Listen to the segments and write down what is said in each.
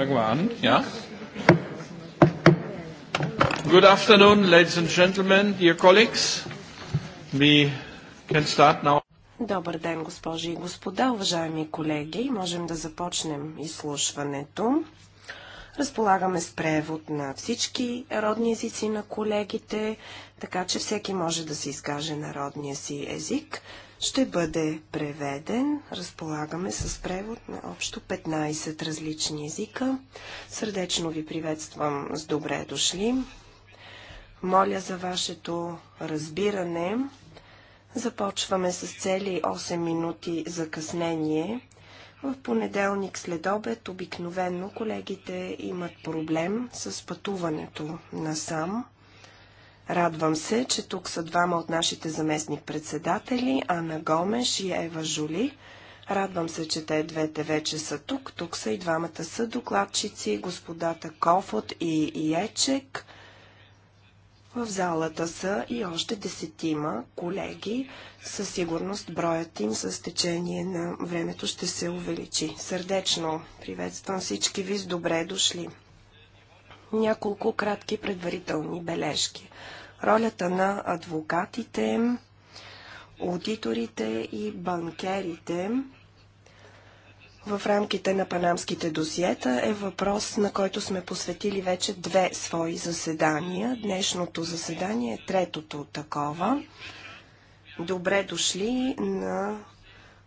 fangen wir an. Ja? Good afternoon, ladies and gentlemen, dear colleagues. We can start now. Добър ден, госпожи и господа, уважаеми колеги. Можем да започнем изслушването. Разполагаме с превод на всички родни езици на колегите, така че всеки може да се изкаже на родния си език ще бъде преведен. Разполагаме с превод на общо 15 различни езика. Сърдечно ви приветствам с добре дошли. Моля за вашето разбиране. Започваме с цели 8 минути закъснение. В понеделник след обед обикновено колегите имат проблем с пътуването насам. сам Радвам се, че тук са двама от нашите заместник-председатели, Ана Гомеш и Ева Жули. Радвам се, че те двете вече са тук. Тук са и двамата са докладчици, господата Кофот и Ечек. В залата са и още десетима колеги. Със сигурност броят им с течение на времето ще се увеличи. Сърдечно приветствам всички ви с добре дошли. Няколко кратки предварителни бележки ролята на адвокатите, аудиторите и банкерите в рамките на панамските досиета е въпрос, на който сме посветили вече две свои заседания. Днешното заседание е третото такова. Добре дошли на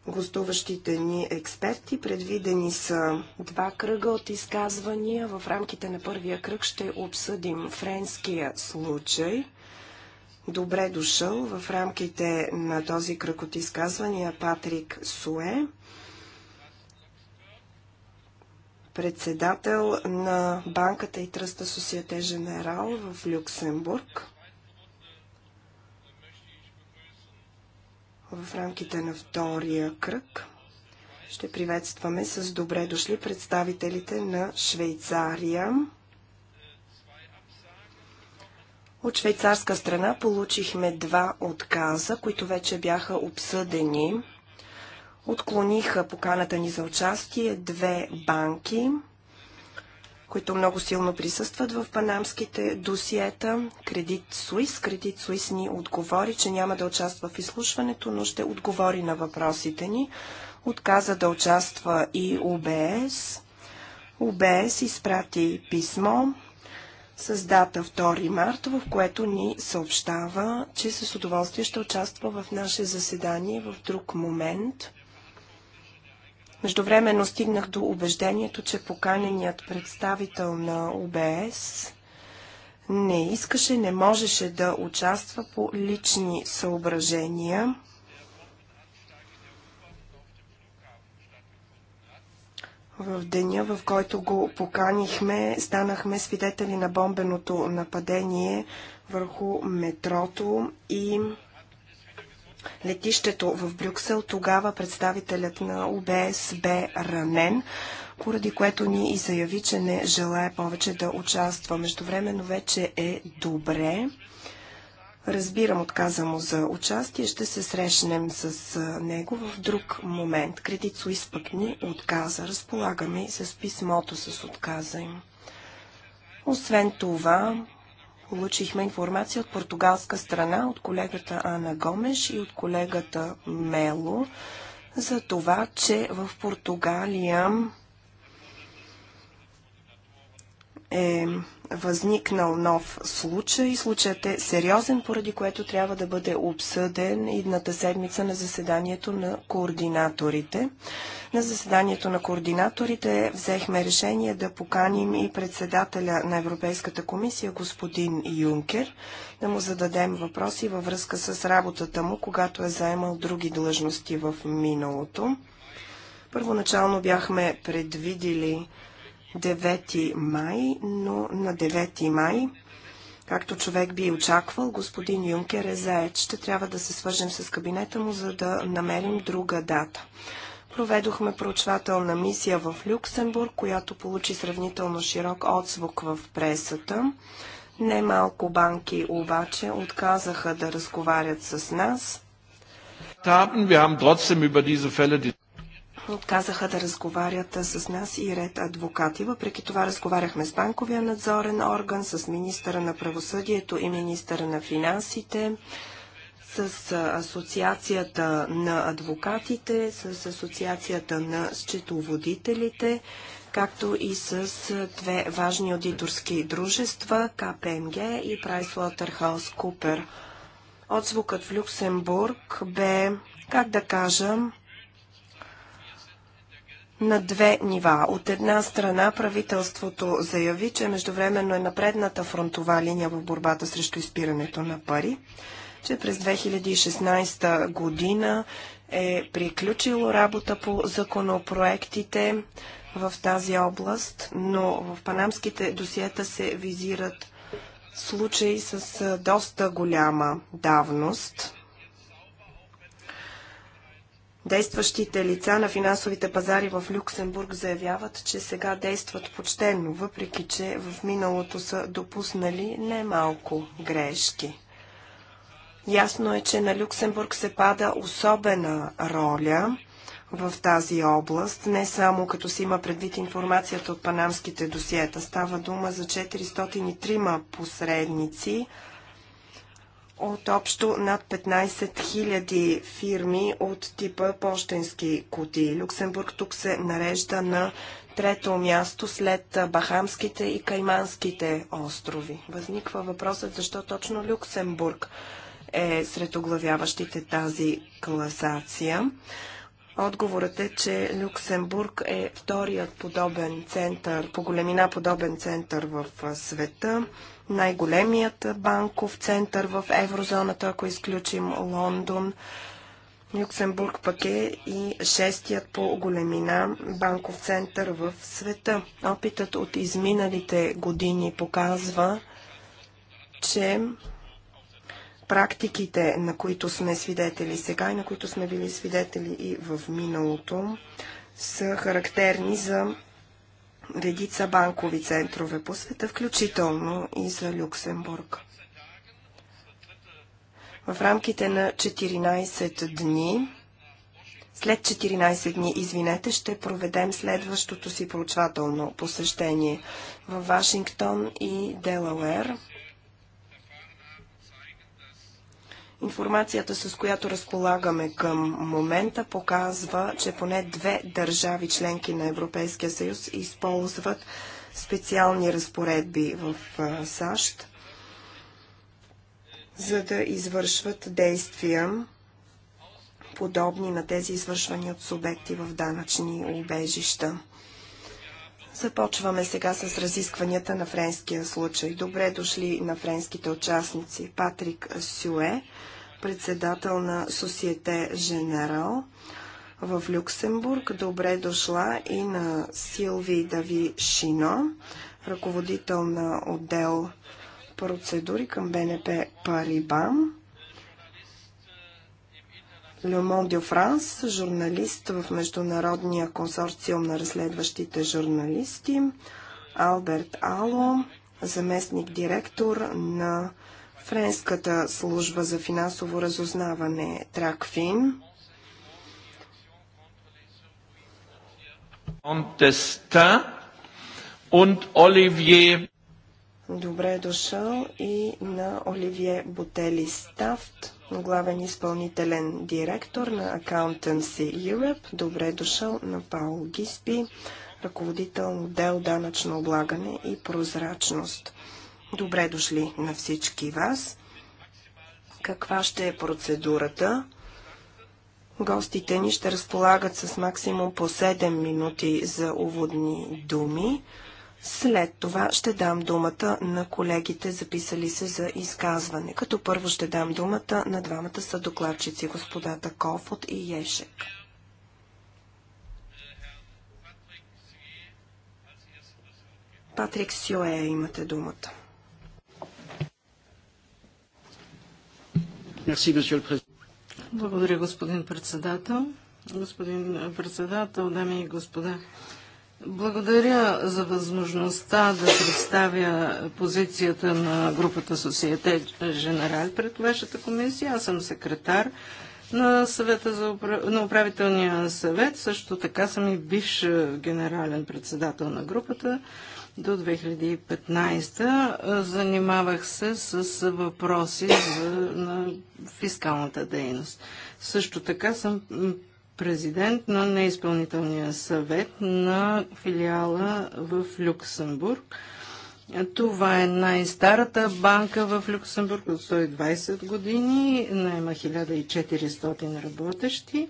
гостуващите ни експерти. Предвидени са два кръга от изказвания. В рамките на първия кръг ще обсъдим френския случай – добре дошъл в рамките на този кръг от изказвания Патрик Суе, председател на банката и тръста Societe Женерал в Люксембург. В рамките на втория кръг ще приветстваме с добре дошли представителите на Швейцария, от швейцарска страна получихме два отказа, които вече бяха обсъдени. Отклониха поканата ни за участие две банки, които много силно присъстват в панамските досиета. Кредит Суис. Кредит Суис ни отговори, че няма да участва в изслушването, но ще отговори на въпросите ни. Отказа да участва и ОБС. ОБС изпрати писмо с дата 2 марта, в което ни съобщава, че с удоволствие ще участва в наше заседание в друг момент. Междувременно стигнах до убеждението, че поканеният представител на ОБС не искаше, не можеше да участва по лични съображения. В деня, в който го поканихме, станахме свидетели на бомбеното нападение върху метрото и летището в Брюксел. Тогава представителят на ОБС бе ранен, поради което ни и заяви, че не желая повече да участва. Междувременно вече е добре. Разбирам отказа му за участие. Ще се срещнем с него в друг момент. Кредит Суис пък ни отказа. Разполагаме и с писмото с отказа им. Освен това, получихме информация от португалска страна, от колегата Ана Гомеш и от колегата Мело, за това, че в Португалия е възникнал нов случай. Случаят е сериозен, поради което трябва да бъде обсъден идната седмица на заседанието на координаторите. На заседанието на координаторите взехме решение да поканим и председателя на Европейската комисия, господин Юнкер, да му зададем въпроси във връзка с работата му, когато е заемал други длъжности в миналото. Първоначално бяхме предвидили 9 май, но на 9 май, както човек би очаквал, господин Юнкер е заед. Ще трябва да се свържем с кабинета му, за да намерим друга дата. Проведохме проучвателна мисия в Люксембург, която получи сравнително широк отзвук в пресата. Немалко банки обаче отказаха да разговарят с нас. Отказаха да разговарят с нас и ред адвокати. Въпреки това разговаряхме с банковия надзорен орган, с министъра на правосъдието и министъра на финансите, с Асоциацията на адвокатите, с Асоциацията на счетоводителите, както и с две важни аудиторски дружества КПМГ и Купер. Отзвукът в Люксембург бе, как да кажа, на две нива. От една страна правителството заяви, че междувременно е напредната фронтова линия в борбата срещу изпирането на пари, че през 2016 година е приключило работа по законопроектите в тази област, но в панамските досиета се визират случаи с доста голяма давност. Действащите лица на финансовите пазари в Люксембург заявяват, че сега действат почтенно, въпреки че в миналото са допуснали немалко грешки. Ясно е, че на Люксембург се пада особена роля в тази област, не само като се има предвид информацията от панамските досиета. Става дума за 403 посредници, от общо над 15 000 фирми от типа почтенски кутии. Люксембург тук се нарежда на трето място след Бахамските и Кайманските острови. Възниква въпросът защо точно Люксембург е сред оглавяващите тази класация. Отговорът е, че Люксембург е вторият подобен център, по големина подобен център в света, най-големият банков център в еврозоната, ако изключим Лондон. Люксембург пък е и шестият по големина банков център в света. Опитът от изминалите години показва, че практиките, на които сме свидетели сега и на които сме били свидетели и в миналото, са характерни за редица банкови центрове по света, включително и за Люксембург. В рамките на 14 дни, след 14 дни, извинете, ще проведем следващото си проучвателно посещение в Вашингтон и Делауер – Информацията, с която разполагаме към момента, показва, че поне две държави членки на Европейския съюз използват специални разпоредби в САЩ, за да извършват действия подобни на тези извършвани от субекти в данъчни убежища. Започваме сега с разискванията на френския случай. Добре дошли на френските участници. Патрик Сюе, председател на Societe Женерал в Люксембург. Добре дошла и на Силви Дави Шино, ръководител на отдел процедури към БНП Парибам. Леомон Дю Франс, журналист в Международния консорциум на разследващите журналисти, Алберт Ало, заместник директор на Френската служба за финансово разузнаване Тракфин. und Olivier Добре е дошъл и на Оливие Ботели Стафт, главен изпълнителен директор на Accountancy Europe. Добре е дошъл на Паул Гиспи, ръководител на отдел данъчно облагане и прозрачност. Добре е дошли на всички вас. Каква ще е процедурата? Гостите ни ще разполагат с максимум по 7 минути за уводни думи. След това ще дам думата на колегите, записали се за изказване. Като първо ще дам думата на двамата са докладчици, господата Кофот и Ешек. Патрик Сюея имате думата. Благодаря, господин председател. Господин председател, дами и господа, благодаря за възможността да представя позицията на групата Societe Женераль пред вашата комисия. Аз съм секретар на, съвета за управ... на управителния съвет. Също така съм и бивш генерален председател на групата до 2015. Занимавах се с въпроси за... на фискалната дейност. Също така съм президент на неизпълнителния съвет на филиала в Люксембург. Това е най-старата банка в Люксембург от 120 години, найма 1400 работещи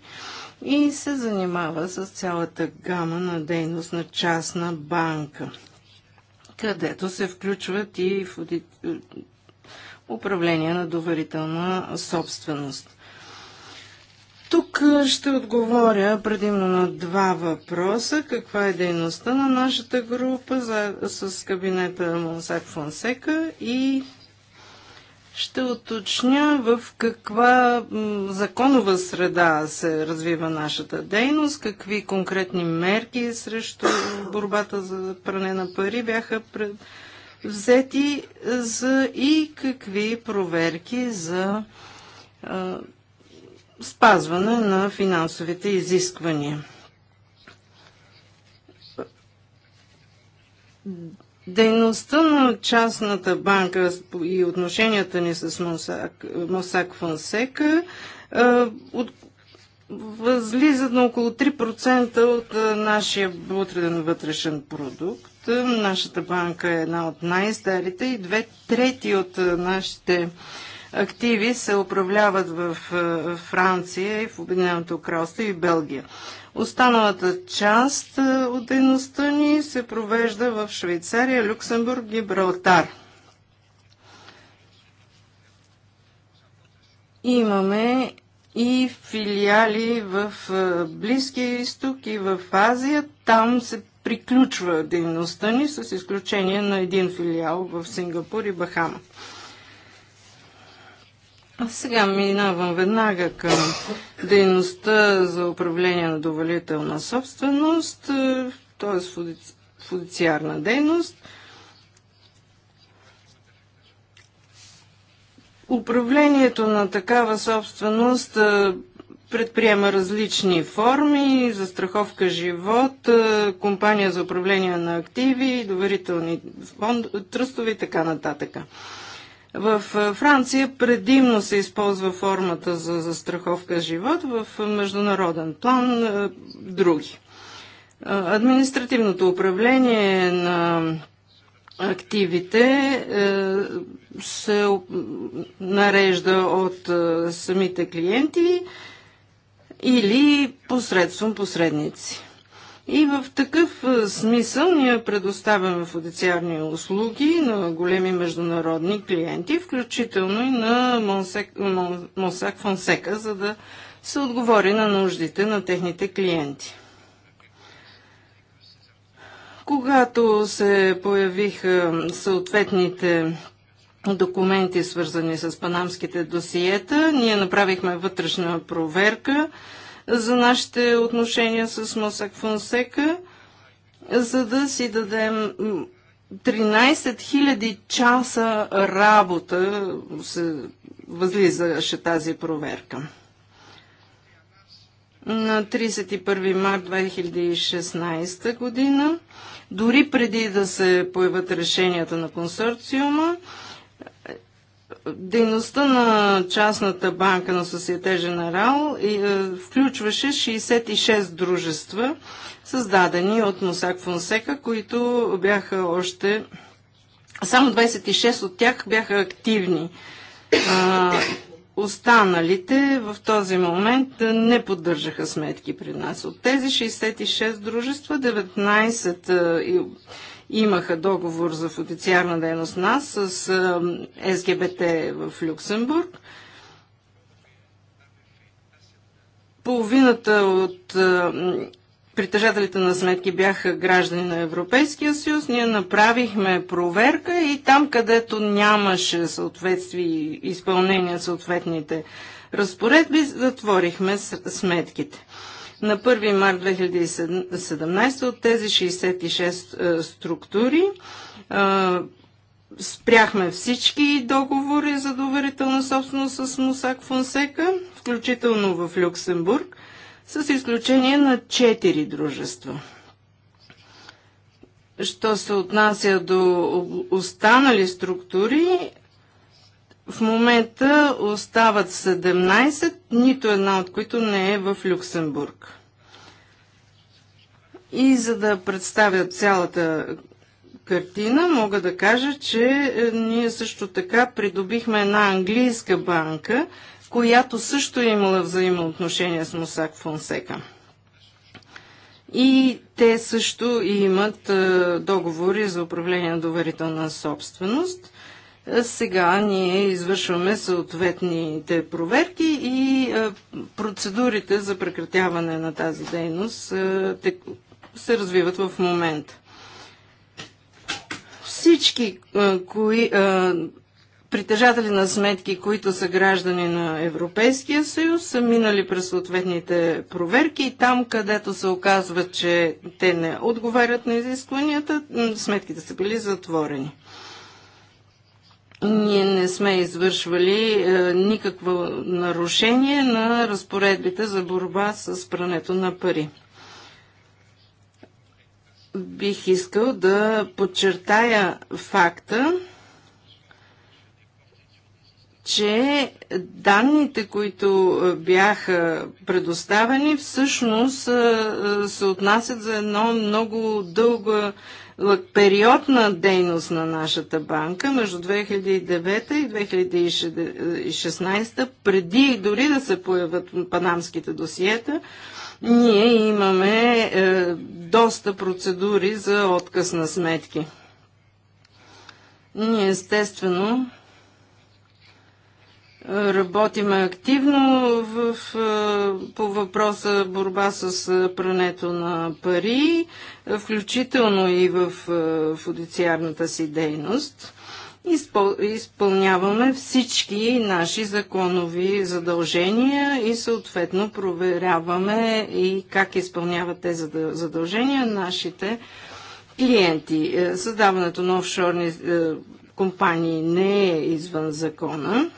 и се занимава с цялата гама на дейност на частна банка, където се включват и в управление на доверителна собственост. Тук ще отговоря предимно на два въпроса. Каква е дейността на нашата група за, с кабинета Монсак Фонсека и ще уточня в каква законова среда се развива нашата дейност, какви конкретни мерки срещу борбата за пране на пари бяха пред... взети за и какви проверки за спазване на финансовите изисквания. Дейността на частната банка и отношенията ни с Мосак, Фонсека е, възлизат на около 3% от е, нашия брутен вътрешен продукт. Нашата банка е една от най-старите и две трети от е, нашите активи се управляват в е, Франция и в Обединеното кралство и Белгия. Останалата част е, от дейността ни се провежда в Швейцария, Люксембург, Гибралтар. Имаме и филиали в е, Близкия изток и в Азия. Там се приключва дейността ни, с изключение на един филиал в Сингапур и Бахама. А сега минавам веднага към дейността за управление на довалителна собственост, е, т.е. фудициарна дейност. Управлението на такава собственост е, предприема различни форми, застраховка живот, е, компания за управление на активи, доверителни фонд, тръстови и така нататък. В Франция предимно се използва формата за застраховка живот, в международен план други. Административното управление на активите е, се нарежда от самите клиенти или посредством посредници. И в такъв смисъл ние предоставяме официални услуги на големи международни клиенти, включително и на Монсек, Монсак Фонсека, за да се отговори на нуждите на техните клиенти. Когато се появиха съответните документи, свързани с панамските досиета, ние направихме вътрешна проверка – за нашите отношения с Мосак Фонсека, за да си дадем 13 000 часа работа се възлизаше тази проверка. На 31 март 2016 година, дори преди да се появят решенията на консорциума, Дейността на частната банка на Съсиете Женерал е, е, включваше 66 дружества, създадени от Мусак Фонсека, които бяха още... Само 26 от тях бяха активни. А, останалите в този момент не поддържаха сметки при нас. От тези 66 дружества, 19 имаха договор за официална дейност нас, с е, СГБТ в Люксембург. Половината от е, притежателите на сметки бяха граждани на Европейския съюз. Ние направихме проверка и там, където нямаше съответствие и изпълнение съответните разпоредби, затворихме сметките на 1 март 2017 от тези 66 е, структури е, спряхме всички договори за доверителна собственост с Мусак Фонсека, включително в Люксембург, с изключение на 4 дружества. Що се отнася до останали структури, в момента остават 17, нито една от които не е в Люксембург. И за да представя цялата картина, мога да кажа, че е, ние също така придобихме една английска банка, която също е имала взаимоотношения с Мусак Фонсека. И те също имат е, договори за управление на доверителна собственост. Сега ние извършваме съответните проверки и процедурите за прекратяване на тази дейност се развиват в момента. Всички кои, притежатели на сметки, които са граждани на Европейския съюз, са минали през съответните проверки и там, където се оказва, че те не отговарят на изискванията, сметките са били затворени ние не сме извършвали е, никакво нарушение на разпоредбите за борба с прането на пари. Бих искал да подчертая факта, че данните, които бяха предоставени, всъщност е, се отнасят за едно много дълга период на дейност на нашата банка между 2009 и 2016, преди и дори да се появят панамските досиета, ние имаме е, доста процедури за отказ на сметки. Ние естествено Работим активно в, по въпроса борба с прането на пари, включително и в фудициарната си дейност. Изпъл, изпълняваме всички наши законови задължения и съответно проверяваме и как изпълняват тези задължения нашите клиенти. Е, създаването на офшорни е, компании не е извън закона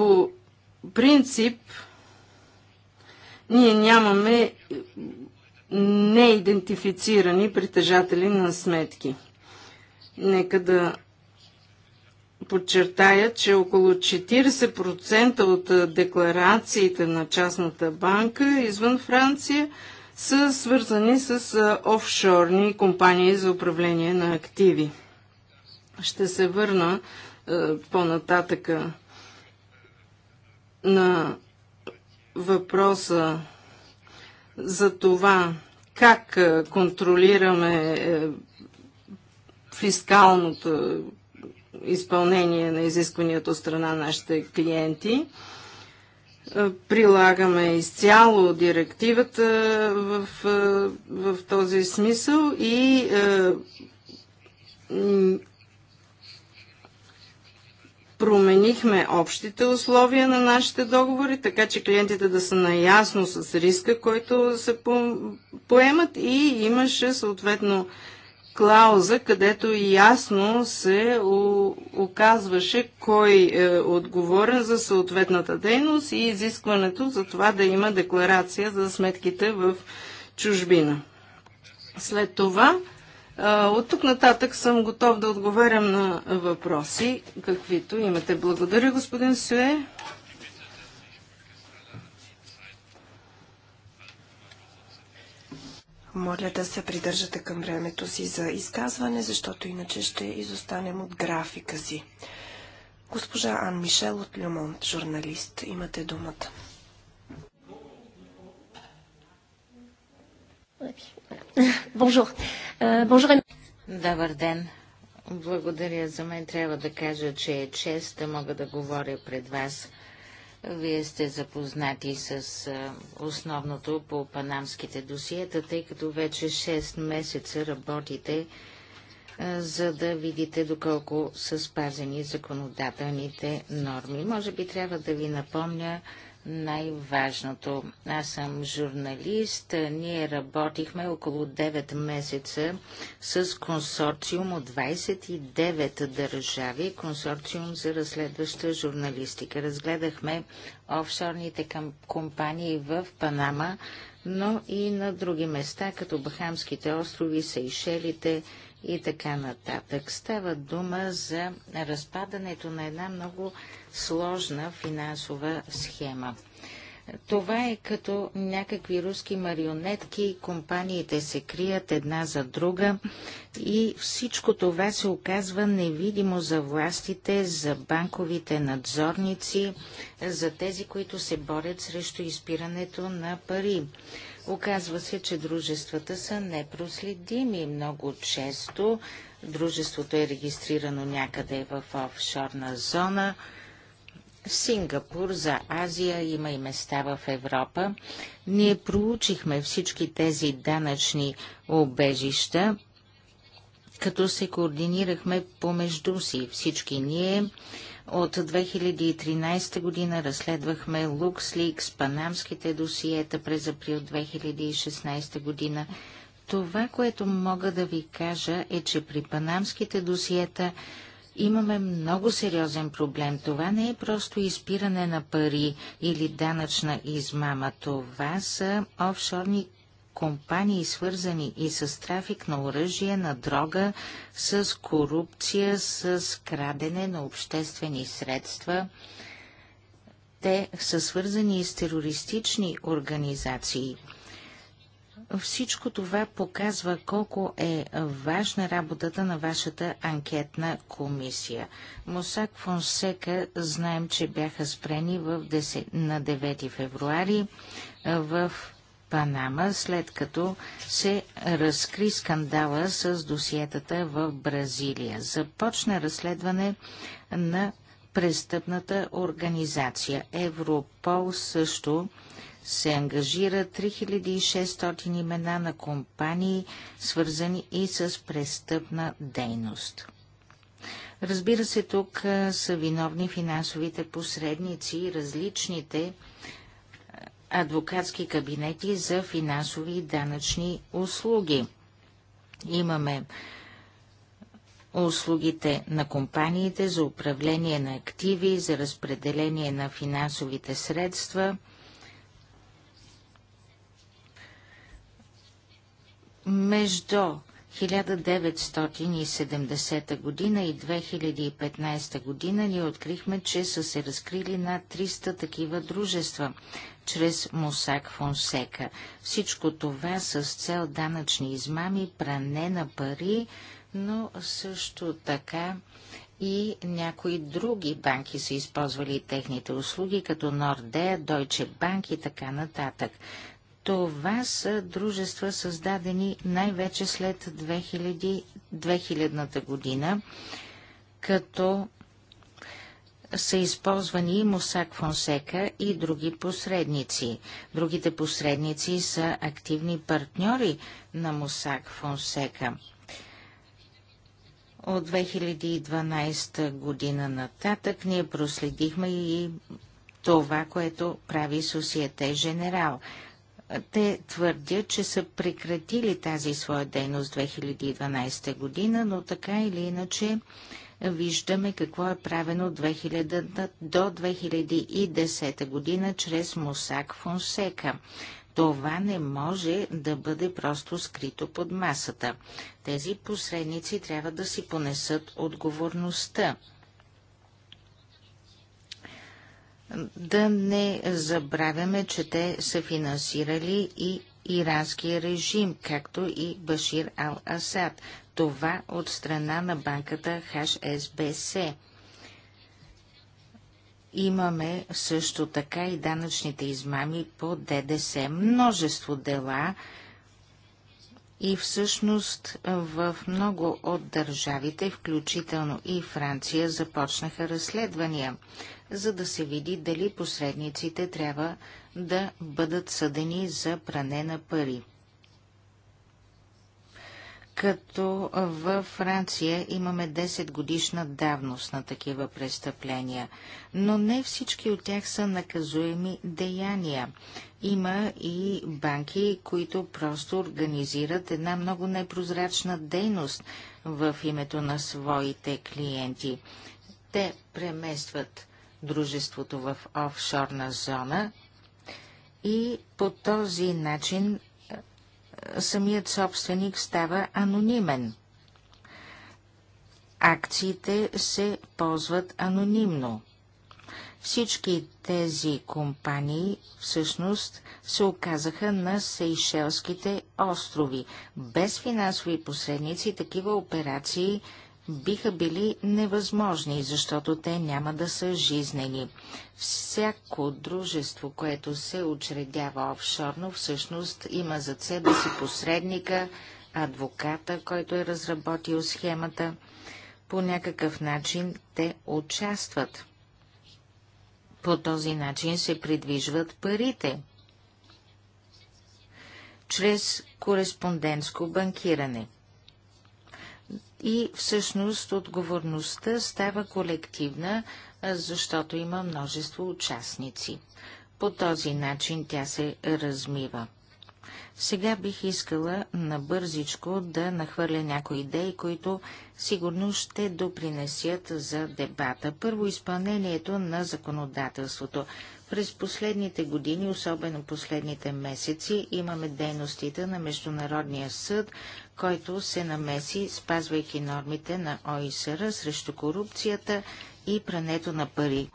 по принцип ние нямаме неидентифицирани притежатели на сметки. Нека да подчертая, че около 40% от декларациите на частната банка извън Франция са свързани с офшорни компании за управление на активи. Ще се върна по-нататъка на въпроса за това как е, контролираме е, фискалното изпълнение на изискванията от страна на нашите клиенти. Е, прилагаме изцяло директивата в, в този смисъл и променихме общите условия на нашите договори, така че клиентите да са наясно с риска, който се по поемат и имаше съответно клауза, където ясно се оказваше кой е отговорен за съответната дейност и изискването за това да има декларация за сметките в чужбина. След това от тук нататък съм готов да отговарям на въпроси, каквито имате. Благодаря, господин Сюе. Моля да се придържате към времето си за изказване, защото иначе ще изостанем от графика си. Госпожа Ан Мишел от Люмонт, журналист, имате думата. Bonjour. Е, е- Добър ден! Благодаря. За мен трябва да кажа, че е чест да мога да говоря пред вас. Вие сте запознати с е, основното по панамските досиета, тъй като вече 6 месеца работите, за да видите доколко са спазени законодателните норми. Може би трябва да ви напомня, най-важното. Аз съм журналист. Ние работихме около 9 месеца с консорциум от 29 държави, консорциум за разследваща журналистика. Разгледахме офшорните компании в Панама, но и на други места, като Бахамските острови, Сейшелите, и така нататък. Става дума за разпадането на една много сложна финансова схема. Това е като някакви руски марионетки, компаниите се крият една за друга и всичко това се оказва невидимо за властите, за банковите надзорници, за тези, които се борят срещу изпирането на пари. Оказва се, че дружествата са непроследими. Много често дружеството е регистрирано някъде в офшорна зона. Сингапур за Азия има и места в Европа. Ние проучихме всички тези данъчни обежища, като се координирахме помежду си всички ние от 2013 година разследвахме LuxLeaks, панамските досиета през април 2016 година. Това, което мога да ви кажа е, че при панамските досиета имаме много сериозен проблем. Това не е просто изпиране на пари или данъчна измама. Това са офшорни компании, свързани и с трафик на оръжие, на дрога, с корупция, с крадене на обществени средства. Те са свързани и с терористични организации. Всичко това показва колко е важна работата на вашата анкетна комисия. Мосак Фонсека знаем, че бяха спрени в 10, на 9 февруари в Панама, след като се разкри скандала с досиетата в Бразилия. Започна разследване на престъпната организация. Европол също се ангажира 3600 имена на компании, свързани и с престъпна дейност. Разбира се, тук са виновни финансовите посредници и различните адвокатски кабинети за финансови и данъчни услуги. Имаме услугите на компаниите за управление на активи, за разпределение на финансовите средства. Между 1970 година и 2015 година ние открихме, че са се разкрили над 300 такива дружества чрез Мусак Фонсека. Всичко това с цел данъчни измами, пране на пари, но също така и някои други банки са използвали техните услуги, като Нордея, Дойче Банк и така нататък. Това са дружества, създадени най-вече след 2000, 2000 година, като са използвани и Мусак Фонсека и други посредници. Другите посредници са активни партньори на Мусак Фонсека. От 2012 година нататък ние проследихме и това, което прави Сосиете Женерал. Те твърдят, че са прекратили тази своя дейност 2012 година, но така или иначе виждаме какво е правено 2000, до 2010 година чрез Мосак Фонсека. Това не може да бъде просто скрито под масата. Тези посредници трябва да си понесат отговорността. Да не забравяме, че те са финансирали и иранския режим, както и Башир Ал-Асад. Това от страна на банката HSBC. Имаме също така и данъчните измами по ДДС. Множество дела и всъщност в много от държавите, включително и Франция, започнаха разследвания за да се види дали посредниците трябва да бъдат съдени за пране на пари. Като във Франция имаме 10 годишна давност на такива престъпления, но не всички от тях са наказуеми деяния. Има и банки, които просто организират една много непрозрачна дейност в името на своите клиенти. Те преместват дружеството в офшорна зона и по този начин е, самият собственик става анонимен. Акциите се ползват анонимно. Всички тези компании всъщност се оказаха на Сейшелските острови. Без финансови посредници такива операции биха били невъзможни, защото те няма да са жизнени. Всяко дружество, което се учредява офшорно, всъщност има за да си посредника, адвоката, който е разработил схемата. По някакъв начин те участват. По този начин се придвижват парите. Чрез кореспондентско банкиране – и всъщност отговорността става колективна, защото има множество участници. По този начин тя се размива. Сега бих искала набързичко да нахвърля някои идеи, които сигурно ще допринесят за дебата. Първо, изпълнението на законодателството. През последните години, особено последните месеци, имаме дейностите на Международния съд, който се намеси, спазвайки нормите на ОИСР срещу корупцията и прането на пари.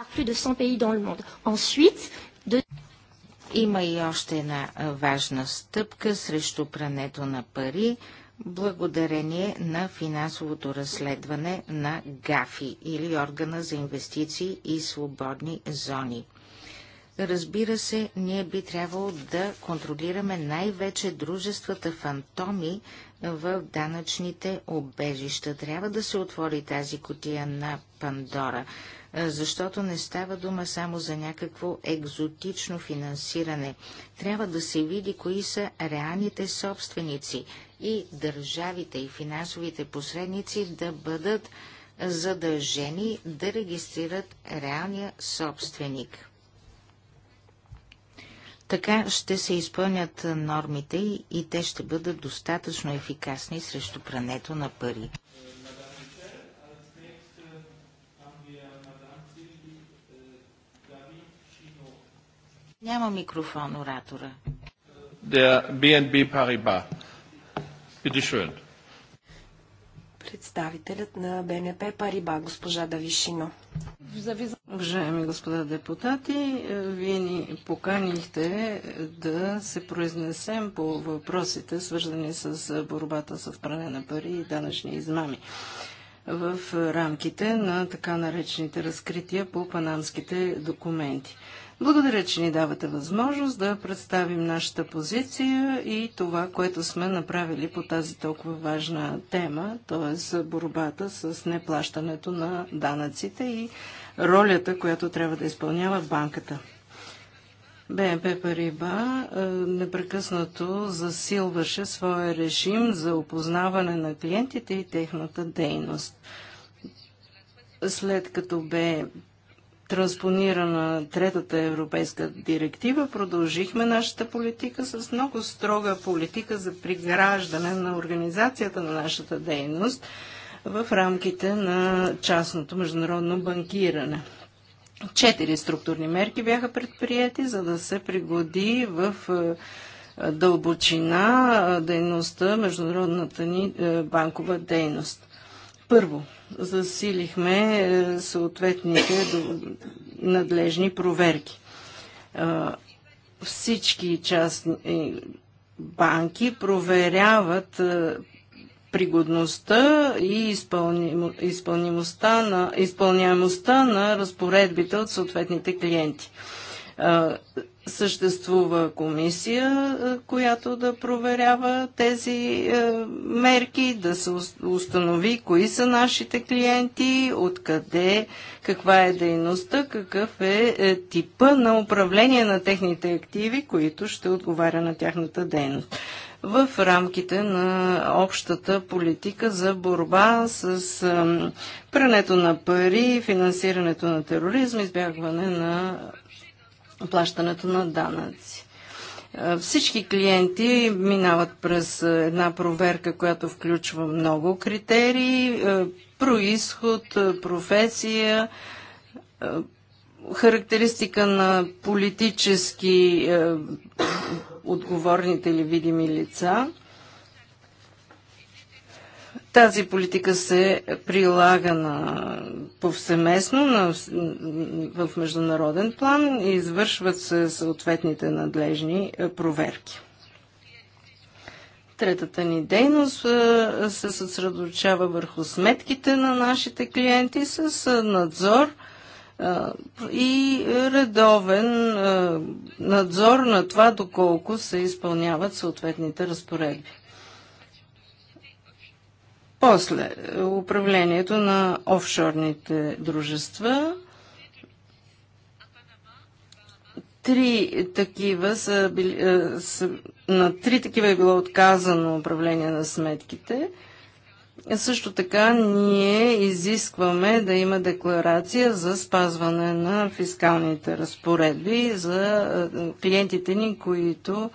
Има и още една важна стъпка срещу прането на пари, благодарение на финансовото разследване на ГАФИ или Органа за инвестиции и свободни зони. Разбира се, ние би трябвало да контролираме най-вече дружествата фантоми в данъчните обежища. Трябва да се отвори тази котия на Пандора, защото не става дума само за някакво екзотично финансиране. Трябва да се види кои са реалните собственици и държавите и финансовите посредници да бъдат задължени да регистрират реалния собственик. Така ще се изпълнят нормите и те ще бъдат достатъчно ефикасни срещу прането на пари. Няма микрофон оратора. Der BNB Paribas. Bitte schön представителят на БНП Париба, госпожа Давишино. Уважаеми господа депутати, е, вие ни поканихте да се произнесем по въпросите, свързани с е, борбата с пране на пари и данъчни измами в рамките на така наречените разкрития по панамските документи. Благодаря, че ни давате възможност да представим нашата позиция и това, което сме направили по тази толкова важна тема, т.е. борбата с неплащането на данъците и ролята, която трябва да изпълнява банката. БНП Париба е, непрекъснато засилваше своя режим за опознаване на клиентите и техната дейност. След като бе транспонирана третата европейска директива, продължихме нашата политика с много строга политика за приграждане на организацията на нашата дейност в рамките на частното международно банкиране. Четири структурни мерки бяха предприяти, за да се пригоди в е, дълбочина е, дейността, международната ни е, банкова дейност. Първо, засилихме е, съответните надлежни проверки. Всички частни банки проверяват е, пригодността и изпълнимостта на, изпълняемостта на разпоредбите от съответните клиенти съществува комисия, е, която да проверява тези е, мерки, да се установи кои са нашите клиенти, откъде, каква е дейността, какъв е, е типа на управление на техните активи, които ще отговаря на тяхната дейност. В рамките на общата политика за борба с прането на пари, финансирането на тероризм, избягване на плащането на данъци. Всички клиенти минават през една проверка, която включва много критерии, происход, професия, характеристика на политически отговорните или видими лица – тази политика се прилага на, повсеместно на, в международен план и извършват се съответните надлежни е, проверки. Третата ни дейност е, се съсредоточава върху сметките на нашите клиенти с е, надзор и редовен надзор на това доколко се изпълняват съответните разпоредби. После, управлението на офшорните дружества. Три такива са били, е, са, на три такива е било отказано управление на сметките. Също така ние изискваме да има декларация за спазване на фискалните разпоредби за е, клиентите ни, които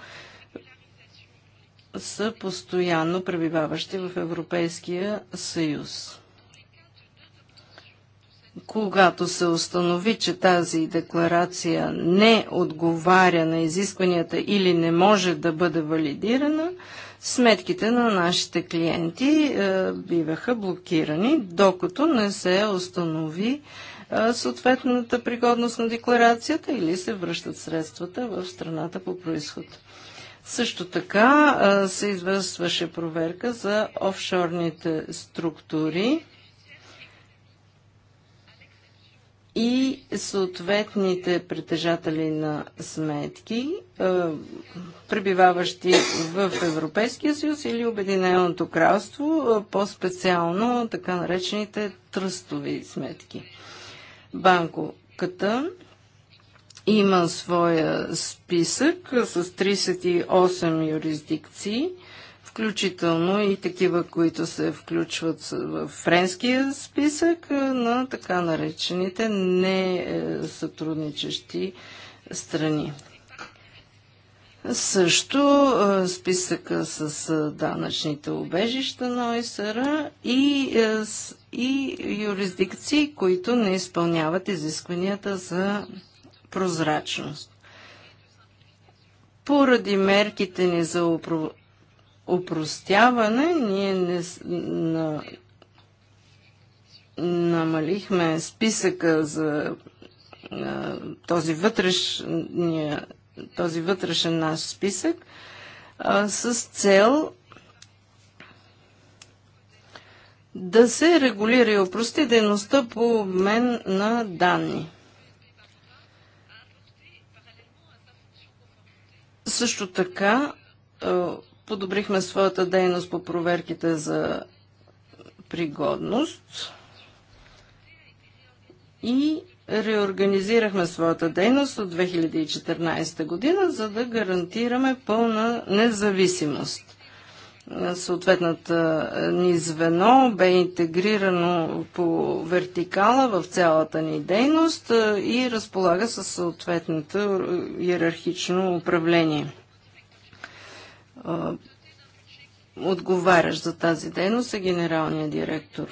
са постоянно пребиваващи в Европейския съюз. Когато се установи, че тази декларация не отговаря на изискванията или не може да бъде валидирана, сметките на нашите клиенти е, биваха блокирани, докато не се установи е, съответната пригодност на декларацията или се връщат средствата в страната по происход. Също така се извършваше проверка за офшорните структури и съответните притежатели на сметки, пребиваващи в Европейския съюз или Обединеното кралство, по-специално така наречените тръстови сметки. Банковката има своя списък с 38 юрисдикции, включително и такива, които се включват в френския списък на така наречените не е, сътрудничещи страни. Също списъка с данъчните обежища на ОИСР и, е, и юрисдикции, които не изпълняват изискванията за прозрачност. Поради мерките ни за опро... опростяване, ние не... На... намалихме списъка за на... този, вътреш... този вътрешен наш списък а, с цел да се регулира и опрости дейността по обмен на данни. Също така е, подобрихме своята дейност по проверките за пригодност и реорганизирахме своята дейност от 2014 година, за да гарантираме пълна независимост съответната е, ни звено бе интегрирано по вертикала в цялата ни дейност е, и разполага със съответното е, иерархично управление. Отговарящ за тази дейност е генералният директор.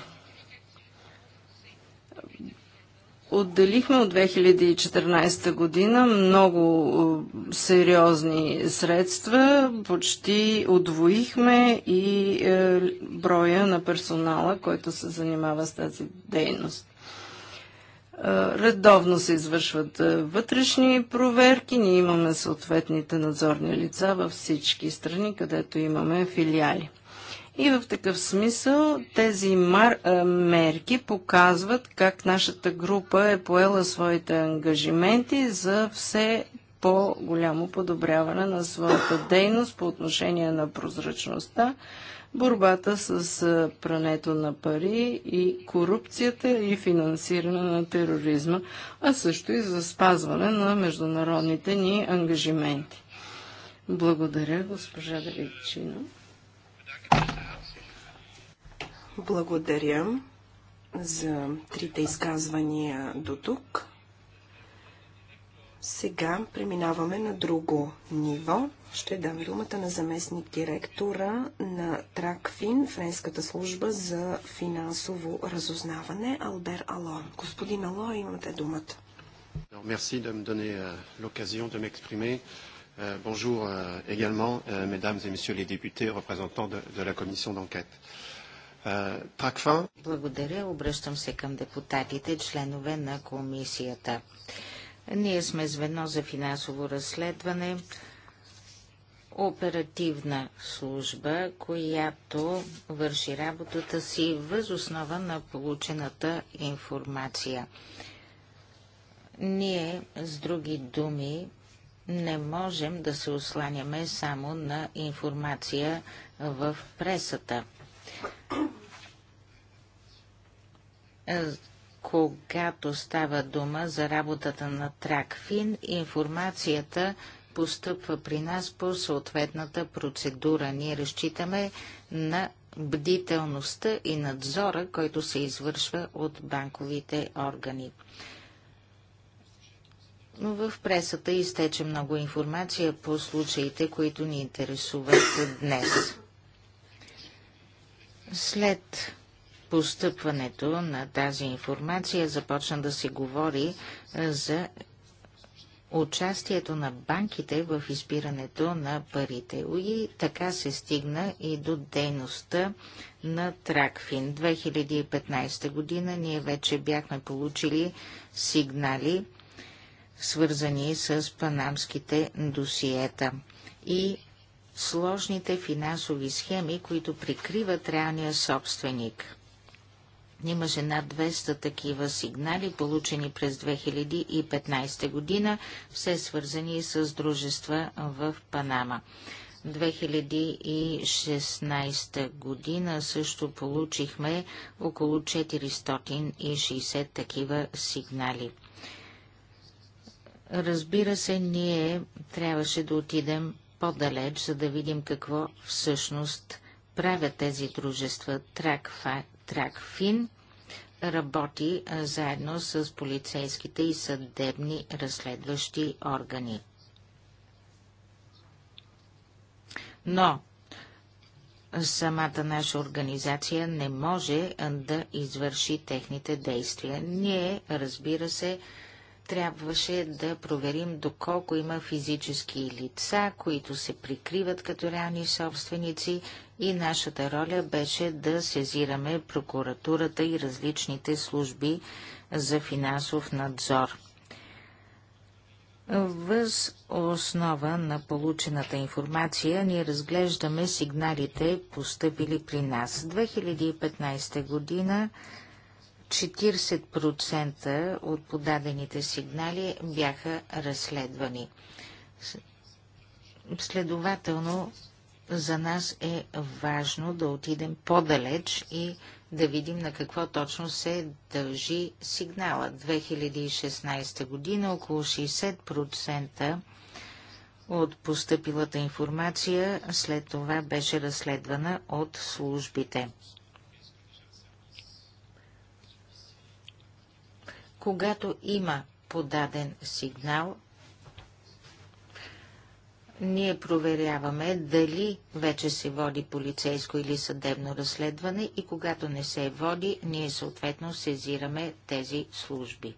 отделихме от 2014 година много е, сериозни средства, почти отвоихме и е, броя на персонала, който се занимава с тази дейност. Е, редовно се извършват вътрешни проверки. Ние имаме съответните надзорни лица във всички страни, където имаме филиали. И в такъв смисъл тези мар, а, мерки показват как нашата група е поела своите ангажименти за все по-голямо подобряване на своята дейност по отношение на прозрачността, борбата с прането на пари и корупцията и финансиране на тероризма, а също и за спазване на международните ни ангажименти. Благодаря, госпожа Далечина. Благодаря за трите изказвания до тук. Сега преминаваме на друго ниво. Ще дам думата на заместник директора на Тракфин, Френската служба за финансово разузнаване, Албер Алон. Господин Ало, имате думата. Merci de me donner euh, l'occasion Euh, bonjour euh, également, euh, mesdames et messieurs les députés, représentants de, de la commission d'enquête. Euh, Благодаря. Обръщам се към депутатите, членове на комисията. Ние сме звено за финансово разследване, оперативна служба, която върши работата си въз основа на получената информация. Ние, с други думи, не можем да се осланяме само на информация в пресата. Когато става дума за работата на Тракфин, информацията постъпва при нас по съответната процедура. Ние разчитаме на бдителността и надзора, който се извършва от банковите органи. В пресата изтече много информация по случаите, които ни интересуват днес. След постъпването на тази информация започна да се говори за участието на банките в изпирането на парите. И така се стигна и до дейността на Тракфин. 2015 година ние вече бяхме получили сигнали свързани с панамските досиета и сложните финансови схеми, които прикриват реалния собственик. Имаше над 200 такива сигнали, получени през 2015 година, все свързани с дружества в Панама. 2016 година също получихме около 460 такива сигнали. Разбира се, ние трябваше да отидем по-далеч, за да видим какво всъщност правят тези дружества. Тракфин работи заедно с полицейските и съдебни разследващи органи. Но самата наша организация не може да извърши техните действия. Ние, разбира се, трябваше да проверим доколко има физически лица, които се прикриват като реални собственици и нашата роля беше да сезираме прокуратурата и различните служби за финансов надзор. Въз основа на получената информация ние разглеждаме сигналите, поступили при нас. 2015 година 40% от подадените сигнали бяха разследвани. Следователно, за нас е важно да отидем по-далеч и да видим на какво точно се дължи сигнала. 2016 година около 60% от поступилата информация след това беше разследвана от службите. Когато има подаден сигнал, ние проверяваме дали вече се води полицейско или съдебно разследване и когато не се води, ние съответно сезираме тези служби.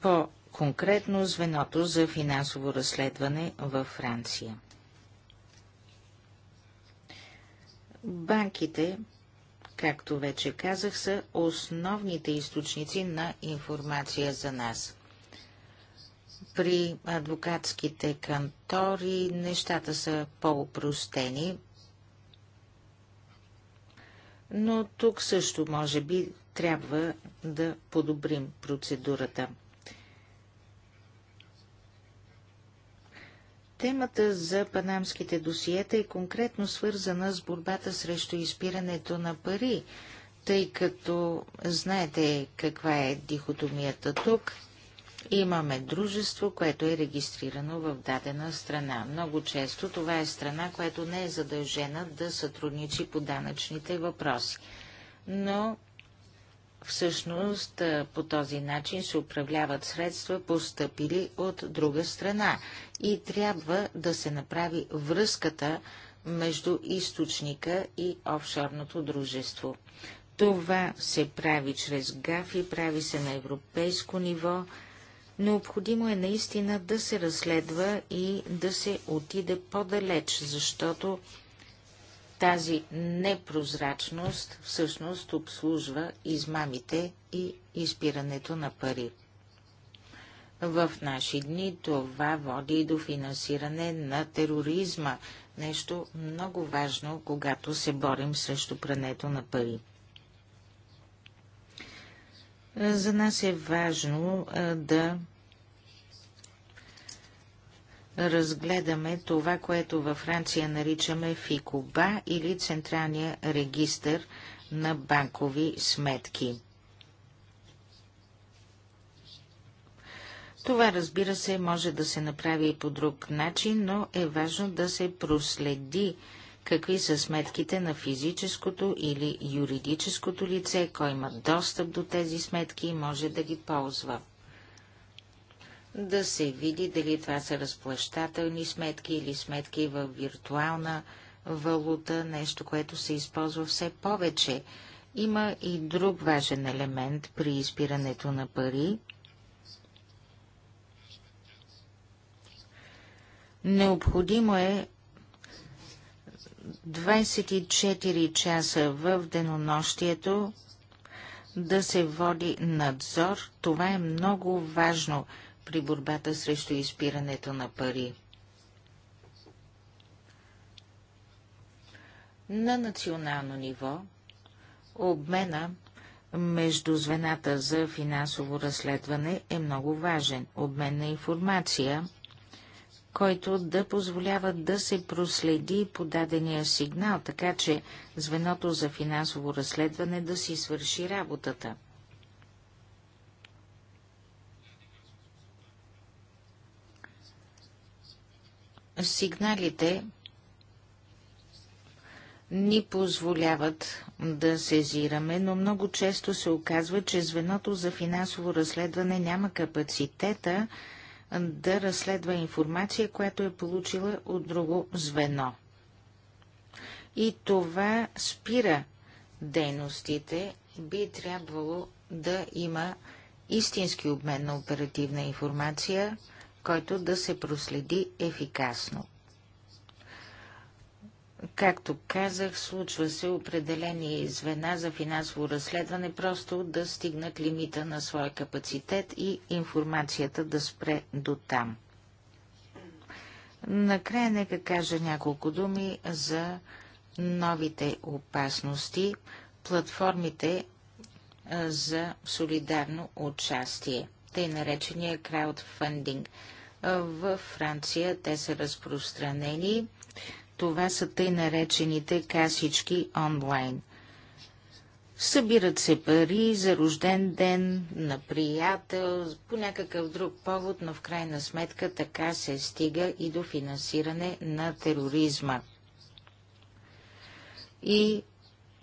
По-конкретно звеното за финансово разследване във Франция. Банките както вече казах, са основните източници на информация за нас. При адвокатските кантори нещата са по-упростени, но тук също може би трябва да подобрим процедурата. Темата за панамските досиета е конкретно свързана с борбата срещу изпирането на пари, тъй като знаете каква е дихотомията тук. Имаме дружество, което е регистрирано в дадена страна. Много често това е страна, която не е задължена да сътрудничи по данъчните въпроси. Но Всъщност по този начин се управляват средства, постъпили от друга страна и трябва да се направи връзката между източника и офшорното дружество. Това се прави чрез ГАФИ, прави се на европейско ниво. Необходимо е наистина да се разследва и да се отиде по-далеч, защото тази непрозрачност всъщност обслужва измамите и изпирането на пари. В наши дни това води и до финансиране на тероризма, нещо много важно, когато се борим срещу прането на пари. За нас е важно да разгледаме това, което във Франция наричаме ФИКОБА или Централния регистър на банкови сметки. Това, разбира се, може да се направи и по друг начин, но е важно да се проследи какви са сметките на физическото или юридическото лице, кой има достъп до тези сметки и може да ги ползва да се види дали това са разплащателни сметки или сметки в виртуална валута, нещо, което се използва все повече. Има и друг важен елемент при изпирането на пари. Необходимо е 24 часа в денонощието да се води надзор. Това е много важно – при борбата срещу изпирането на пари. На национално ниво обмена между звената за финансово разследване е много важен. Обмен на информация, който да позволява да се проследи подадения сигнал, така че звеното за финансово разследване да си свърши работата. Сигналите ни позволяват да сезираме, но много често се оказва, че звеното за финансово разследване няма капацитета да разследва информация, която е получила от друго звено. И това спира дейностите. Би трябвало да има истински обмен на оперативна информация – който да се проследи ефикасно. Както казах, случва се определени звена за финансово разследване просто да стигнат лимита на своя капацитет и информацията да спре до там. Накрая нека кажа няколко думи за новите опасности, платформите за солидарно участие, тъй наречения краудфандинг – във Франция те са разпространени. Това са тъй наречените касички онлайн. Събират се пари за рожден ден, на приятел, по някакъв друг повод, но в крайна сметка така се стига и до финансиране на тероризма. И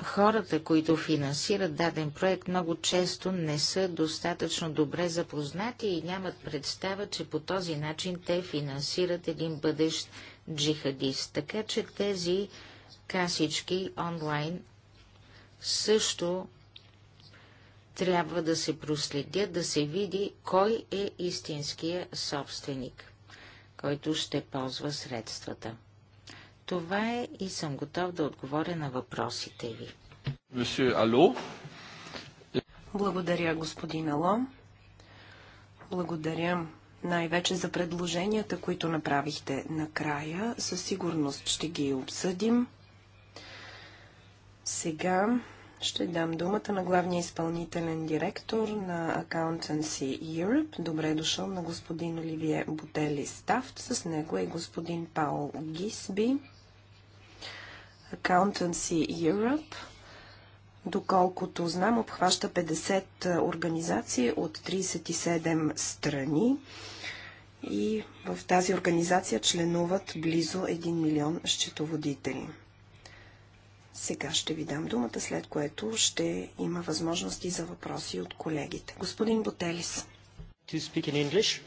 хората, които финансират даден проект, много често не са достатъчно добре запознати и нямат представа, че по този начин те финансират един бъдещ джихадист. Така че тези касички онлайн също трябва да се проследят, да се види кой е истинския собственик, който ще ползва средствата. Това е и съм готов да отговоря на въпросите ви. Ало? Благодаря, господин Ало. Благодаря най-вече за предложенията, които направихте накрая. Със сигурност ще ги обсъдим. Сега ще дам думата на главния изпълнителен директор на Accountancy Europe. Добре е дошъл на господин Оливие Ботели Стафт. С него е господин Паул Гисби. Accountancy Europe, доколкото знам, обхваща 50 организации от 37 страни и в тази организация членуват близо 1 милион счетоводители. Сега ще ви дам думата, след което ще има възможности за въпроси от колегите. Господин Ботелис. To speak in English.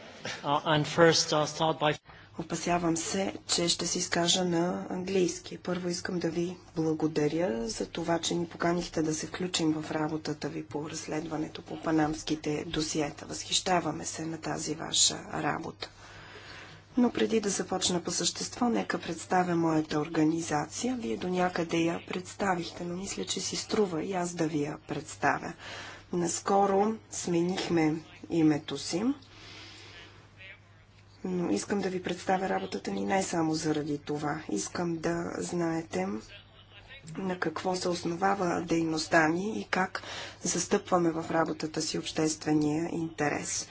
Uh, and first, uh, start by... Опасявам се, че ще се изкажа на английски. Първо искам да ви благодаря за това, че ни поканихте да се включим в работата ви по разследването по панамските досиета. Възхищаваме се на тази ваша работа. Но преди да започна по същество, нека представя моята организация. Вие до някъде я представихте, но мисля, че си струва и аз да ви я представя. Наскоро сменихме името си. Но искам да ви представя работата ни не само заради това. Искам да знаете на какво се основава дейността ни и как застъпваме в работата си обществения интерес.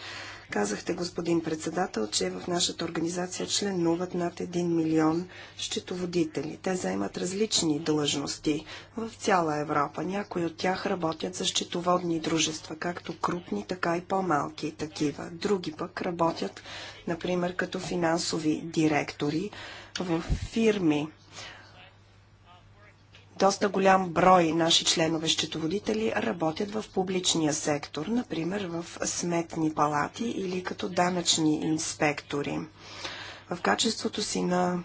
Казахте, господин председател, че в нашата организация членуват над 1 милион счетоводители. Те заемат различни длъжности в цяла Европа. Някои от тях работят за счетоводни дружества, както крупни, така и по-малки такива. Други пък работят, например, като финансови директори в фирми, доста голям брой наши членове счетоводители работят в публичния сектор, например в сметни палати или като данъчни инспектори. В качеството си на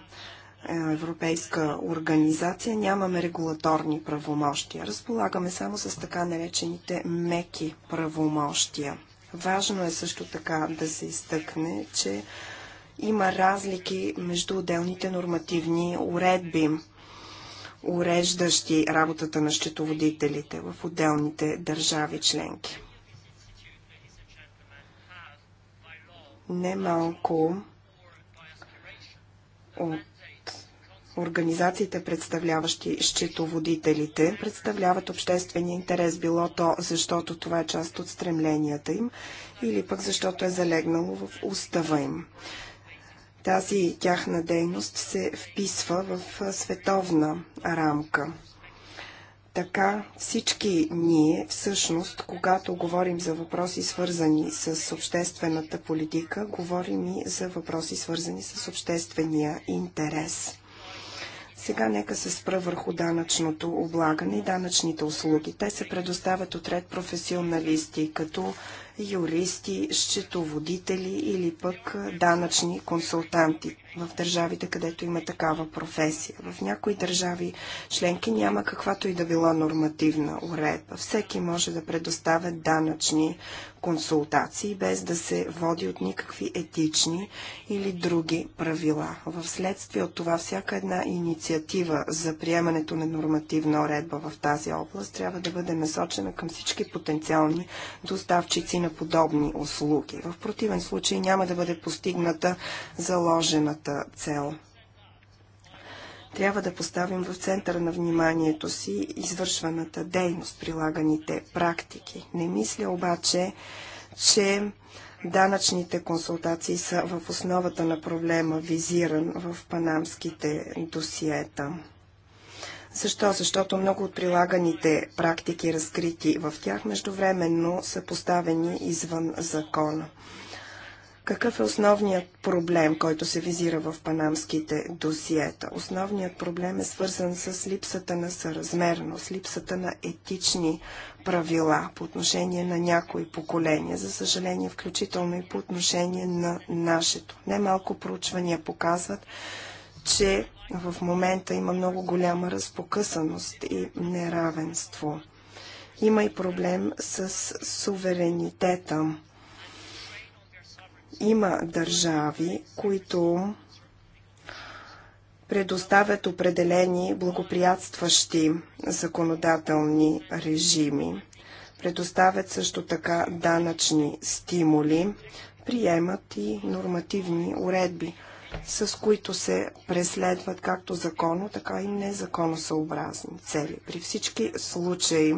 е, европейска организация нямаме регулаторни правомощия. Разполагаме само с така наречените меки правомощия. Важно е също така да се изтъкне, че има разлики между отделните нормативни уредби уреждащи работата на счетоводителите в отделните държави членки. Немалко от организациите, представляващи счетоводителите, представляват обществения интерес, било то защото това е част от стремленията им или пък защото е залегнало в устава им. Тази тяхна дейност се вписва в световна рамка. Така всички ние, всъщност, когато говорим за въпроси свързани с обществената политика, говорим и за въпроси свързани с обществения интерес. Сега нека се спра върху данъчното облагане и данъчните услуги. Те се предоставят от ред професионалисти, като юристи, счетоводители или пък данъчни консултанти в държавите, където има такава професия. В някои държави членки няма каквато и да била нормативна уредба. Всеки може да предоставя данъчни консултации, без да се води от никакви етични или други правила. В следствие от това всяка една инициатива за приемането на нормативна уредба в тази област трябва да бъде насочена към всички потенциални доставчици на подобни услуги. В противен случай няма да бъде постигната заложена основната цел. Трябва да поставим в центъра на вниманието си извършваната дейност, прилаганите практики. Не мисля обаче, че данъчните консултации са в основата на проблема, визиран в панамските досиета. Защо? Защото много от прилаганите практики, разкрити в тях, междувременно са поставени извън закона. Какъв е основният проблем, който се визира в панамските досиета? Основният проблем е свързан с липсата на съразмерност, липсата на етични правила по отношение на някои поколения, за съжаление включително и по отношение на нашето. Немалко проучвания показват, че в момента има много голяма разпокъсаност и неравенство. Има и проблем с суверенитета има държави, които предоставят определени благоприятстващи законодателни режими. Предоставят също така данъчни стимули, приемат и нормативни уредби, с които се преследват както законно, така и незаконосъобразни цели. При всички случаи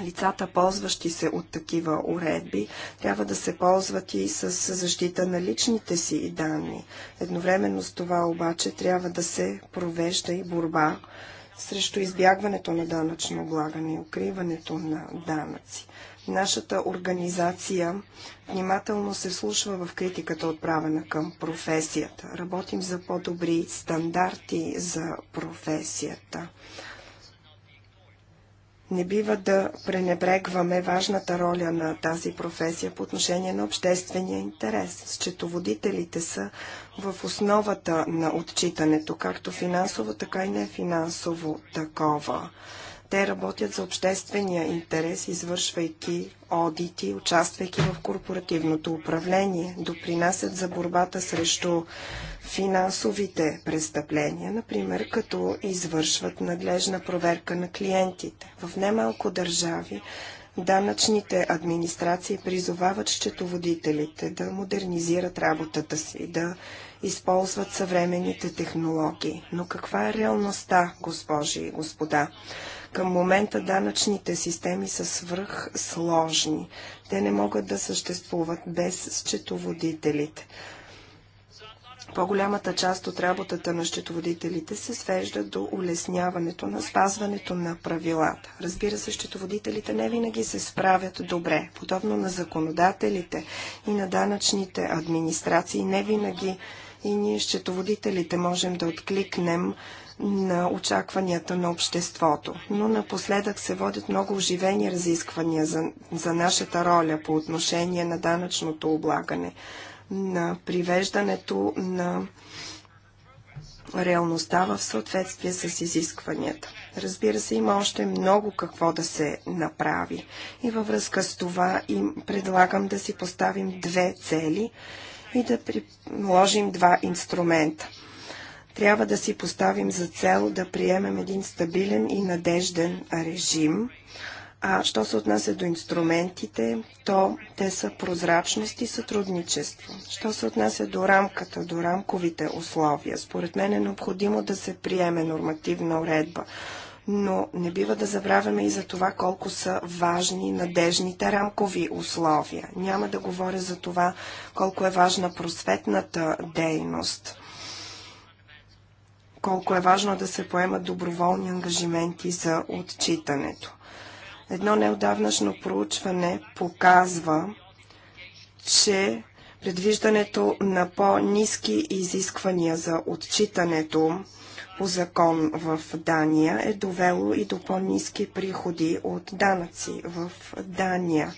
лицата, ползващи се от такива уредби, трябва да се ползват и с защита на личните си данни. Едновременно с това обаче трябва да се провежда и борба срещу избягването на данъчно облагане и укриването на данъци. Нашата организация внимателно се слушва в критиката отправена към професията. Работим за по-добри стандарти за професията. Не бива да пренебрегваме важната роля на тази професия по отношение на обществения интерес. Счетоводителите са в основата на отчитането, както финансово, така и не финансово такова. Те работят за обществения интерес, извършвайки одити, участвайки в корпоративното управление, допринасят за борбата срещу финансовите престъпления, например, като извършват надлежна проверка на клиентите. В немалко държави данъчните администрации призовават счетоводителите да модернизират работата си, да използват съвременните технологии. Но каква е реалността, госпожи и господа? Към момента данъчните системи са свръх сложни. Те не могат да съществуват без счетоводителите. По-голямата част от работата на счетоводителите се свежда до улесняването на спазването на правилата. Разбира се, счетоводителите не винаги се справят добре. Подобно на законодателите и на данъчните администрации, не винаги и ние, счетоводителите, можем да откликнем на очакванията на обществото. Но напоследък се водят много оживени разисквания за, за нашата роля по отношение на данъчното облагане на привеждането на реалността в съответствие с изискванията. Разбира се, има още много какво да се направи. И във връзка с това им предлагам да си поставим две цели и да приложим два инструмента. Трябва да си поставим за цел да приемем един стабилен и надежден режим – а що се отнася до инструментите, то те са прозрачност и сътрудничество. Що се отнася до рамката, до рамковите условия, според мен е необходимо да се приеме нормативна уредба. Но не бива да забравяме и за това колко са важни надежните рамкови условия. Няма да говоря за това колко е важна просветната дейност – колко е важно да се поемат доброволни ангажименти за отчитането. Едно неодавнашно проучване показва, че предвиждането на по-низки изисквания за отчитането по закон в Дания е довело и до по-низки приходи от данъци в Дания.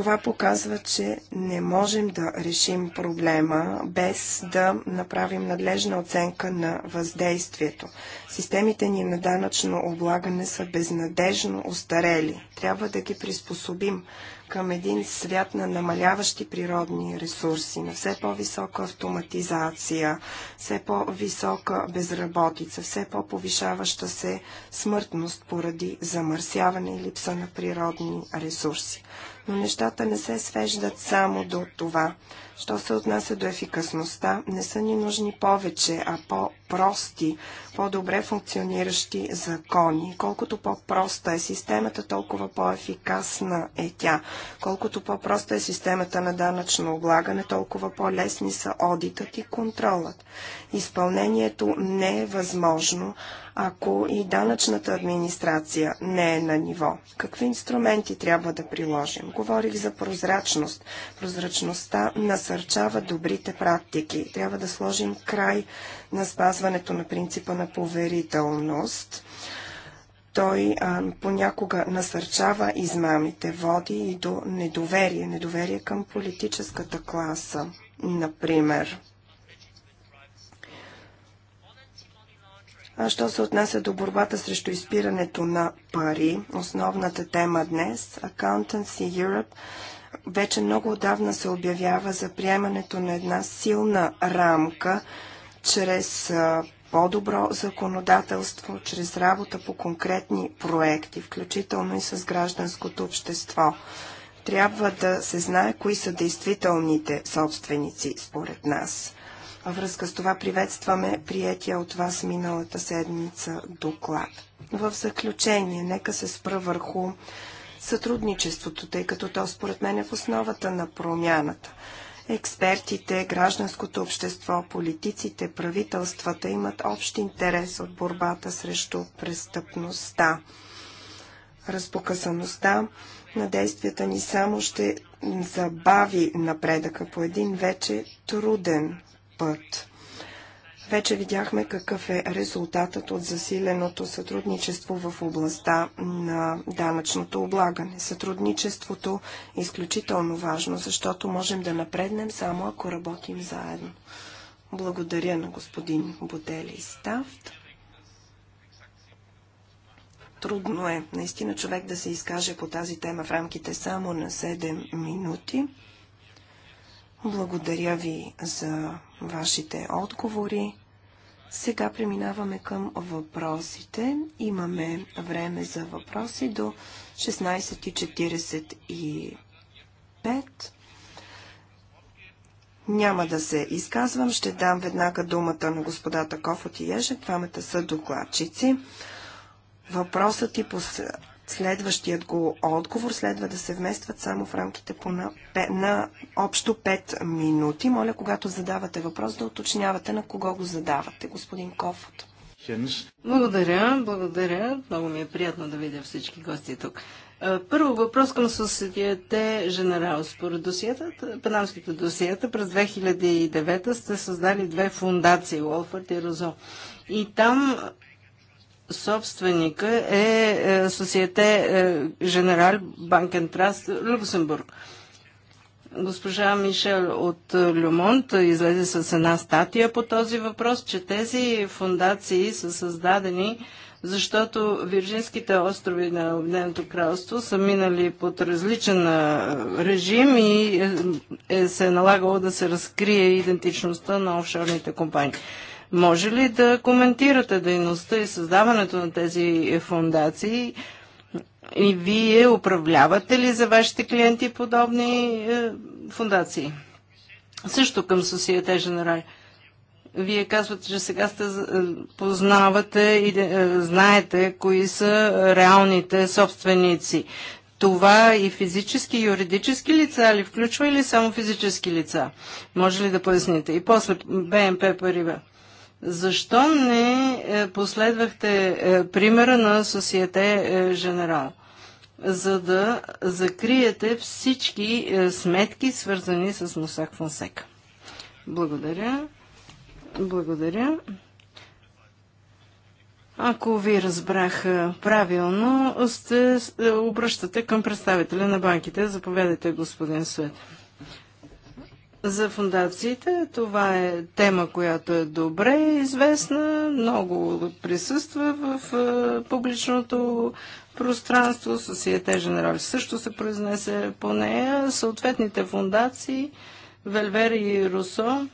Това показва, че не можем да решим проблема без да направим надлежна оценка на въздействието. Системите ни на данъчно облагане са безнадежно устарели. Трябва да ги приспособим към един свят на намаляващи природни ресурси, на все по-висока автоматизация, все по-висока безработица, все по-повишаваща се смъртност поради замърсяване и липса на природни ресурси но нещата не се свеждат само до това. Що се отнася до ефикасността, не са ни нужни повече, а по-прости, по-добре функциониращи закони. Колкото по-проста е системата, толкова по-ефикасна е тя. Колкото по-проста е системата на данъчно облагане, толкова по-лесни са одитът и контролът. Изпълнението не е възможно, ако и данъчната администрация не е на ниво? Какви инструменти трябва да приложим? Говорих за прозрачност. Прозрачността насърчава добрите практики. Трябва да сложим край на спазването на принципа на поверителност. Той а, понякога насърчава измамите, води и до недоверие, недоверие към политическата класа, например. Що се отнася до борбата срещу изпирането на пари, основната тема днес, Accountancy Europe вече много отдавна се обявява за приемането на една силна рамка чрез по-добро законодателство, чрез работа по конкретни проекти, включително и с гражданското общество. Трябва да се знае кои са действителните собственици, според нас. Във връзка с това приветстваме приятия от вас миналата седмица доклад. В заключение, нека се спра върху сътрудничеството, тъй като то според мен е в основата на промяната. Експертите, гражданското общество, политиците, правителствата имат общ интерес от борбата срещу престъпността. Разпокъсаността на действията ни само ще забави напредъка по един вече труден път. Вече видяхме какъв е резултатът от засиленото сътрудничество в областта на данъчното облагане. Сътрудничеството е изключително важно, защото можем да напреднем само ако работим заедно. Благодаря на господин Бодели и Ставт. Трудно е наистина човек да се изкаже по тази тема в рамките само на 7 минути. Благодаря ви за вашите отговори. Сега преминаваме към въпросите. Имаме време за въпроси до 16.45. Няма да се изказвам. Ще дам веднага думата на господата Кофът и Ежек. Двамата са докладчици. Въпросът и следващият го отговор следва да се вместват само в рамките по на, на общо 5 минути. Моля, когато задавате въпрос, да уточнявате на кого го задавате, господин Кофот. Благодаря, благодаря. Много ми е приятно да видя всички гости тук. Първо въпрос към съседите Женерал. Според досията, панамските досията, през 2009 сте създали две фундации, Уолфърт и Розо. И там собственика е, е Societe е, General Banken Trust Люксембург. Госпожа Мишел от е, Люмонт излезе с една статия по този въпрос, че тези фундации са създадени защото Вирджинските острови на Обединеното кралство са минали под различен режим и е, се е налагало да се разкрие идентичността на офшорните компании. Може ли да коментирате дейността и създаването на тези фундации? И вие управлявате ли за вашите клиенти подобни е, фундации? Също към Societe Generale. Вие казвате, че сега сте е, познавате и е, знаете кои са реалните собственици. Това и физически, и юридически лица ли включва или само физически лица? Може ли да поясните? И после БМП Париба. Защо не е, последвахте е, примера на Societe е, Женерал, за да закриете всички сметки, свързани с Мусак Фонсека? Благодаря. Благодаря. Ако ви разбрах правилно, сте обръщате към представителя на банките. Заповядайте, господин Свет. За фундациите това е тема, която е добре известна, много присъства в е, публичното пространство. Сосиете Женерали също се произнесе по нея. Съответните фундации, Велвер и Русо,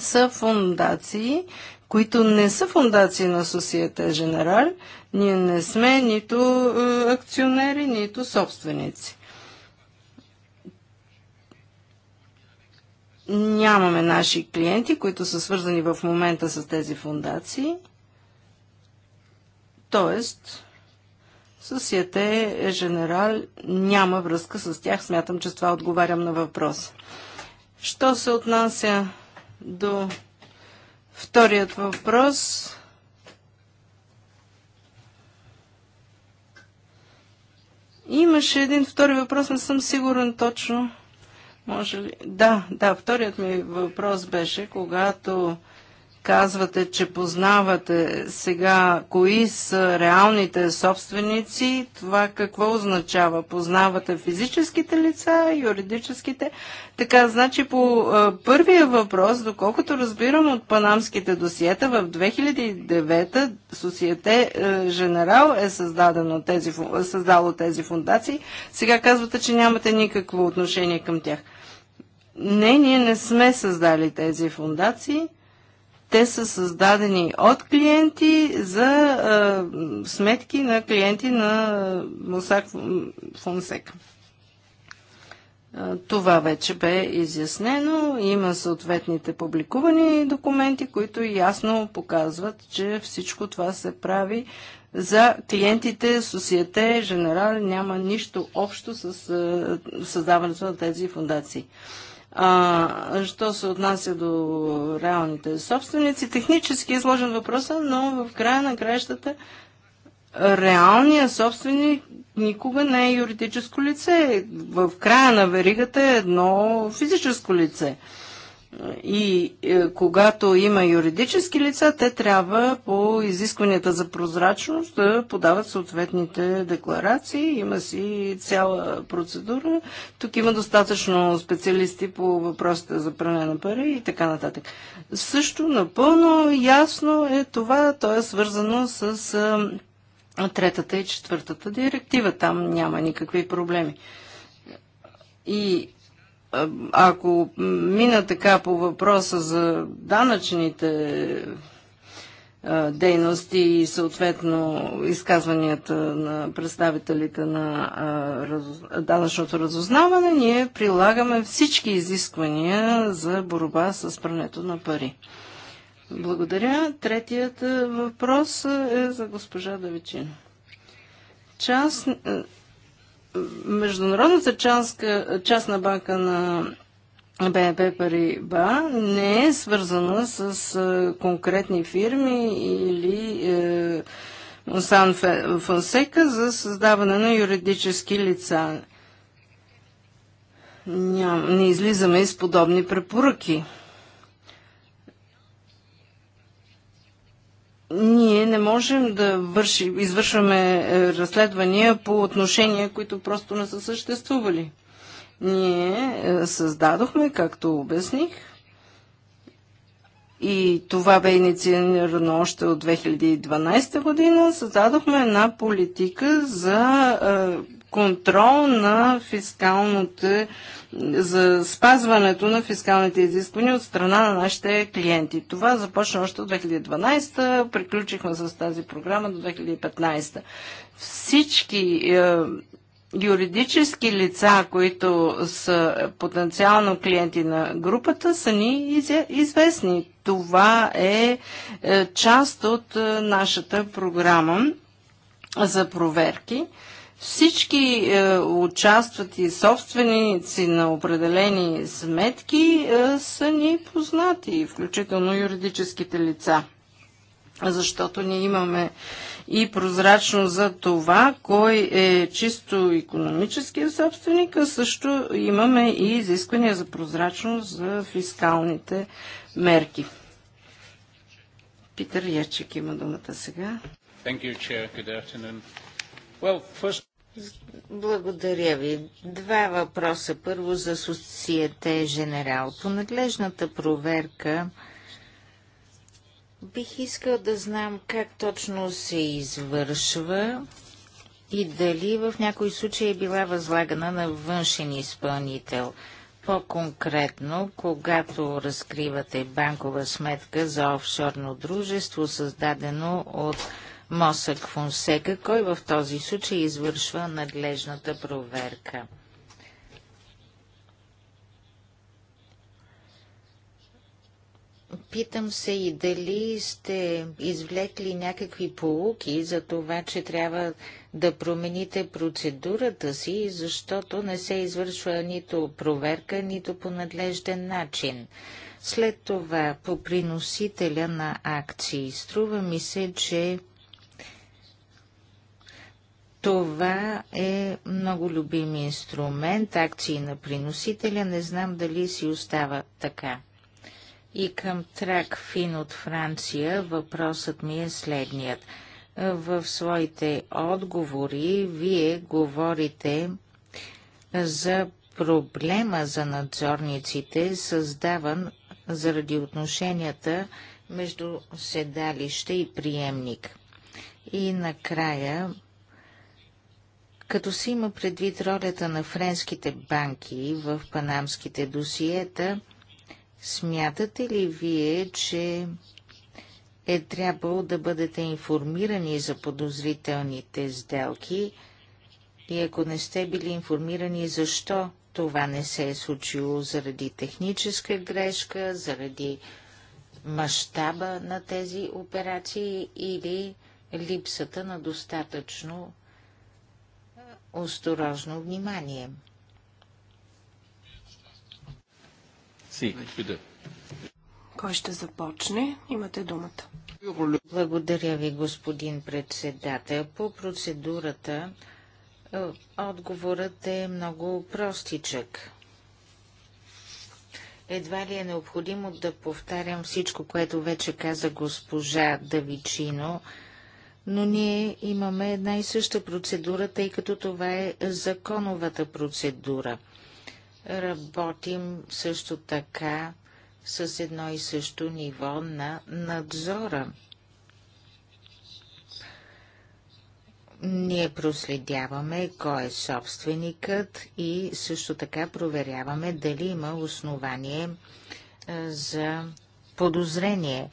са фундации, които не са фундации на Сосиете женерал, Ние не сме нито е, акционери, нито собственици. Нямаме наши клиенти, които са свързани в момента с тези фундации. Тоест, Сусиете е Женерал няма връзка с тях. Смятам, че с това отговарям на въпроса. Що се отнася до вторият въпрос? Имаше един втори въпрос, не съм сигурен точно. Може ли? Да, да, вторият ми въпрос беше, когато Казвате, че познавате сега кои са реалните собственици. Това какво означава? Познавате физическите лица, юридическите? Така, значи по първия въпрос, доколкото разбирам от панамските досиета, в 2009 Societe Женерал е създадено тези, е създало тези фундации. Сега казвате, че нямате никакво отношение към тях. Не, ние не сме създали тези фундации – те са създадени от клиенти за а, сметки на клиенти на Мусак Фонсека. Това вече бе изяснено. Има съответните публикувани документи, които ясно показват, че всичко това се прави за клиентите. Сосиете Генерал няма нищо общо с създаването на тези фундации. А, що се отнася до реалните собственици, технически е изложен въпроса, но в края на краищата реалният собственик никога не е юридическо лице. В края на веригата е едно физическо лице. И е, когато има юридически лица, те трябва по изискванията за прозрачност да подават съответните декларации. Има си цяла процедура. Тук има достатъчно специалисти по въпросите за пране на пари и така нататък. Също напълно ясно е това. То е свързано с е, третата и четвъртата директива. Там няма никакви проблеми. И ако мина така по въпроса за данъчните дейности и съответно изказванията на представителите на данъчното разузнаване, ние прилагаме всички изисквания за борба с прането на пари. Благодаря. Третият въпрос е за госпожа Давичина. Част, Международната частка, частна банка на БНП Париба не е свързана с конкретни фирми или е, Сан Фонсека за създаване на юридически лица. Ням, не излизаме из подобни препоръки. ние не можем да върши, извършваме е, разследвания по отношения, които просто не са съществували. Ние е, създадохме, както обясних, и това бе инициирано още от 2012 година, създадохме една политика за е, контрол на фискалните, за спазването на фискалните изисквания от страна на нашите клиенти. Това започна още от 2012, приключихме с тази програма до 2015. Всички е, юридически лица, които са потенциално клиенти на групата, са ни известни. Това е, е част от е, нашата програма за проверки всички е, участват и собственици на определени сметки е, са ни познати, включително юридическите лица. Защото ние имаме и прозрачно за това, кой е чисто економическия собственик, а също имаме и изисквания за прозрачност за фискалните мерки. Питър Ячек има думата сега. Thank you, Chair. Good afternoon. Well, first... Благодаря ви. Два въпроса. Първо за социете Женерал. По надлежната проверка бих искал да знам как точно се извършва и дали в някой случай е била възлагана на външен изпълнител. По-конкретно, когато разкривате банкова сметка за офшорно дружество, създадено от Мосък Фонсека, кой в този случай извършва надлежната проверка. Питам се и дали сте извлекли някакви полуки за това, че трябва да промените процедурата си, защото не се извършва нито проверка, нито по надлежден начин. След това, по приносителя на акции, струва ми се, че това е много любим инструмент, акции на приносителя, не знам дали си остава така. И към Трак Фин от Франция въпросът ми е следният. В своите отговори вие говорите за проблема за надзорниците, създаван заради отношенията между седалище и приемник. И накрая като си има предвид ролята на френските банки в панамските досиета, смятате ли вие, че е трябвало да бъдете информирани за подозрителните сделки и ако не сте били информирани защо това не се е случило заради техническа грешка, заради мащаба на тези операции или липсата на достатъчно осторожно внимание. Си, Кой ще започне? Имате думата. Благодаря ви, господин председател. По процедурата е, отговорът е много простичък. Едва ли е необходимо да повтарям всичко, което вече каза госпожа Давичино но ние имаме една и съща процедура, тъй като това е законовата процедура. Работим също така с едно и също ниво на надзора. Ние проследяваме кой е собственикът и също така проверяваме дали има основание за подозрение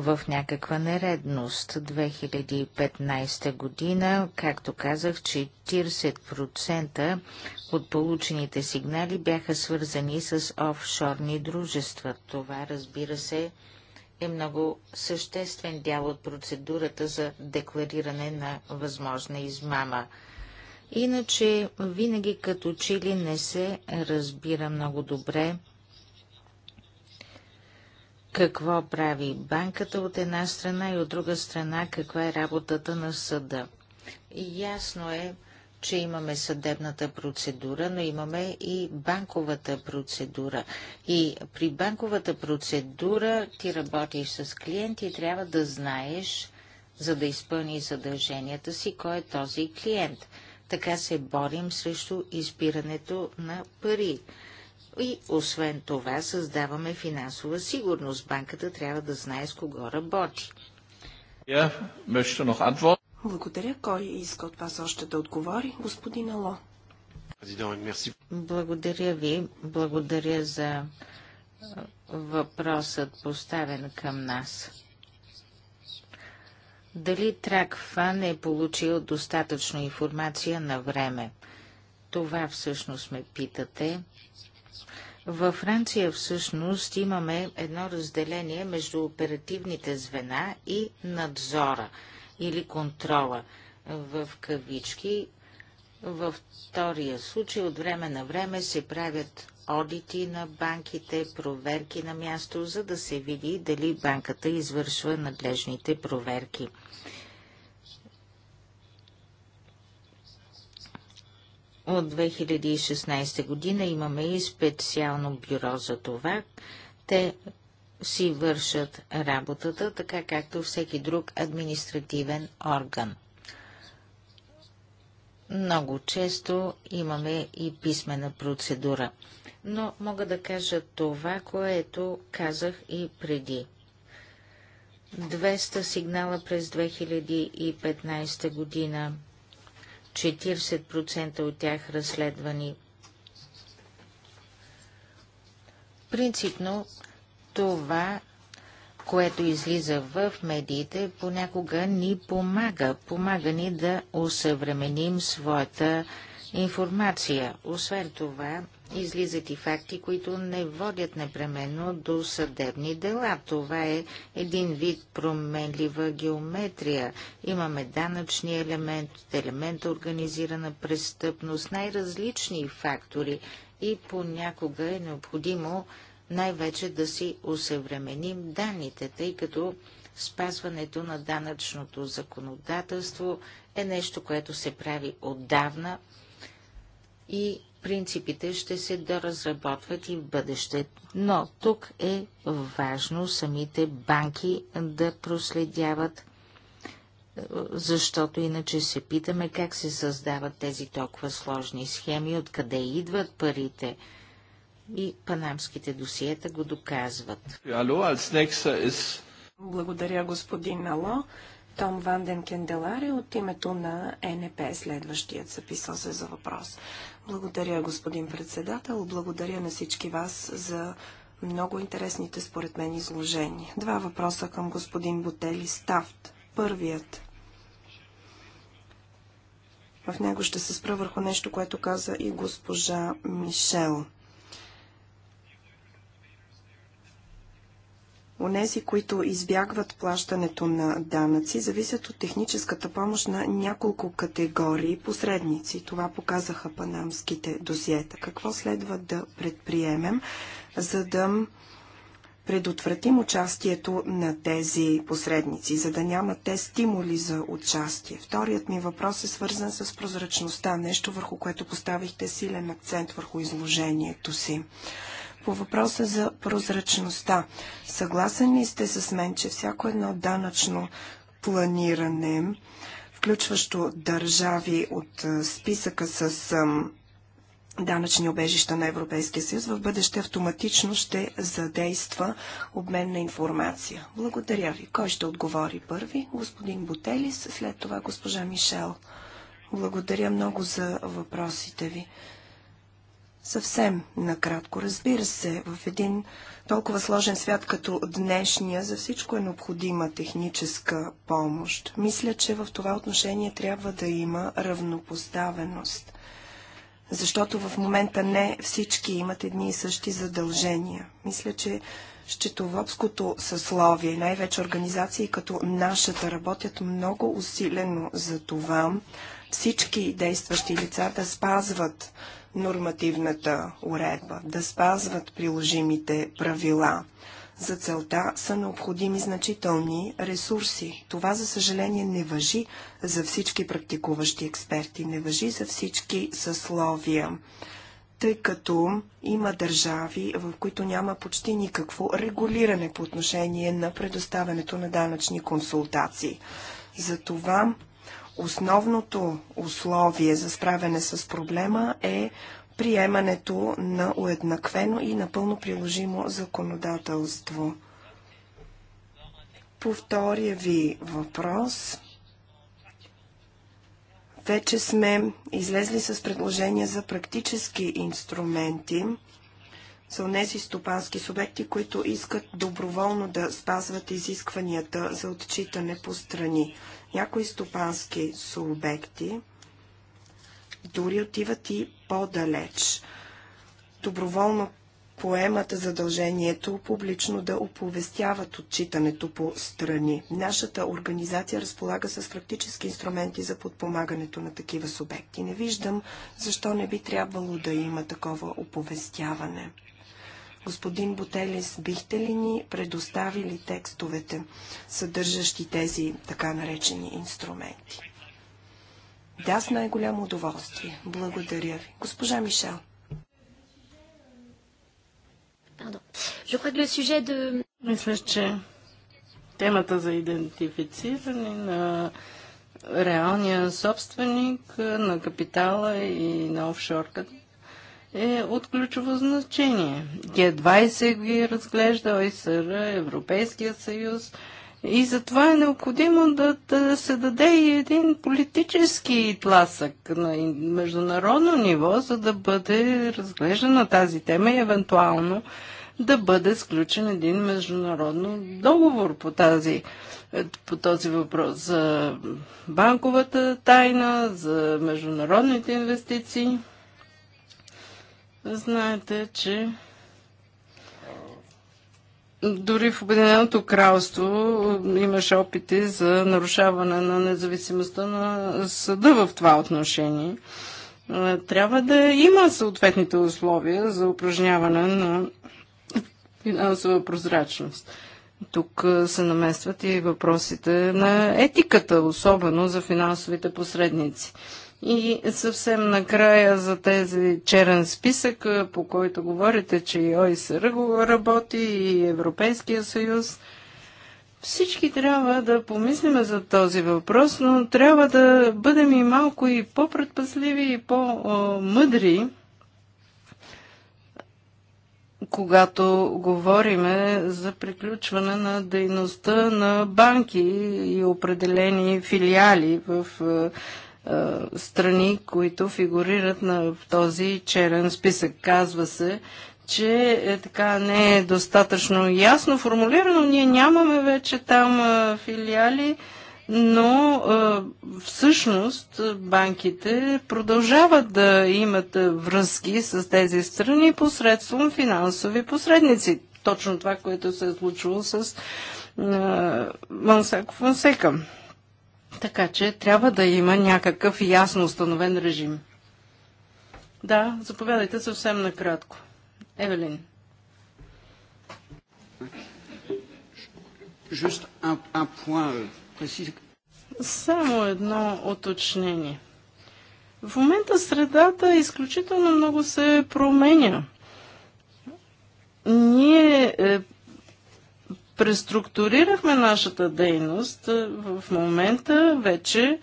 в някаква нередност. 2015 година, както казах, 40% от получените сигнали бяха свързани с офшорни дружества. Това, разбира се, е много съществен дял от процедурата за деклариране на възможна измама. Иначе, винаги като чили не се разбира много добре какво прави банката от една страна и от друга страна каква е работата на съда. Ясно е, че имаме съдебната процедура, но имаме и банковата процедура. И при банковата процедура ти работиш с клиент и трябва да знаеш, за да изпълни задълженията си, кой е този клиент. Така се борим срещу избирането на пари. И освен това създаваме финансова сигурност. Банката трябва да знае с кого работи. Благодаря. Кой иска от вас още да отговори? Господин Ало. Благодаря ви. Благодаря за въпросът поставен към нас. Дали Тракфан е получил достатъчно информация на време? Това всъщност ме питате. Във Франция всъщност имаме едно разделение между оперативните звена и надзора или контрола в кавички. Във втория случай от време на време се правят одити на банките, проверки на място, за да се види дали банката извършва надлежните проверки. От 2016 година имаме и специално бюро за това. Те си вършат работата, така както всеки друг административен орган. Много често имаме и писмена процедура, но мога да кажа това, което казах и преди. 200 сигнала през 2015 година, 40% от тях разследвани. Принципно това, което излиза в медиите, понякога ни помага. Помага ни да усъвременим своята информация. Освен това, излизат и факти, които не водят непременно до съдебни дела. Това е един вид променлива геометрия. Имаме данъчния елемент, елемент организирана престъпност, най-различни фактори и понякога е необходимо най-вече да си усъвременим данните, тъй като спазването на данъчното законодателство е нещо, което се прави отдавна и принципите ще се да разработват и в бъдеще. Но тук е важно самите банки да проследяват, защото иначе се питаме как се създават тези толкова сложни схеми, откъде идват парите. И панамските досиета го доказват. Благодаря, господин Ало. Том Ванден Кенделари от името на НП, е следващият записал се за въпрос. Благодаря, господин председател. Благодаря на всички вас за много интересните според мен изложения. Два въпроса към господин Ботели Ставт. Първият. В него ще се спра върху нещо, което каза и госпожа Мишел – Онези, които избягват плащането на данъци, зависят от техническата помощ на няколко категории посредници. Това показаха панамските досиета. Какво следва да предприемем, за да предотвратим участието на тези посредници, за да няма те стимули за участие. Вторият ми въпрос е свързан с прозрачността, нещо върху което поставихте силен акцент върху изложението си. По въпроса за прозрачността. Съгласен ли сте с мен, че всяко едно данъчно планиране, включващо държави от списъка с данъчни обежища на Европейския съюз, в бъдеще автоматично ще задейства обмен на информация. Благодаря ви. Кой ще отговори първи? Господин Ботелис, след това госпожа Мишел. Благодаря много за въпросите ви. Съвсем накратко, разбира се, в един толкова сложен свят като днешния, за всичко е необходима техническа помощ. Мисля, че в това отношение трябва да има равнопоставеност, защото в момента не всички имат едни и същи задължения. Мисля, че счетоводското съсловие и най-вече организации като нашата работят много усилено за това всички действащи лица да спазват нормативната уредба, да спазват приложимите правила. За целта са необходими значителни ресурси. Това, за съжаление, не въжи за всички практикуващи експерти, не въжи за всички съсловия, тъй като има държави, в които няма почти никакво регулиране по отношение на предоставянето на данъчни консултации. Затова Основното условие за справяне с проблема е приемането на уеднаквено и напълно приложимо законодателство. По втория ви въпрос, вече сме излезли с предложения за практически инструменти – са унеси стопански субекти, които искат доброволно да спазват изискванията за отчитане по страни. Някои стопански субекти дори отиват и по-далеч. Доброволно поемат задължението публично да оповестяват отчитането по страни. Нашата организация разполага с практически инструменти за подпомагането на такива субекти. Не виждам защо не би трябвало да има такова оповестяване. Господин Ботелис, бихте ли ни предоставили текстовете, съдържащи тези така наречени инструменти? Да, с най-голямо удоволствие. Благодаря ви. Госпожа Мишел. Мисля, че темата за идентифициране на реалния собственик на капитала и на офшорката е от ключово значение. Г20 ги е разглежда ОСР, Европейския съюз и затова е необходимо да, да се даде и един политически тласък на международно ниво, за да бъде разглеждана тази тема и евентуално да бъде сключен един международно договор по, тази, по този въпрос за банковата тайна, за международните инвестиции. Знаете, че дори в Обединеното кралство имаше опити за нарушаване на независимостта на съда в това отношение. Трябва да има съответните условия за упражняване на финансова прозрачност. Тук се наместват и въпросите на етиката, особено за финансовите посредници. И съвсем накрая за тези черен списък, по който говорите, че и ОИСР го работи, и Европейския съюз. Всички трябва да помислим за този въпрос, но трябва да бъдем и малко и по-предпазливи, и по-мъдри, когато говориме за приключване на дейността на банки и определени филиали в страни, които фигурират на този черен списък. Казва се, че е, така не е достатъчно ясно формулирано. Ние нямаме вече там филиали, но всъщност банките продължават да имат връзки с тези страни посредством финансови посредници. Точно това, което се е случило с Монсако Фонсека. Така че трябва да има някакъв ясно установен режим. Да, заповядайте съвсем накратко. Евелин. Euh, Само едно оточнение. В момента средата изключително много се променя. Ние е, преструктурирахме нашата дейност. В момента вече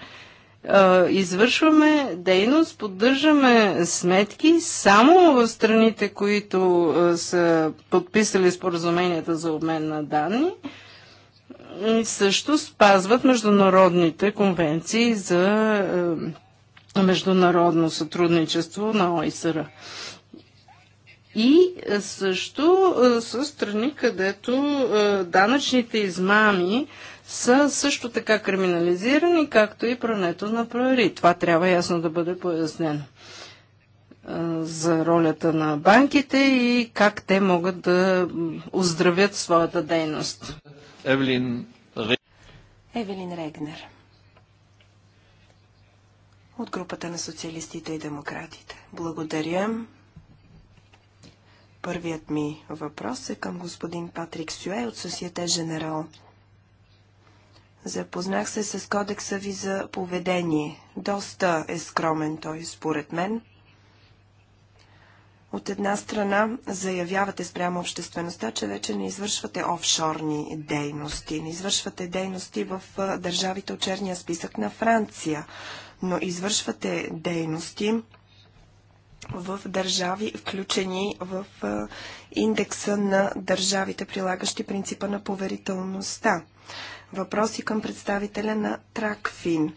извършваме дейност, поддържаме сметки само в страните, които са подписали споразуменията за обмен на данни и също спазват международните конвенции за международно сътрудничество на ОИСР и е, също е, са страни, където е, данъчните измами са също така криминализирани, както и прането на пари. Това трябва ясно да бъде пояснено за ролята на банките и как те могат да оздравят своята дейност. Евелин, Евелин Регнер от групата на социалистите и демократите. Благодаря. Първият ми въпрос е към господин Патрик Сюе от Societe Женерал. Запознах се с кодекса ви за поведение. Доста е скромен той, според мен. От една страна заявявате спрямо обществеността, че вече не извършвате офшорни дейности, не извършвате дейности в държавите от черния списък на Франция, но извършвате дейности, в държави, включени в индекса на държавите, прилагащи принципа на поверителността. Въпроси към представителя на Тракфин.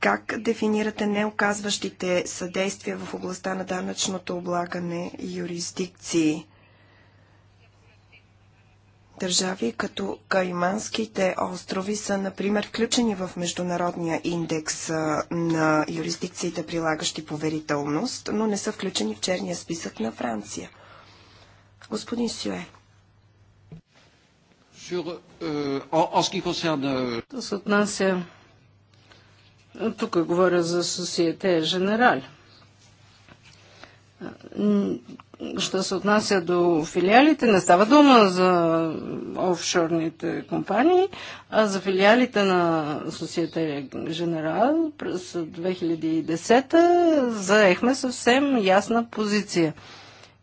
Как дефинирате неоказващите съдействия в областта на данъчното облагане и юрисдикции? Държави като Кайманските острови са, например, включени в Международния индекс на юрисдикциите, прилагащи поверителност, но не са включени в черния списък на Франция. Господин Сюе. То euh, euh, се отнася... Тук говоря за сосиете Женераль що се отнася до филиалите, не става дума за офшорните компании, а за филиалите на Societe General през 2010 заехме съвсем ясна позиция.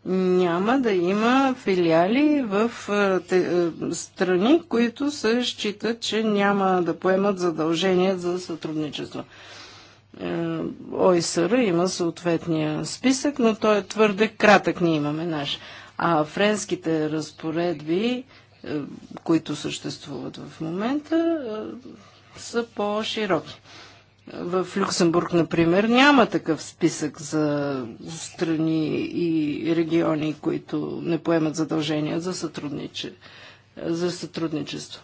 Няма да има филиали в е, те, е, страни, които се считат, че няма да поемат задължения за сътрудничество. Е, ОИСР има съответния списък, но той е твърде кратък, ние имаме наш. А френските разпоредби, е, които съществуват в момента, е, са по-широки. В Люксембург, например, няма такъв списък за страни и региони, които не поемат задължения за, сътрудниче, за сътрудничество.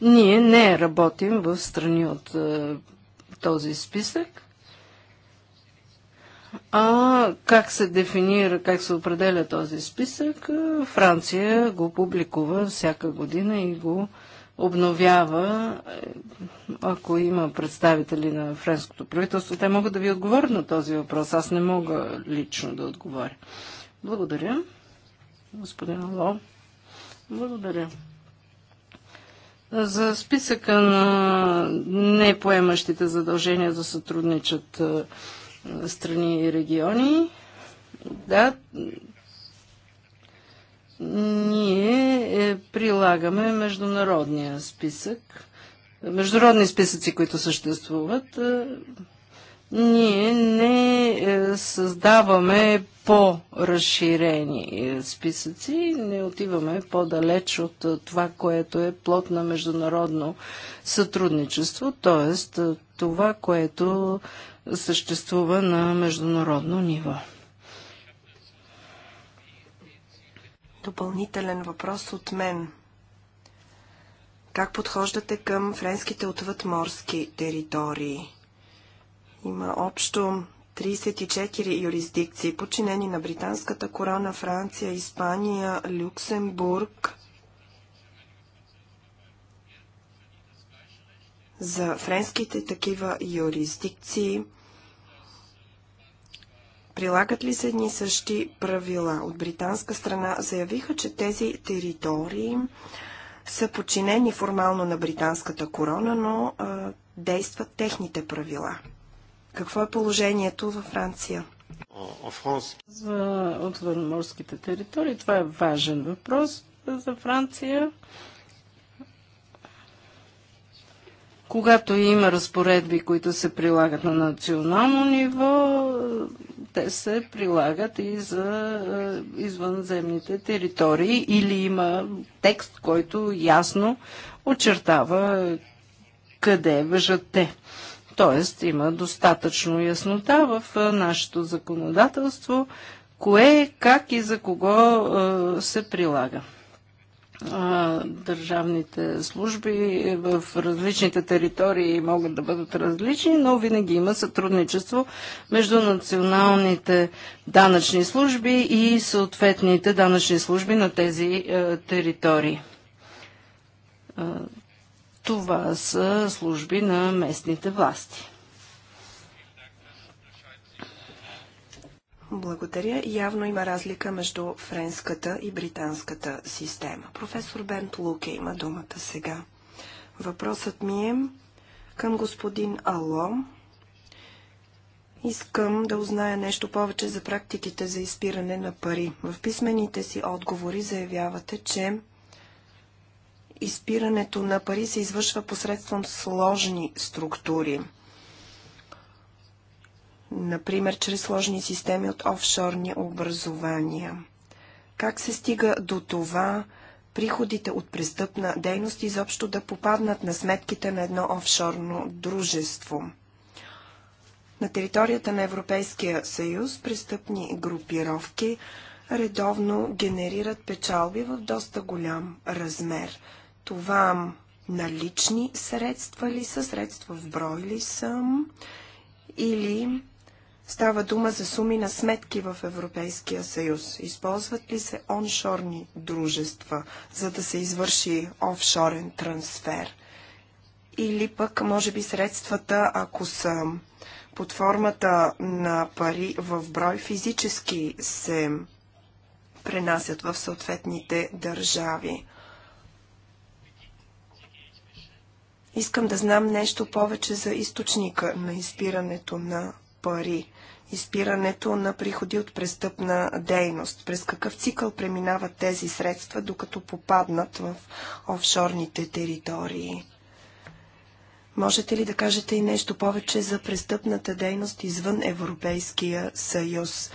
Ние не работим в страни от този списък. А как се дефинира, как се определя този списък? Франция го публикува всяка година и го обновява. Ако има представители на френското правителство, те могат да ви отговорят на този въпрос. Аз не мога лично да отговоря. Благодаря. Господин Ло. Благодаря. За списъка на непоемащите задължения да сътрудничат е, страни и региони, да, ние е, прилагаме международния списък, международни списъци, които съществуват. Е, ние не е, създаваме по-разширени е, списъци, не отиваме по-далеч от е, това, което е плод на международно сътрудничество, т.е. това, което съществува на международно ниво. Допълнителен въпрос от мен. Как подхождате към френските отвъдморски територии? Има общо 34 юрисдикции, подчинени на Британската корона, Франция, Испания, Люксембург. За френските такива юрисдикции прилагат ли се едни същи правила? От британска страна заявиха, че тези територии са подчинени формално на британската корона, но а, действат техните правила. Какво е положението във Франция? За отвънморските територии това е важен въпрос за Франция. Когато има разпоредби, които се прилагат на национално ниво, те се прилагат и за е, извънземните територии или има текст, който ясно очертава къде въжат те. Тоест има достатъчно яснота в нашето законодателство, кое, как и за кого се прилага държавните служби в различните територии могат да бъдат различни, но винаги има сътрудничество между националните данъчни служби и съответните данъчни служби на тези територии. Това са служби на местните власти. Благодаря. Явно има разлика между френската и британската система. Професор Бент Луке има думата сега. Въпросът ми е към господин Ало. Искам да узная нещо повече за практиките за изпиране на пари. В писмените си отговори заявявате, че изпирането на пари се извършва посредством сложни структури. Например, чрез сложни системи от офшорни образования. Как се стига до това приходите от престъпна дейност изобщо да попаднат на сметките на едно офшорно дружество? На територията на Европейския съюз престъпни групировки редовно генерират печалби в доста голям размер това налични средства ли са, средства в брой ли са, или става дума за суми на сметки в Европейския съюз. Използват ли се оншорни дружества, за да се извърши офшорен трансфер? Или пък, може би, средствата, ако са под формата на пари в брой, физически се пренасят в съответните държави. Искам да знам нещо повече за източника на изпирането на пари, изпирането на приходи от престъпна дейност. През какъв цикъл преминават тези средства, докато попаднат в офшорните територии? Можете ли да кажете и нещо повече за престъпната дейност извън Европейския съюз?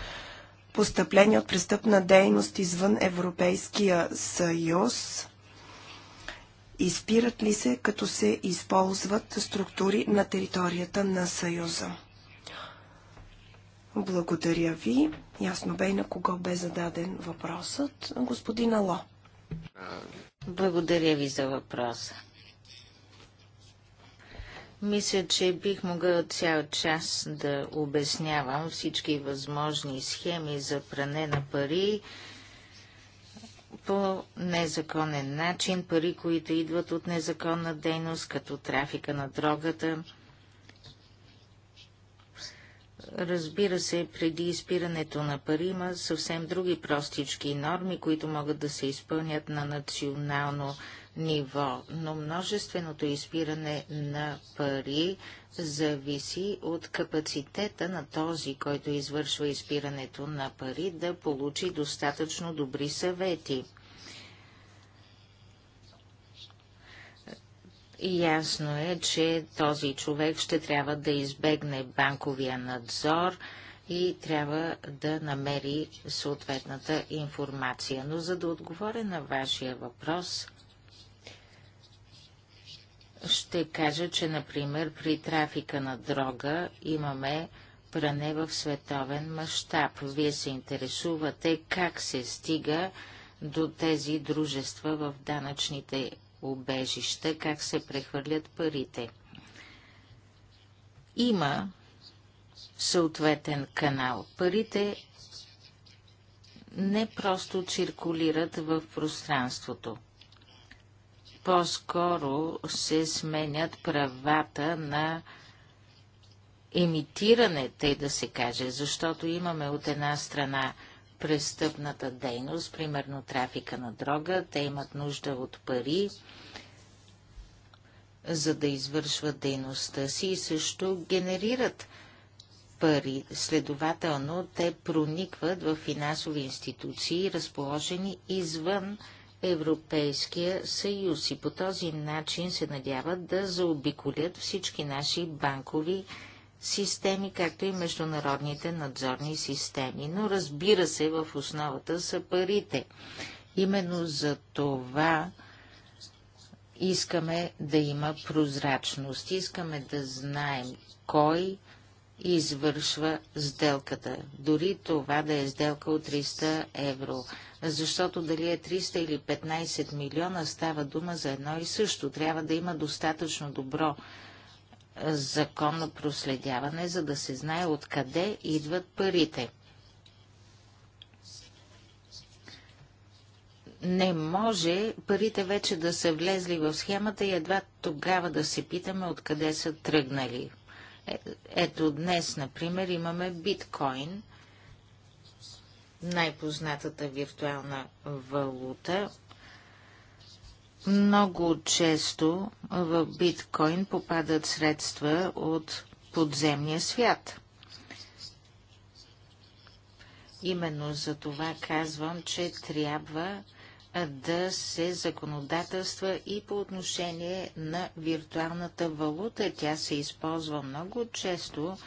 Постъпление от престъпна дейност извън Европейския съюз Изпират ли се, като се използват структури на територията на Съюза? Благодаря ви. Ясно бе и на кого бе зададен въпросът. Господин Ало. Благодаря ви за въпроса. Мисля, че бих могъл цял час да обяснявам всички възможни схеми за пране на пари, по незаконен начин, пари, които идват от незаконна дейност, като трафика на дрогата. Разбира се, преди изпирането на пари има съвсем други простички норми, които могат да се изпълнят на национално ниво, но множественото изпиране на пари зависи от капацитета на този, който извършва изпирането на пари, да получи достатъчно добри съвети. Ясно е, че този човек ще трябва да избегне банковия надзор и трябва да намери съответната информация. Но за да отговоря на вашия въпрос, ще кажа, че, например, при трафика на дрога имаме пране в световен мащаб. Вие се интересувате как се стига до тези дружества в данъчните убежища, как се прехвърлят парите. Има съответен канал. Парите не просто циркулират в пространството. По-скоро се сменят правата на емитиране, тъй да се каже, защото имаме от една страна престъпната дейност, примерно трафика на дрога. Те имат нужда от пари, за да извършват дейността си и също генерират пари. Следователно, те проникват в финансови институции, разположени извън Европейския съюз и по този начин се надяват да заобиколят всички наши банкови институции системи, както и международните надзорни системи. Но разбира се, в основата са парите. Именно за това искаме да има прозрачност, искаме да знаем кой извършва сделката. Дори това да е сделка от 300 евро. Защото дали е 300 или 15 милиона, става дума за едно и също. Трябва да има достатъчно добро законно проследяване, за да се знае откъде идват парите. Не може парите вече да са влезли в схемата и едва тогава да се питаме откъде са тръгнали. Е, ето днес, например, имаме биткоин, най-познатата виртуална валута, много често в биткоин попадат средства от подземния свят. Именно за това казвам, че трябва да се законодателства и по отношение на виртуалната валута. Тя се използва много често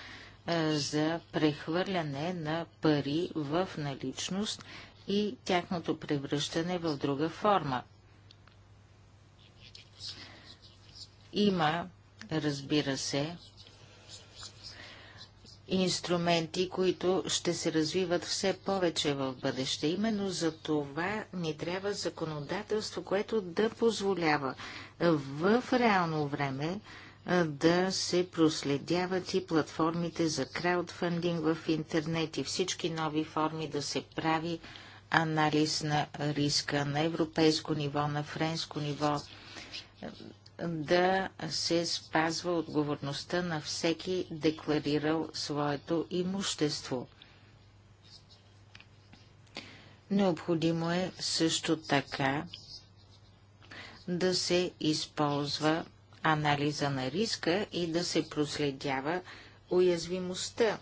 за прехвърляне на пари в наличност и тяхното превръщане в друга форма. Има, разбира се, инструменти, които ще се развиват все повече в бъдеще. Именно за това ни трябва законодателство, което да позволява в реално време да се проследяват и платформите за краудфандинг в интернет и всички нови форми да се прави анализ на риска на европейско ниво, на френско ниво да се спазва отговорността на всеки декларирал своето имущество. Необходимо е също така да се използва анализа на риска и да се проследява уязвимостта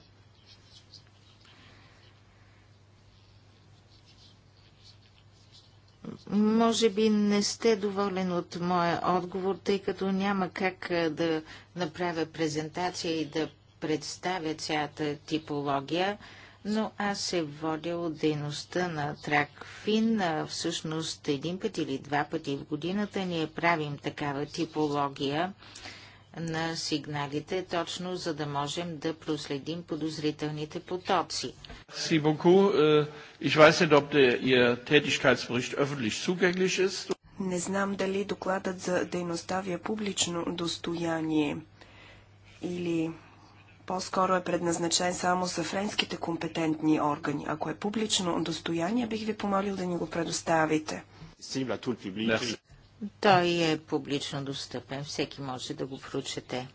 Може би не сте доволен от моя отговор, тъй като няма как да направя презентация и да представя цялата типология, но аз се водя от дейността на Тракфин. Всъщност един път или два пъти в годината ние правим такава типология на сигналите, точно за да можем да проследим подозрителните потоци. Е, Не знам дали докладът за дейността ви е публично достояние или по-скоро е предназначен само за френските компетентни органи. Ако е публично достояние, бих ви помолил да ни го предоставите. Той е публично достъпен. Всеки може да го прочете.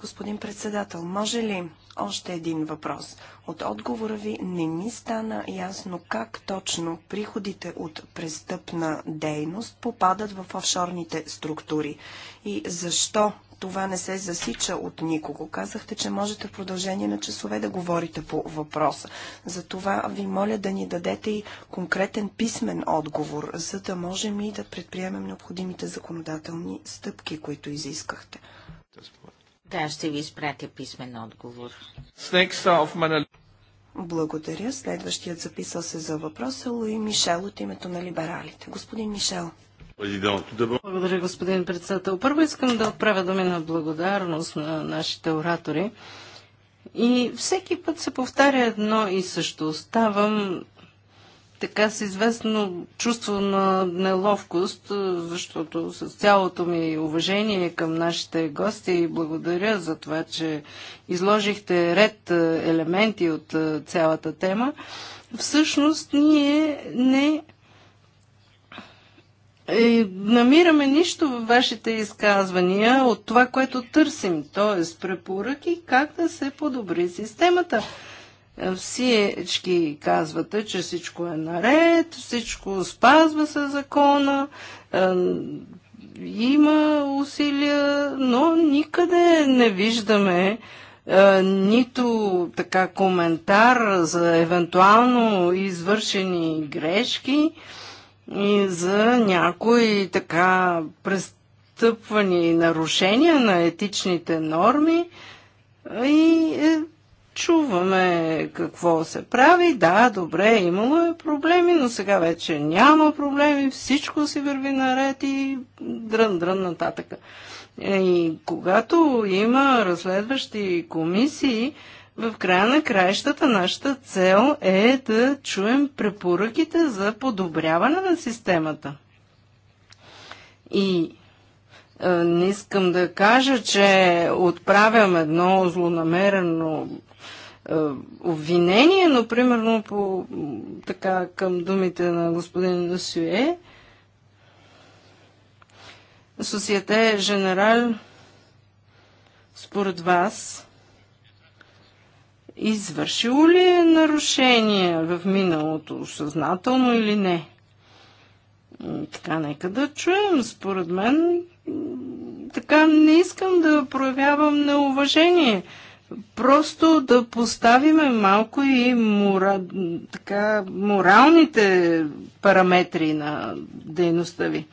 Господин председател, може ли още един въпрос? От отговора ви не ми стана ясно как точно приходите от престъпна дейност попадат в офшорните структури и защо това не се засича от никого. Казахте, че можете в продължение на часове да говорите по въпроса. Затова ви моля да ни дадете и конкретен писмен отговор, за да можем и да предприемем необходимите законодателни стъпки, които изискахте. Да, ще ви изпратя писмен отговор. Благодаря. Следващият записал се за въпроса е Луи Мишел от името на либералите. Господин Мишел. Благодаря, господин председател. Първо искам да отправя думи на благодарност на нашите оратори. И всеки път се повтаря едно и също. Ставам така с известно чувство на неловкост, защото с цялото ми уважение към нашите гости и благодаря за това, че изложихте ред е, елементи от е, цялата тема, всъщност ние не е, намираме нищо във вашите изказвания от това, което търсим, т.е. препоръки как да се подобри системата. Е, всички казвате, че всичко е наред, всичко спазва се закона, е, има усилия, но никъде не виждаме е, нито така коментар за евентуално извършени грешки, и за някои така престъпвани нарушения на етичните норми и е, чуваме какво се прави. Да, добре, имало е проблеми, но сега вече няма проблеми, всичко си върви наред и дрън-дрън нататък. Е, и когато има разследващи комисии, в края на краищата нашата цел е да чуем препоръките за подобряване на системата. И е, не искам да кажа, че отправям едно злонамерено е, обвинение, но примерно по, така, към думите на господин Досюе, Сосиете женерал според вас, Извършило ли е нарушение в миналото, съзнателно или не? Така, нека да чуем. Според мен, така не искам да проявявам неуважение. Просто да поставиме малко и мора, така, моралните параметри на дейността ви.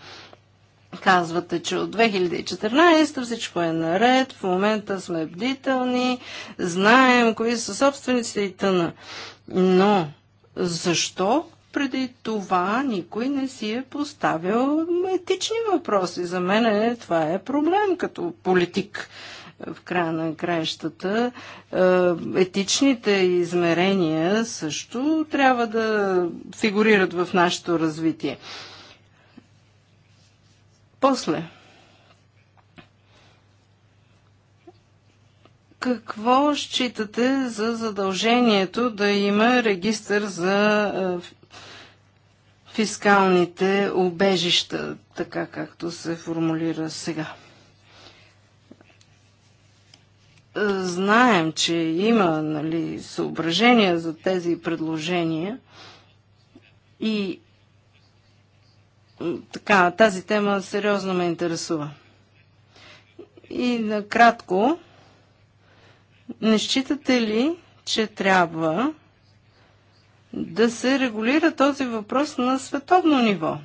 Казвате, че от 2014 всичко е наред, в момента сме бдителни, знаем кои са собствениците и тъна. Но защо преди това никой не си е поставил етични въпроси? За мен е, това е проблем като политик в края на краищата. Е, етичните измерения също трябва да фигурират в нашето развитие. После, какво считате за задължението да има регистър за е, фискалните обежища, така както се формулира сега? Е, знаем, че има нали, съображения за тези предложения и така, тази тема сериозно ме интересува. И накратко, не считате ли, че трябва да се регулира този въпрос на световно ниво?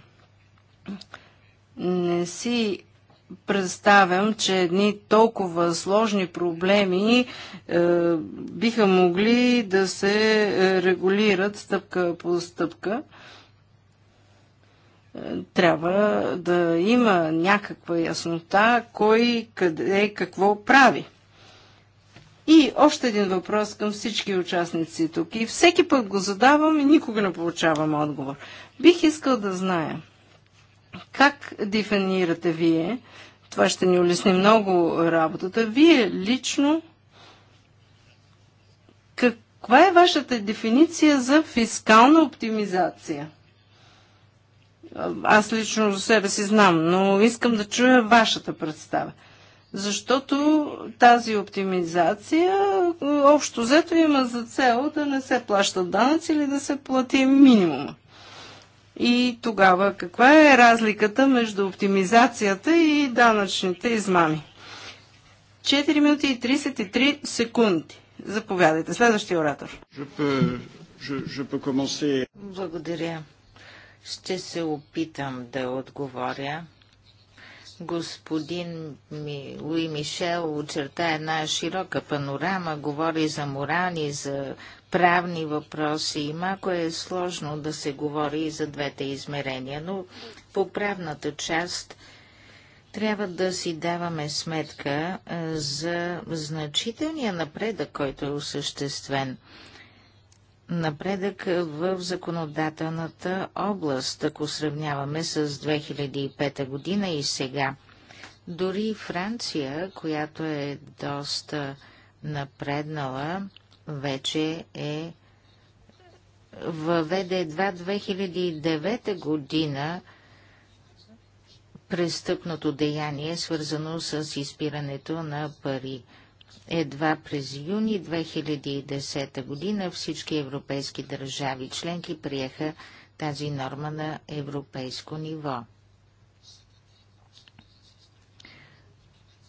Не си представям, че едни толкова сложни проблеми е, биха могли да се е, регулират стъпка по стъпка. Е, трябва да има някаква яснота кой, къде, какво прави. И още един въпрос към всички участници тук. И всеки път го задавам и никога не получавам отговор. Бих искал да зная как дефинирате вие, това ще ни улесни много работата, вие лично каква е вашата дефиниция за фискална оптимизация? Аз лично за себе си знам, но искам да чуя вашата представа. Защото тази оптимизация общо взето има за цел да не се плащат данъци или да се плати минимума. И тогава каква е разликата между оптимизацията и данъчните измами? 4 минути и 33 секунди. Заповядайте. Следващия оратор. Благодаря. Ще се опитам да отговоря. Господин Ми, Луи Мишел очерта една широка панорама, говори за морали, за правни въпроси и малко е сложно да се говори и за двете измерения, но по правната част трябва да си даваме сметка за значителния напредък, който е осъществен – напредък в законодателната област, ако сравняваме с 2005 година и сега. Дори Франция, която е доста напреднала, вече е въведе едва 2009 година престъпното деяние, свързано с изпирането на пари. Едва през юни 2010 година всички европейски държави членки приеха тази норма на европейско ниво.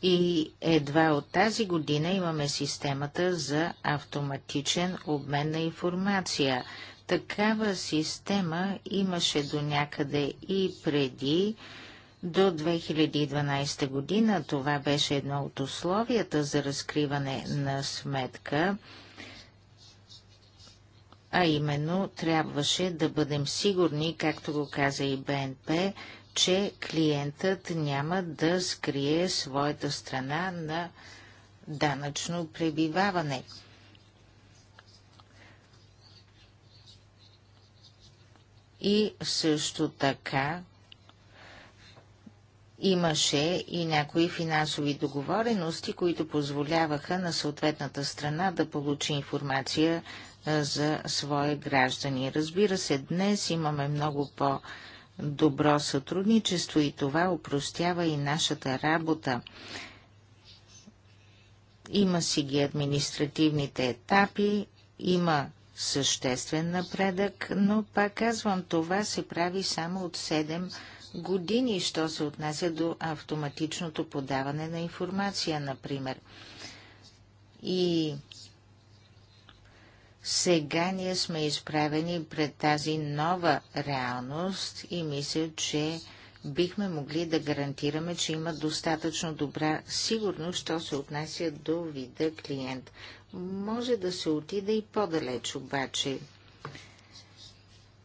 И едва от тази година имаме системата за автоматичен обмен на информация. Такава система имаше до някъде и преди до 2012 година това беше едно от условията за разкриване на сметка, а именно трябваше да бъдем сигурни, както го каза и БНП, че клиентът няма да скрие своята страна на данъчно пребиваване. И също така Имаше и някои финансови договорености, които позволяваха на съответната страна да получи информация за свои граждани. Разбира се, днес имаме много по-добро сътрудничество и това упростява и нашата работа. Има си ги административните етапи, има съществен напредък, но пак казвам, това се прави само от 7 години, що се отнася до автоматичното подаване на информация, например. И сега ние сме изправени пред тази нова реалност и мисля, че бихме могли да гарантираме, че има достатъчно добра сигурност, що се отнася до вида клиент. Може да се отида и по-далеч обаче.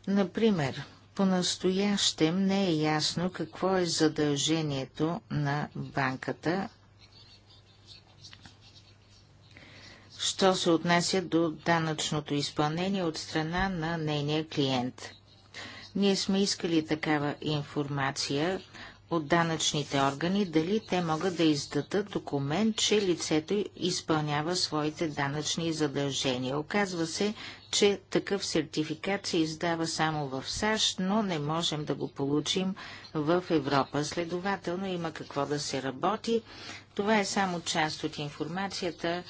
Например, по-настоящем не е ясно какво е задължението на банката, що се отнася до данъчното изпълнение от страна на нейния клиент. Ние сме искали такава информация от данъчните органи, дали те могат да издадат документ, че лицето изпълнява своите данъчни задължения. Оказва се, че такъв сертификат се издава само в САЩ, но не можем да го получим в Европа. Следователно има какво да се работи. Това е само част от информацията.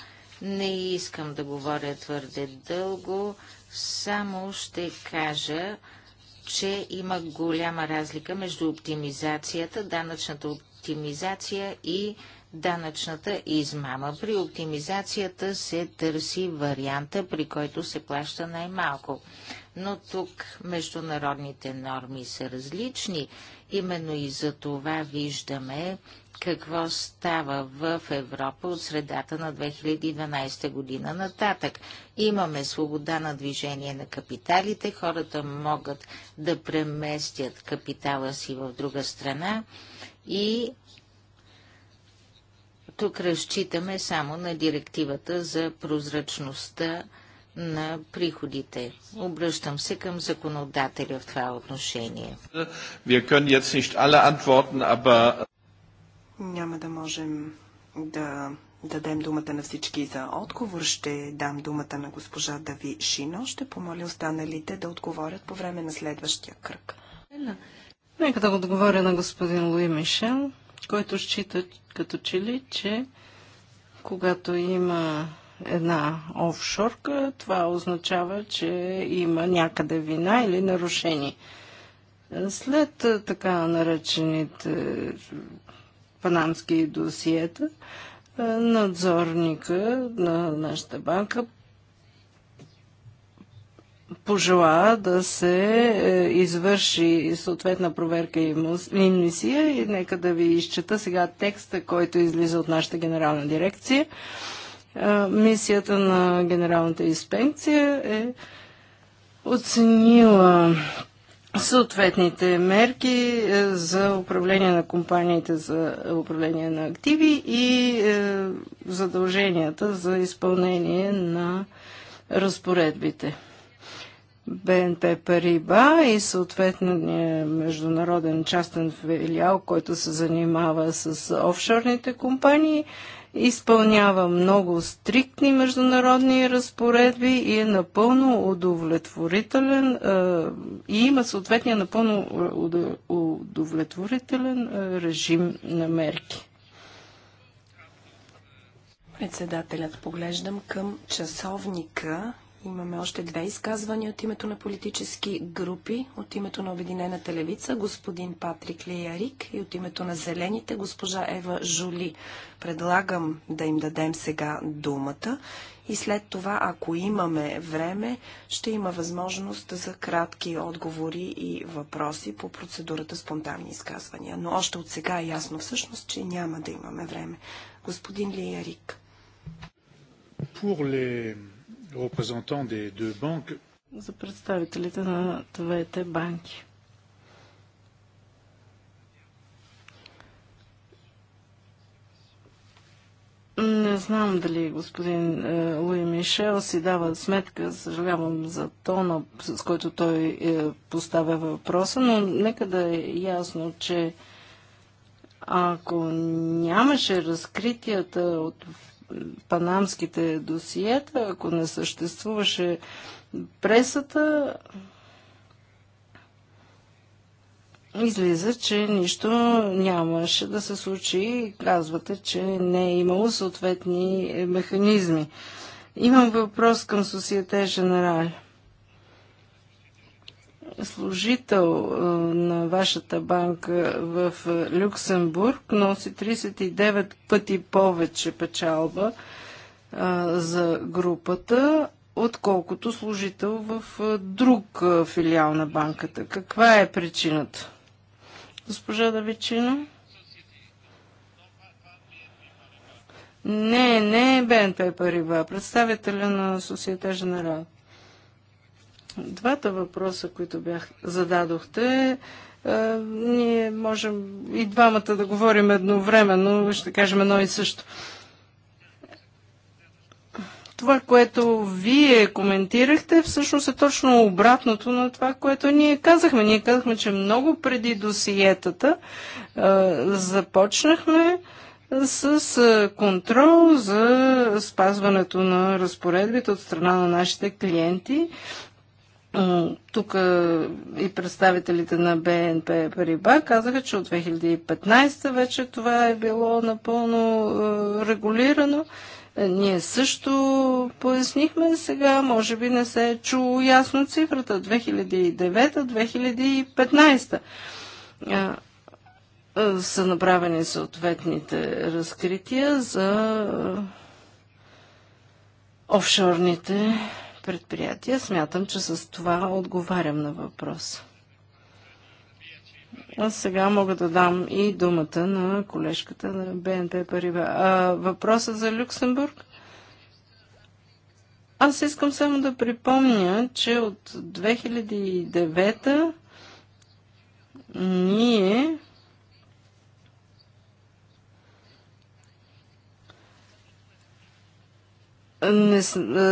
Не искам да говоря твърде дълго, само ще кажа, че има голяма разлика между оптимизацията, данъчната оптимизация и данъчната измама. При оптимизацията се търси варианта, при който се плаща най-малко. Но тук международните норми са различни. Именно и за това виждаме какво става в Европа от средата на 2012 година нататък. Имаме свобода на движение на капиталите, хората могат да преместят капитала си в друга страна и тук разчитаме само на директивата за прозрачността на приходите. Обръщам се към законодателя в това отношение. Няма да можем да дадем думата на всички за отговор. Ще дам думата на госпожа Дави Шино. Ще помоля останалите да отговорят по време на следващия кръг. Нека да отговоря на господин Луи Мишел който счита като че ли, че когато има една офшорка, това означава, че има някъде вина или нарушение. След така наречените е, панамски досиета, е, надзорника на нашата банка пожела да се е, извърши съответна проверка и мисия и нека да ви изчета сега текста, който излиза от нашата генерална дирекция. Е, мисията на генералната инспекция е оценила съответните мерки е, за управление на компаниите за управление на активи и задълженията за изпълнение на разпоредбите. БНП Париба и съответния международен частен филиал, който се занимава с офшорните компании, изпълнява много стриктни международни разпоредби и е напълно удовлетворителен е, и има съответния напълно е, удовлетворителен е, режим на мерки. Председателят поглеждам към часовника Имаме още две изказвания от името на политически групи. От името на Обединената левица господин Патрик Леярик и от името на Зелените госпожа Ева Жули. Предлагам да им дадем сега думата и след това, ако имаме време, ще има възможност за кратки отговори и въпроси по процедурата спонтанни изказвания. Но още от сега е ясно всъщност, че няма да имаме време. Господин Леярик. les за представителите на двете банки. Не знам дали господин е, Луи Мишел си дава сметка, съжалявам за тона, с който той е, поставя въпроса, но нека да е ясно, че ако нямаше разкритията от панамските досиета, ако не съществуваше пресата, излиза, че нищо нямаше да се случи и казвате, че не е имало съответни механизми. Имам въпрос към Сосиете Generale служител на вашата банка в Люксембург носи 39 пъти повече печалба за групата, отколкото служител в друг филиал на банката. Каква е причината? Госпожа Давичина? Не, не е БНП Париба, представителя на Societe Generale. Двата въпроса, които бях зададохте, е, ние можем и двамата да говорим едновременно, ще кажем едно и също. Това, което вие коментирахте, всъщност е точно обратното на това, което ние казахме. Ние казахме, че много преди досиетата е, започнахме с контрол за спазването на разпоредбите от страна на нашите клиенти тук и представителите на БНП Париба казаха, че от 2015 вече това е било напълно регулирано. Е, ние също пояснихме сега, може би не се е чуло ясно цифрата 2009-2015. Са направени съответните разкрития за офшорните предприятия. Смятам, че с това отговарям на въпроса. А сега мога да дам и думата на колежката на БНП Париба. А, въпроса за Люксембург? Аз искам само да припомня, че от 2009 ние не,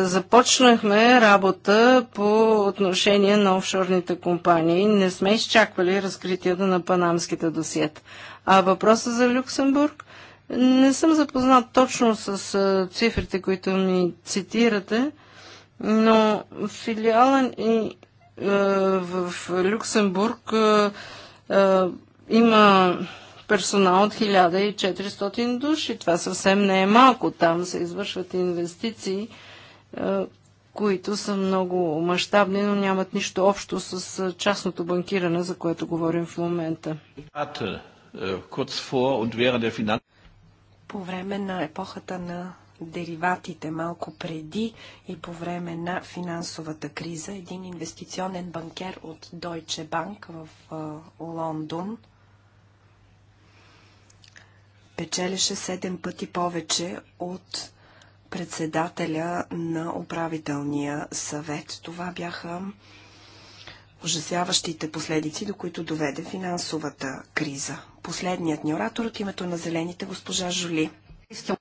започнахме работа по отношение на офшорните компании. Не сме изчаквали разкритието на панамските досиета. А въпроса за Люксембург? Не съм запознат точно с цифрите, които ми цитирате, но филиала ни в Люксембург има персонал от 1400 души. Това съвсем не е малко. Там се извършват инвестиции, е, които са много мащабни, но нямат нищо общо с е, частното банкиране, за което говорим в момента. Е, по време на епохата на дериватите малко преди и по време на финансовата криза, един инвестиционен банкер от Deutsche Bank в Лондон печелеше 7 пъти повече от председателя на управителния съвет. Това бяха ужасяващите последици, до които доведе финансовата криза. Последният ни оратор от името на Зелените, госпожа Жули.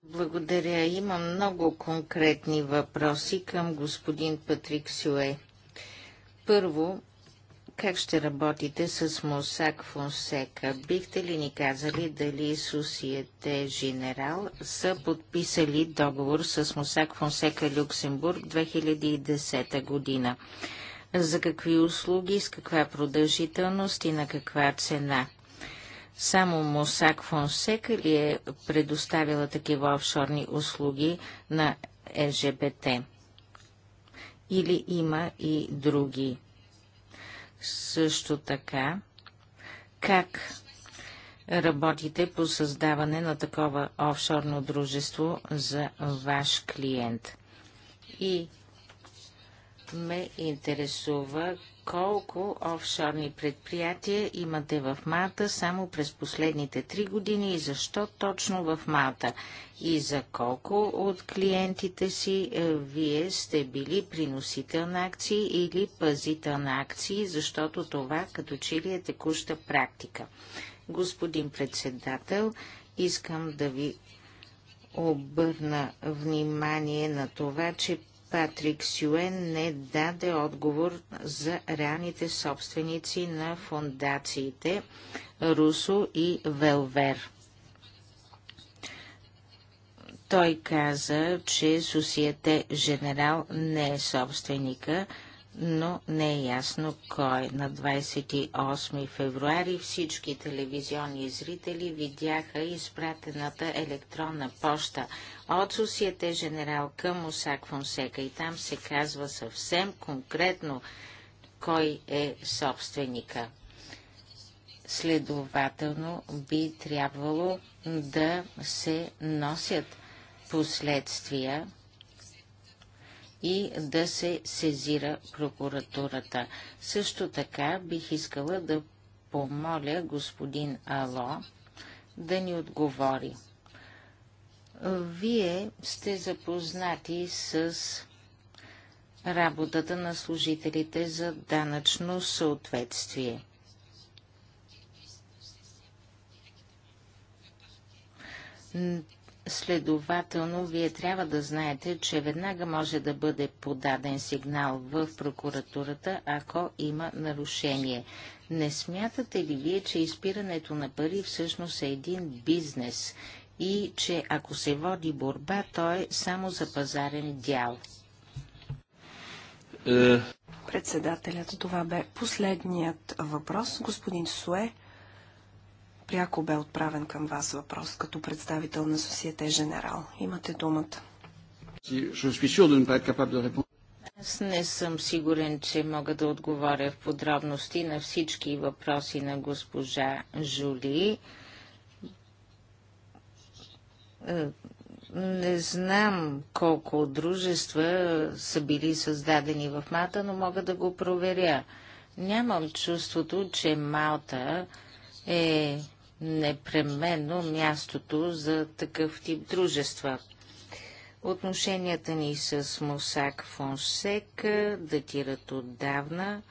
Благодаря. Имам много конкретни въпроси към господин Патрик Сюе. Първо, как ще работите с Мосак Фонсека? Бихте ли ни казали дали Сусиете Женерал са подписали договор с Мосак Фонсека Люксембург 2010 година? За какви услуги, с каква продължителност и на каква цена? Само Мосак Фонсека ли е предоставила такива офшорни услуги на ЕЖБТ? Или има и други? също така как работите по създаване на такова офшорно дружество за ваш клиент. И ме интересува колко офшорни предприятия имате в Малта само през последните три години и защо точно в Малта? И за колко от клиентите си е, вие сте били приносител на акции или пазител на акции, защото това като че ли е текуща практика? Господин председател, искам да ви обърна внимание на това, че Патрик Сюен не даде отговор за реалните собственици на фундациите Русо и Велвер. Той каза, че Сусиете Женерал не е собственика, но не е ясно кой. На 28 февруари всички телевизионни зрители видяха изпратената електронна поща от Сусиете Женерал към Осак Фонсека и там се казва съвсем конкретно кой е собственика. Следователно би трябвало да се носят последствия и да се сезира прокуратурата. Също така бих искала да помоля господин Ало да ни отговори. Вие сте запознати с работата на служителите за данъчно съответствие. Следователно, вие трябва да знаете, че веднага може да бъде подаден сигнал в прокуратурата, ако има нарушение. Не смятате ли вие, че изпирането на пари всъщност е един бизнес и че ако се води борба, то е само за пазарен дял? Е. Председателят, това бе последният въпрос. Господин Суе пряко бе отправен към вас въпрос като представител на Сосиете Женерал. Имате думата. Аз не съм сигурен, че мога да отговоря в подробности на всички въпроси на госпожа Жули. Е, не знам колко дружества са били създадени в Малта, но мога да го проверя. Нямам чувството, че Малта е непременно мястото за такъв тип дружества. Отношенията ни с Мусак Фонсек датират отдавна.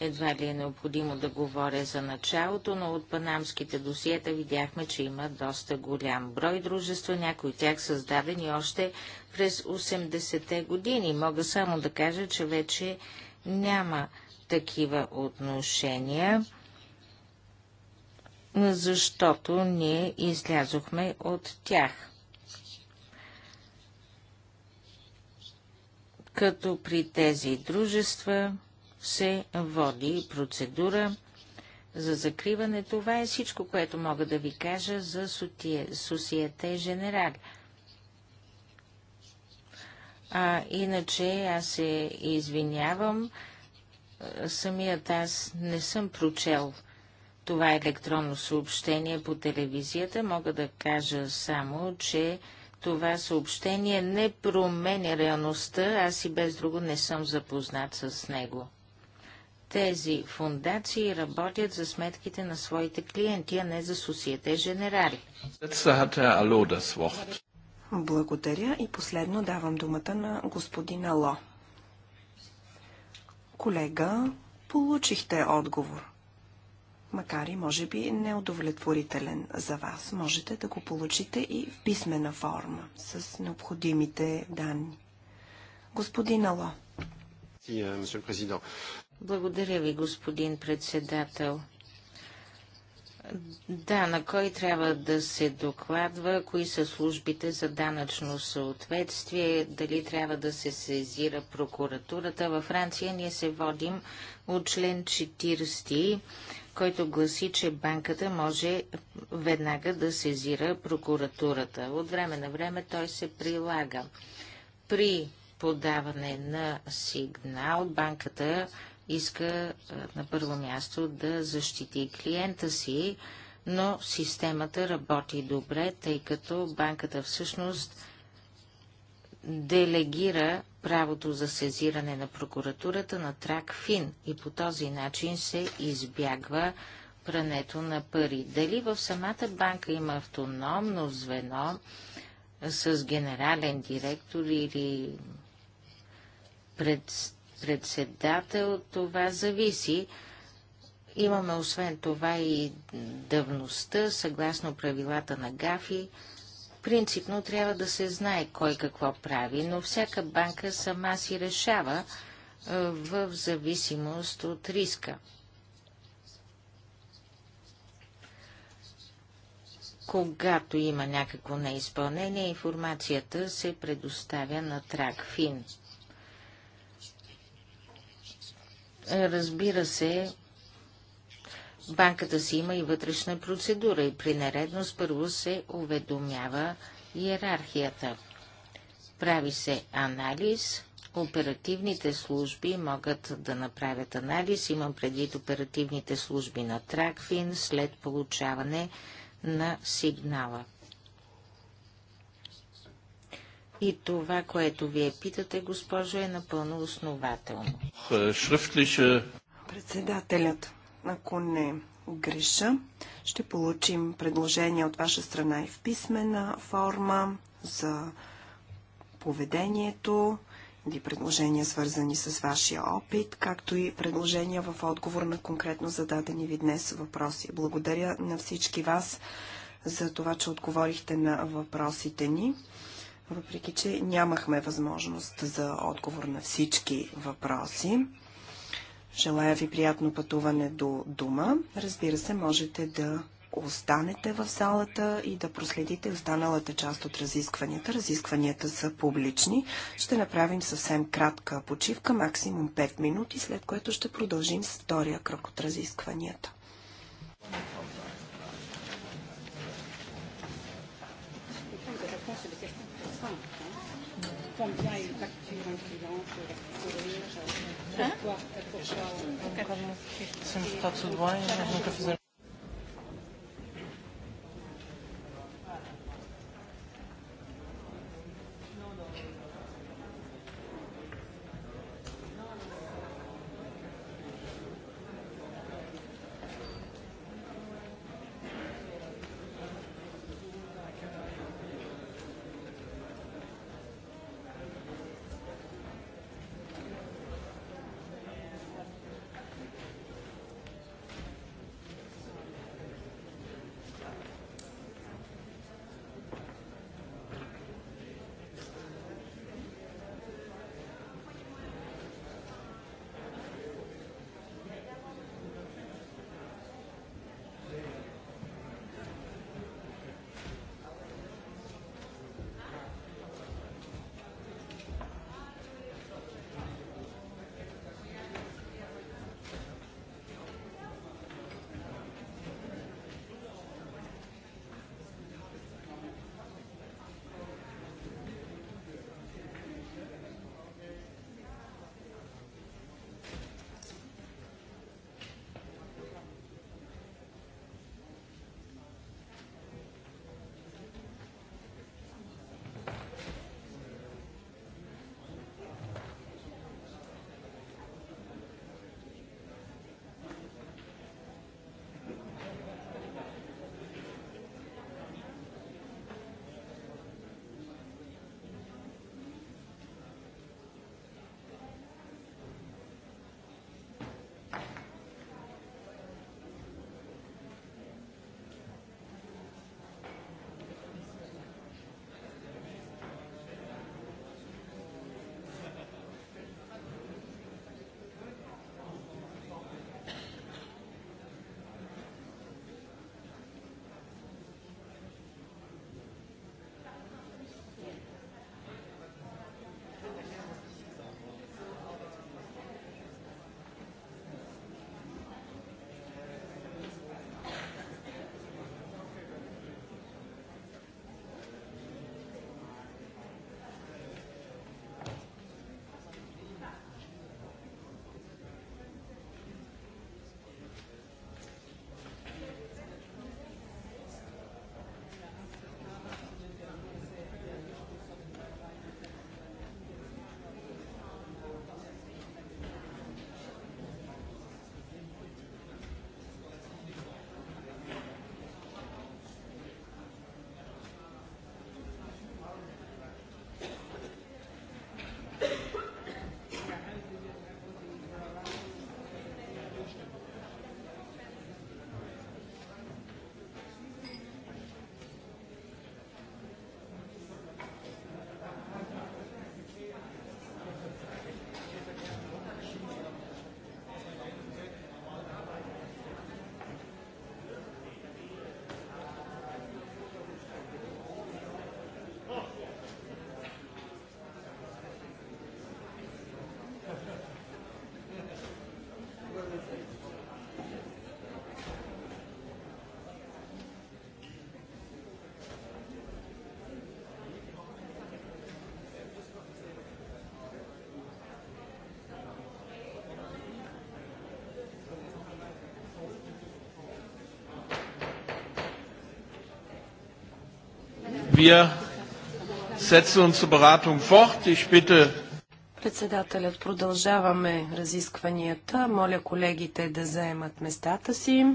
Едва ли е необходимо да говоря за началото, но от панамските досиета видяхме, че има доста голям брой дружества, някои от тях създадени още през 80-те години. Мога само да кажа, че вече няма такива отношения защото ние излязохме от тях. Като при тези дружества се води процедура за закриване. Това е всичко, което мога да ви кажа за Сусиете Женерал. А, иначе аз се извинявам, самият аз не съм прочел това електронно съобщение по телевизията, мога да кажа само, че това съобщение не променя реалността, аз и без друго не съм запознат с него. Тези фундации работят за сметките на своите клиенти, а не за сусиете Женерали. Благодаря и последно давам думата на господина Ло. Колега, получихте отговор макар и може би неудовлетворителен за вас. Можете да го получите и в писмена форма с необходимите данни. Господин Ало. Е, Благодаря ви, господин председател. Да, на кой трябва да се докладва, кои са службите за данъчно съответствие, дали трябва да се сезира прокуратурата. Във Франция ние се водим от член 40 който гласи, че банката може веднага да сезира прокуратурата. От време на време той се прилага. При подаване на сигнал банката иска на първо място да защити клиента си, но системата работи добре, тъй като банката всъщност делегира правото за сезиране на прокуратурата на трак ФИН и по този начин се избягва прането на пари. Дали в самата банка има автономно звено с генерален директор или пред, председател, това зависи. Имаме освен това и давността, съгласно правилата на ГАФИ, Принципно трябва да се знае кой какво прави, но всяка банка сама си решава е, в зависимост от риска. Когато има някакво неизпълнение, информацията се предоставя на Тракфин. Разбира се, Банката си има и вътрешна процедура и при наредност първо се уведомява иерархията. Прави се анализ, оперативните служби могат да направят анализ, имам предвид оперативните служби на Тракфин след получаване на сигнала. И това, което вие питате, госпожо, е напълно основателно. Е, Председателят. Ако не греша, ще получим предложения от ваша страна и в писмена форма за поведението, или предложения свързани с вашия опит, както и предложения в отговор на конкретно зададени ви днес въпроси. Благодаря на всички вас за това, че отговорихте на въпросите ни, въпреки че нямахме възможност за отговор на всички въпроси. Желая ви приятно пътуване до дома. Разбира се, можете да останете в залата и да проследите останалата част от разискванията. Разискванията са публични. Ще направим съвсем кратка почивка, максимум 5 минути, след което ще продължим с втория кръг от разискванията. Combien est facture influente, sourire, pourquoi hein? Somos todos do bem, nós nunca fazemos. Wir setzen unsere Beratung fort. Ich bitte Председателят продължаваме разискванията. Моля колегите да заемат местата си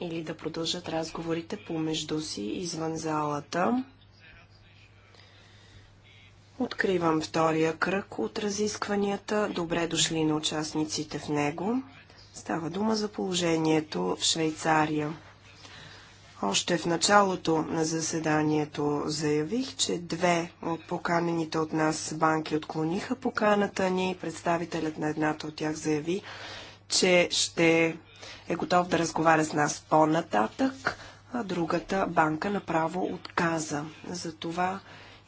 или да продължат разговорите помежду си извън залата. Откривам втория кръг от разискванията. Добре дошли на участниците в него. Става дума за положението в Швейцария. Още в началото на заседанието заявих, че две от поканените от нас банки отклониха поканата ни. Представителят на едната от тях заяви, че ще е готов да разговаря с нас по-нататък, а другата банка направо отказа. Затова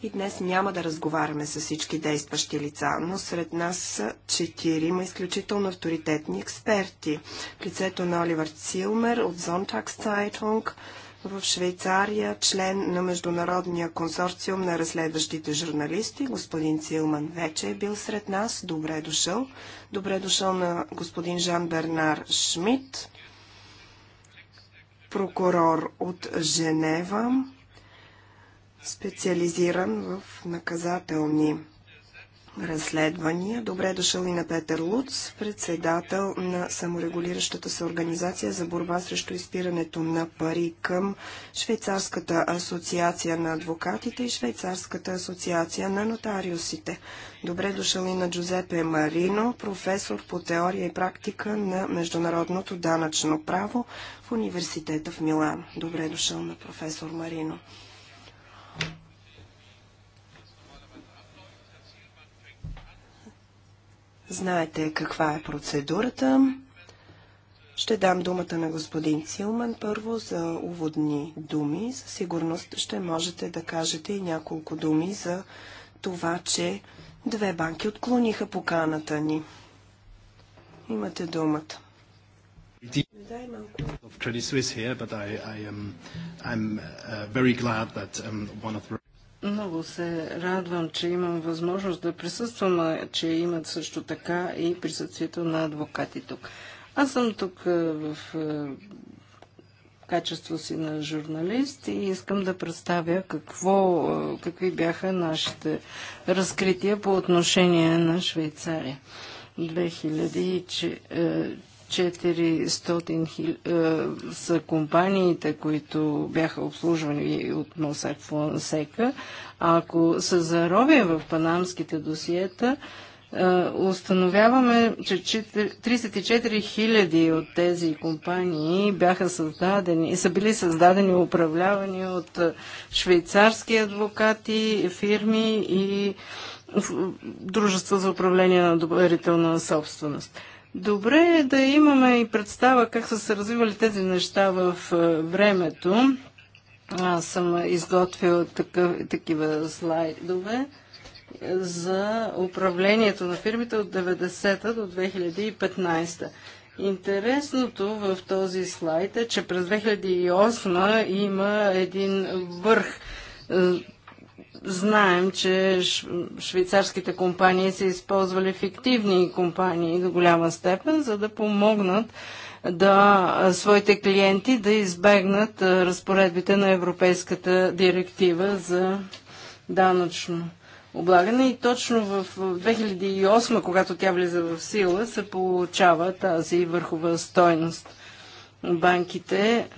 и днес няма да разговаряме с всички действащи лица, но сред нас са четирима изключително авторитетни експерти. лицето на Оливър Цилмер от Зонтакс Zeitung, в Швейцария, член на Международния консорциум на разследващите журналисти. Господин Цилман вече е бил сред нас. Добре е дошъл. Добре е дошъл на господин Жан Бернар Шмидт, прокурор от Женева, специализиран в наказателни разследвания. Добре е дошъл и на Петър Луц, председател на саморегулиращата се организация за борба срещу изпирането на пари към Швейцарската асоциация на адвокатите и Швейцарската асоциация на нотариусите. Добре е дошъл и на Джузепе Марино, професор по теория и практика на международното данъчно право в университета в Милан. Добре е дошъл на професор Марино. Знаете каква е процедурата. Ще дам думата на господин Цилман първо за уводни думи. Със сигурност ще можете да кажете и няколко думи за това, че две банки отклониха поканата ни. Имате думата. Of Credit Suisse here, but I, I am, I'm uh, very glad that um, one of the много се радвам, че имам възможност да присъствам, че имат също така и присъствието на адвокати тук. Аз съм тук в качество си на журналист и искам да представя какво, какви бяха нашите разкрития по отношение на Швейцария. 400 е, са компаниите, които бяха обслужвани от Мосак Фонсека. ако се заробим в панамските досиета, е, установяваме, че 34 000 от тези компании бяха създадени, са били създадени и управлявани от е, швейцарски адвокати, фирми и дружества за управление на доверителна собственост. Добре е да имаме и представа как са се развивали тези неща в е, времето. Аз съм изготвил такъв, такива слайдове за управлението на фирмите от 90-та до 2015. -та. Интересното в този слайд е, че през 2008 има един върх е, знаем, че швейцарските компании са използвали фиктивни компании до голяма степен, за да помогнат да, своите клиенти да избегнат разпоредбите на Европейската директива за данъчно облагане. И точно в 2008, когато тя влиза в сила, се получава тази върхова стойност. Банките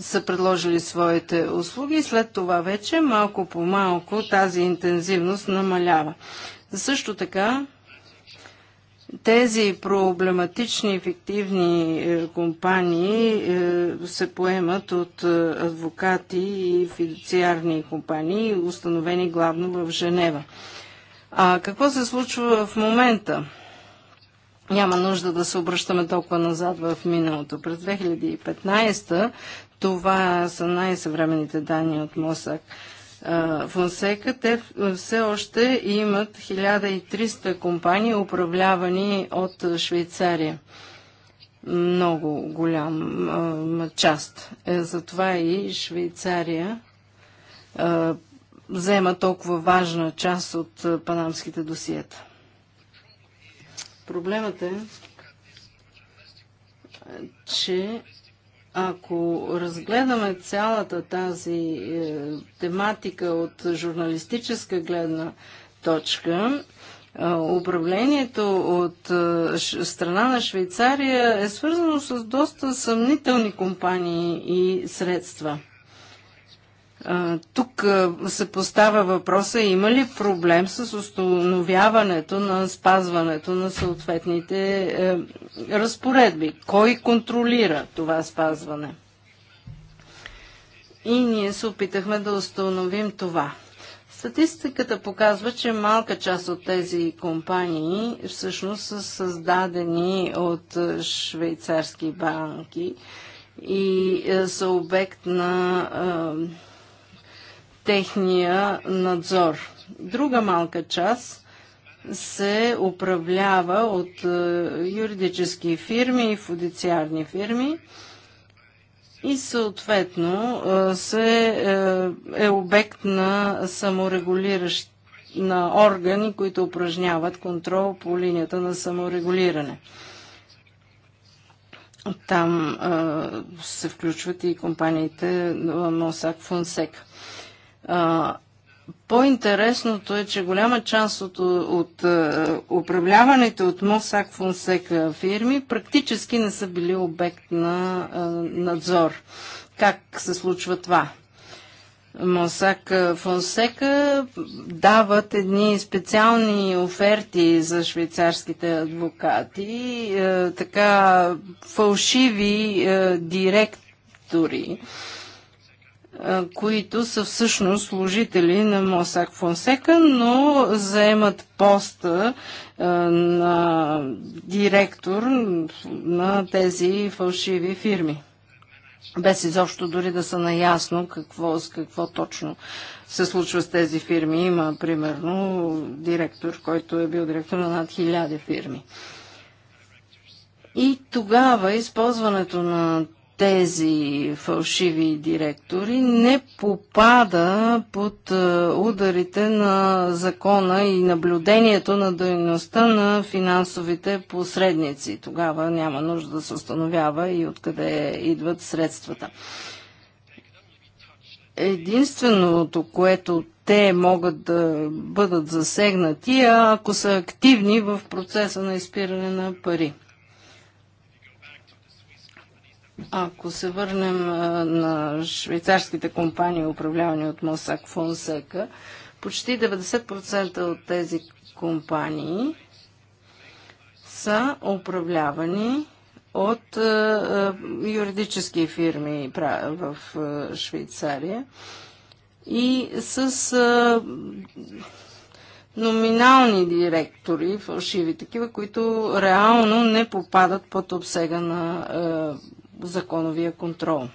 са предложили своите услуги. След това вече малко по малко тази интензивност намалява. Също така, тези проблематични фиктивни е, компании е, се поемат от е, адвокати и фидуциарни компании, установени главно в Женева. А какво се случва в момента? Няма нужда да се обръщаме толкова назад в миналото. През 2015 това са най-съвременните данни от МОСАК. Фонсека, те все още имат 1300 компании, управлявани от Швейцария. Много голям а, част. Е, затова и Швейцария а, взема толкова важна част от а, панамските досиета. Проблемът е, че ако разгледаме цялата тази е, тематика от журналистическа гледна точка, е, управлението от е, страна на Швейцария е свързано с доста съмнителни компании и средства. Тук се поставя въпроса има ли проблем с установяването на спазването на съответните е, разпоредби. Кой контролира това спазване? И ние се опитахме да установим това. Статистиката показва, че малка част от тези компании всъщност са създадени от е, швейцарски банки и е, са обект на техния надзор. Друга малка част се управлява от е, юридически фирми и фудициарни фирми и съответно е, се е, е обект на саморегулиращ на органи, които упражняват контрол по линията на саморегулиране. Там се включват и компаниите на Мосак Фонсек. По-интересното е, че голяма част от, от, от управляваните от Мосак Фонсека фирми практически не са били обект на а, надзор. Как се случва това? Мосак Фонсека дават едни специални оферти за швейцарските адвокати, а, така фалшиви а, директори които са всъщност служители на Мосак Фонсека, но заемат поста на директор на тези фалшиви фирми. Без изобщо дори да са наясно какво, с какво точно се случва с тези фирми. Има, примерно, директор, който е бил директор на над хиляди фирми. И тогава използването на тези фалшиви директори не попада под е, ударите на закона и наблюдението на дейността на финансовите посредници. Тогава няма нужда да се установява и откъде идват средствата. Единственото, което те могат да бъдат засегнати, е ако са активни в процеса на изпиране на пари. Ако се върнем на швейцарските компании, управлявани от Мосак Фонсека, почти 90% от тези компании са управлявани от юридически фирми в Швейцария и с номинални директори, фалшиви такива, които реално не попадат под обсега на законовия контрол.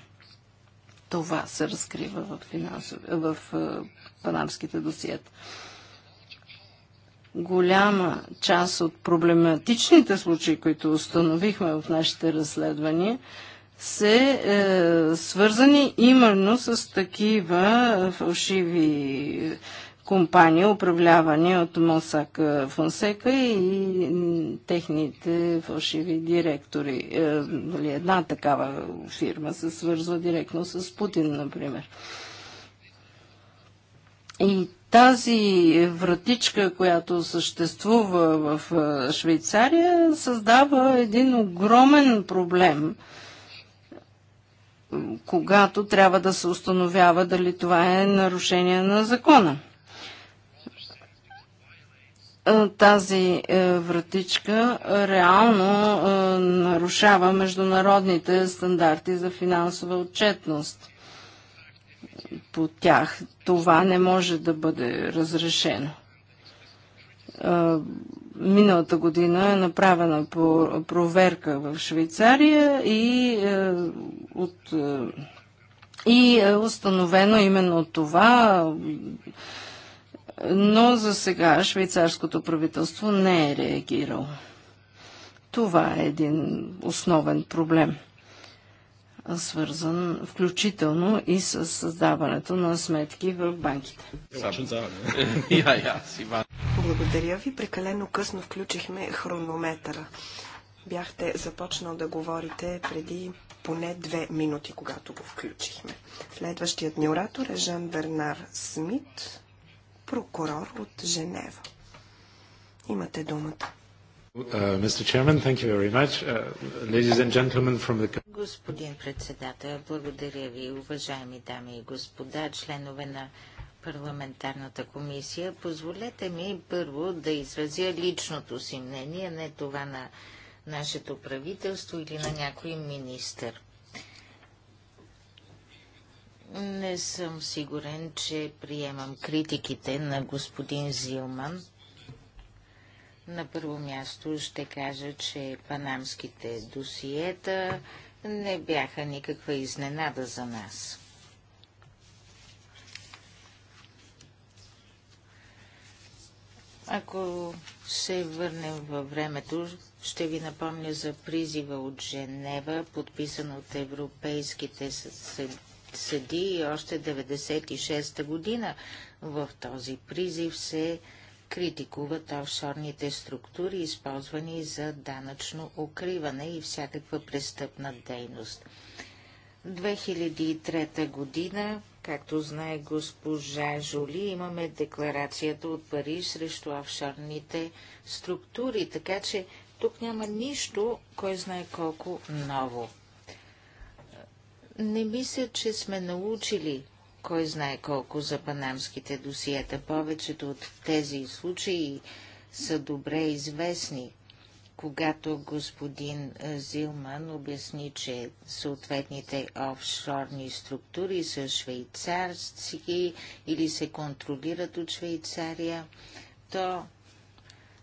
Това се разкрива в, финансов... в е, панамските досиета. Голяма част от проблематичните случаи, които установихме в нашите разследвания, се е, свързани именно с такива фалшиви Компания, управлявани от Мосак Фонсека и техните фалшиви директори. Дали е, една такава фирма се свързва директно с Путин, например. И тази вратичка, която съществува в е, Швейцария, създава един огромен проблем когато трябва да се установява дали това е нарушение на закона. Е, тази е, вратичка е, реално нарушава международните стандарти за финансова отчетност по тях. Това не може да бъде разрешено. Миналата година е направена проверка в Швейцария и от и е установено именно това но за сега швейцарското правителство не е реагирало. Това е един основен проблем, свързан включително и с създаването на сметки в банките. Благодаря ви. Прекалено късно включихме хронометъра. Бяхте започнал да говорите преди поне две минути, когато го включихме. Следващият ни оратор е Жан Бернар Смит, прокурор от Женева. Имате думата. Uh, uh, Господин председател, благодаря ви, уважаеми дами и господа, членове на парламентарната комисия. Позволете ми първо да изразя личното си мнение, не това на нашето правителство или на някой министър. Не съм сигурен, че приемам критиките на господин Зилман. На първо място ще кажа, че панамските досиета не бяха никаква изненада за нас. Ако се върнем във времето, ще ви напомня за призива от Женева, подписан от европейските и още 96-та година. В този призив се критикуват офшорните структури, използвани за данъчно укриване и всякаква престъпна дейност. 2003 година, както знае госпожа Жоли, имаме декларацията от Париж срещу офшорните структури, така че тук няма нищо, кой знае колко ново. Не мисля, че сме научили кой знае колко за панамските досиета. Повечето от тези случаи са добре известни. Когато господин е, Зилман обясни, че съответните офшорни структури са швейцарски или се контролират от Швейцария, то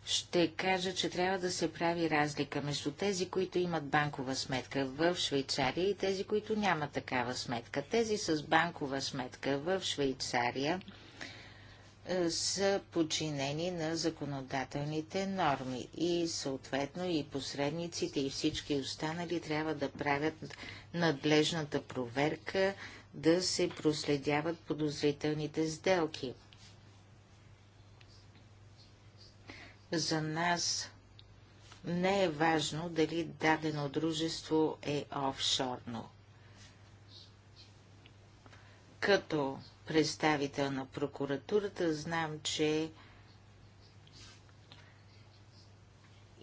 ще кажа, че трябва да се прави разлика между тези, които имат банкова сметка в Швейцария и тези, които нямат такава сметка. Тези с банкова сметка в Швейцария е, са подчинени на законодателните норми и съответно и посредниците и всички останали трябва да правят надлежната проверка, да се проследяват подозрителните сделки. За нас не е важно дали дадено дружество е офшорно. Като представител на прокуратурата знам, че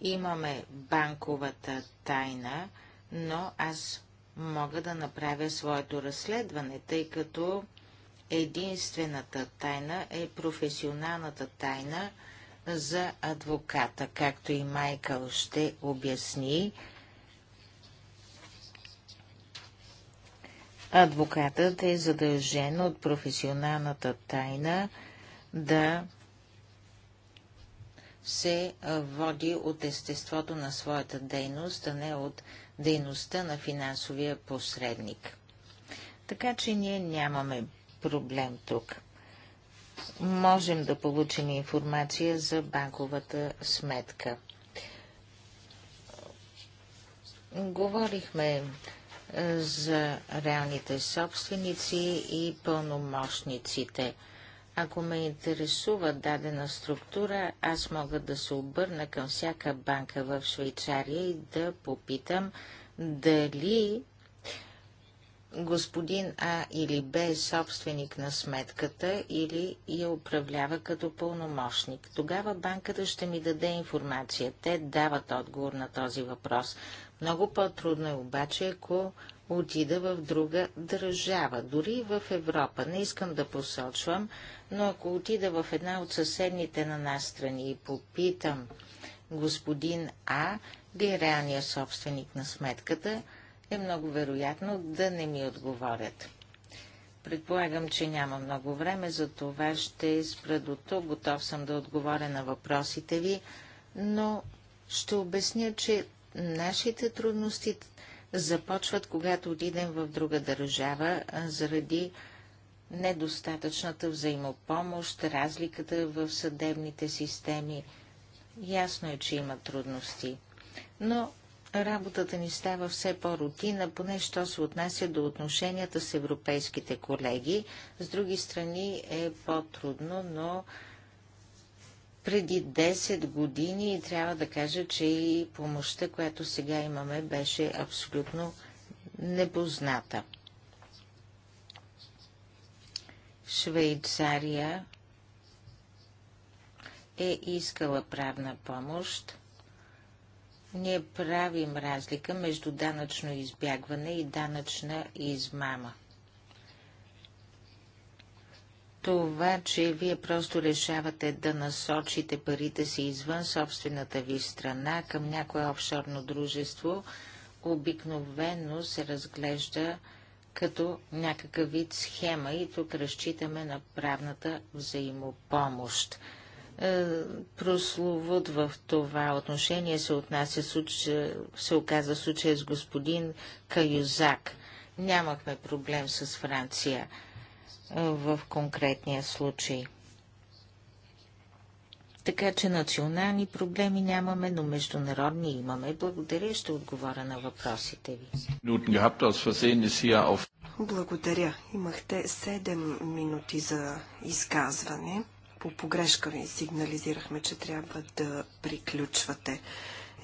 имаме банковата тайна, но аз мога да направя своето разследване, тъй като единствената тайна е професионалната тайна – за адвоката, както и Майкъл ще обясни. Адвокатът е задължен от професионалната тайна да се води от естеството на своята дейност, а не от дейността на финансовия посредник. Така че ние нямаме проблем тук можем да получим информация за банковата сметка. Говорихме е, за реалните собственици и пълномощниците. Ако ме интересува дадена структура, аз мога да се обърна към всяка банка в Швейцария и да попитам дали господин А или Б е собственик на сметката или я управлява като пълномощник. Тогава банката ще ми даде информация. Те дават отговор на този въпрос. Много по-трудно е обаче, ако отида в друга държава, дори в Европа. Не искам да посочвам, но ако отида в една от съседните на нас страни и попитам господин А, ли е реалният собственик на сметката, е много вероятно да не ми отговорят. Предполагам, че няма много време, за това ще спра до тук. Готов съм да отговоря на въпросите ви, но ще обясня, че нашите трудности започват, когато отидем в друга държава, заради недостатъчната взаимопомощ, разликата в съдебните системи. Ясно е, че има трудности. Но Работата ни става все по-рутина, поне що се отнася до отношенията с европейските колеги. С други страни е по-трудно, но преди 10 години трябва да кажа, че и помощта, която сега имаме, беше абсолютно непозната. Швейцария е искала правна помощ ние правим разлика между данъчно избягване и данъчна измама. Това, че вие просто решавате да насочите парите си извън собствената ви страна към някое офшорно дружество, обикновено се разглежда като някакъв вид схема и тук разчитаме на правната взаимопомощ. Е, прословут в това отношение се отнася, се оказа случая с господин Каюзак. Нямахме проблем с Франция е, в конкретния случай. Така че национални проблеми нямаме, но международни имаме. Благодаря, ще отговоря на въпросите ви. Благодаря. Имахте 7 минути за изказване по погрешка ви сигнализирахме, че трябва да приключвате.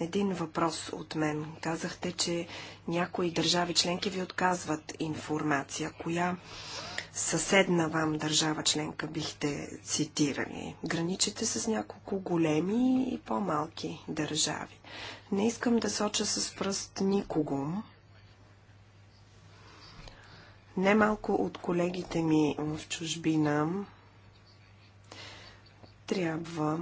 Един въпрос от мен. Казахте, че някои държави членки ви отказват информация. Коя съседна вам държава членка бихте цитирали? Граничите с няколко големи и по-малки държави. Не искам да соча с пръст никого. Немалко от колегите ми в чужбина трябва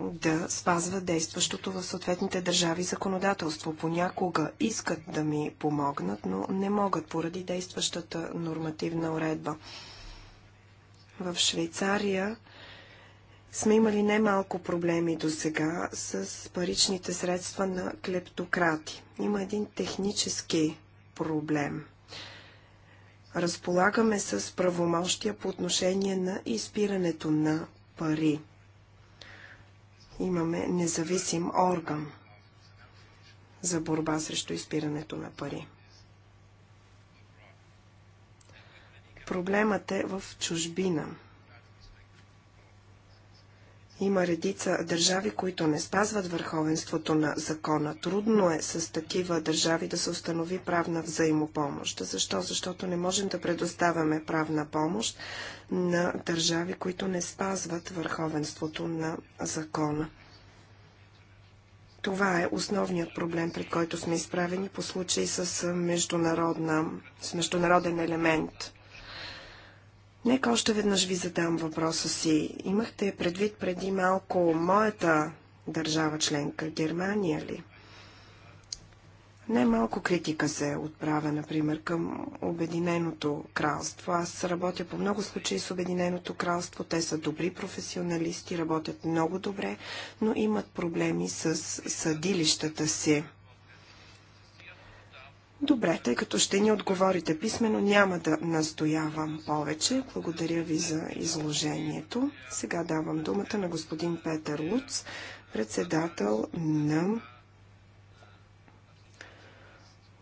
да спазва действащото в съответните държави законодателство. Понякога искат да ми помогнат, но не могат поради действащата нормативна уредба. В Швейцария сме имали немалко проблеми до сега с паричните средства на клептократи. Има един технически проблем разполагаме с правомощия по отношение на изпирането на пари. Имаме независим орган за борба срещу изпирането на пари. Проблемът е в чужбина – има редица държави, които не спазват върховенството на закона. Трудно е с такива държави да се установи правна взаимопомощ. Защо? Защото не можем да предоставяме правна помощ на държави, които не спазват върховенството на закона. Това е основният проблем, пред който сме изправени по случай с, международна, с международен елемент – Нека още веднъж ви задам въпроса си. Имахте предвид преди малко моята държава членка, Германия ли? Не малко критика се отправя, например, към Обединеното кралство. Аз работя по много случаи с Обединеното кралство. Те са добри професионалисти, работят много добре, но имат проблеми с съдилищата си. Добре, тъй като ще ни отговорите писменно, няма да настоявам повече. Благодаря ви за изложението. Сега давам думата на господин Петър Луц, председател на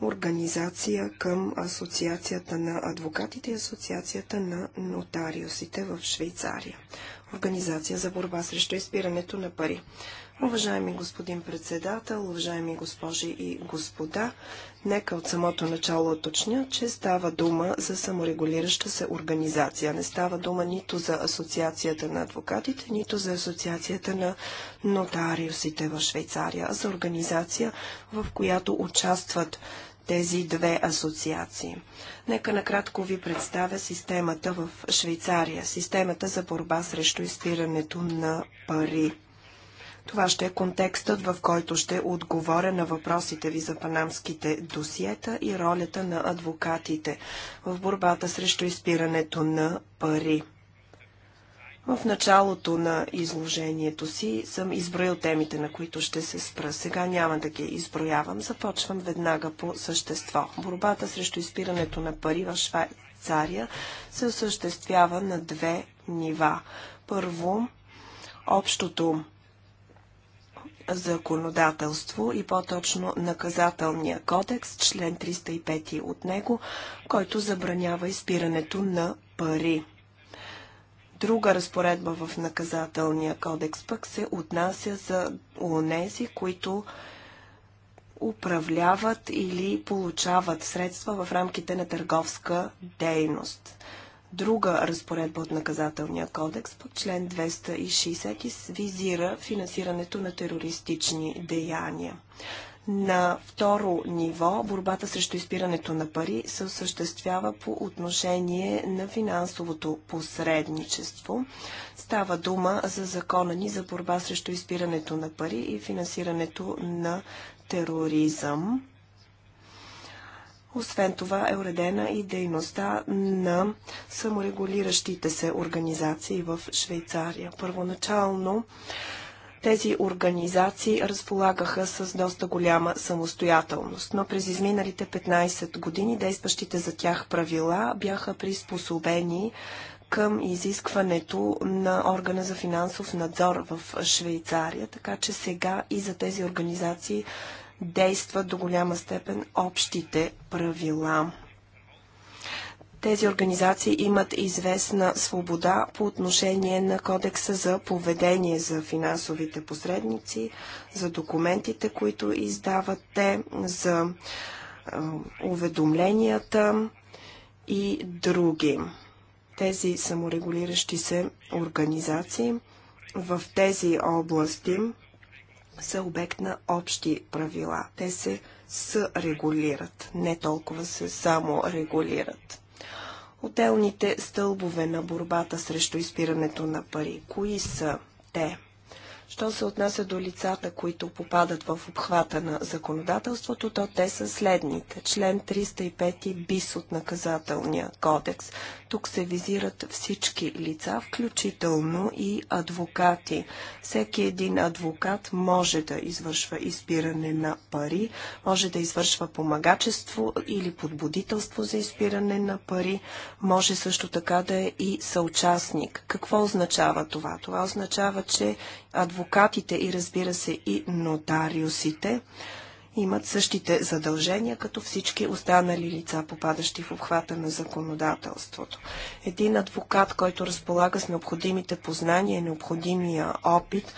организация към Асоциацията на адвокатите и Асоциацията на нотариусите в Швейцария. Организация за борба срещу изпирането на пари. Уважаеми господин председател, уважаеми госпожи и господа, Нека от самото начало оточня, че става дума за саморегулираща се организация. Не става дума нито за Асоциацията на адвокатите, нито за Асоциацията на нотариусите в Швейцария, а за организация, в която участват тези две асоциации. Нека накратко ви представя системата в Швейцария, системата за борба срещу изпирането на пари. Това ще е контекстът, в който ще отговоря на въпросите ви за панамските досиета и ролята на адвокатите в борбата срещу изпирането на пари. В началото на изложението си съм изброил темите, на които ще се спра. Сега няма да ги изброявам. Започвам веднага по същество. Борбата срещу изпирането на пари в Швейцария се осъществява на две нива. Първо, общото законодателство и по-точно наказателния кодекс, член 305 от него, който забранява изпирането на пари. Друга разпоредба в наказателния кодекс пък се отнася за онези, които управляват или получават средства в рамките на търговска дейност друга разпоредба от наказателния кодекс, под член 260, визира финансирането на терористични деяния. На второ ниво борбата срещу изпирането на пари се осъществява по отношение на финансовото посредничество. Става дума за закона ни за борба срещу изпирането на пари и финансирането на тероризъм. Освен това е уредена и дейността на саморегулиращите се организации в Швейцария. Първоначално тези организации разполагаха с доста голяма самостоятелност, но през изминалите 15 години действащите за тях правила бяха приспособени към изискването на органа за финансов надзор в Швейцария, така че сега и за тези организации действат до голяма степен общите правила. Тези организации имат известна свобода по отношение на кодекса за поведение за финансовите посредници, за документите, които издават те, за уведомленията и други. Тези саморегулиращи се организации в тези области са обект на общи правила. Те се сърегулират, не толкова се само регулират. Отделните стълбове на борбата срещу изпирането на пари. Кои са те? Що се отнася до лицата, които попадат в обхвата на законодателството, то те са следните. Член 305 бис от наказателния кодекс. Тук се визират всички лица, включително и адвокати. Всеки един адвокат може да извършва изпиране на пари, може да извършва помагачество или подбудителство за изпиране на пари, може също така да е и съучастник. Какво означава това? Това означава, че адвокатите и разбира се и нотариусите, имат същите задължения, като всички останали лица, попадащи в обхвата на законодателството. Един адвокат, който разполага с необходимите познания и необходимия опит,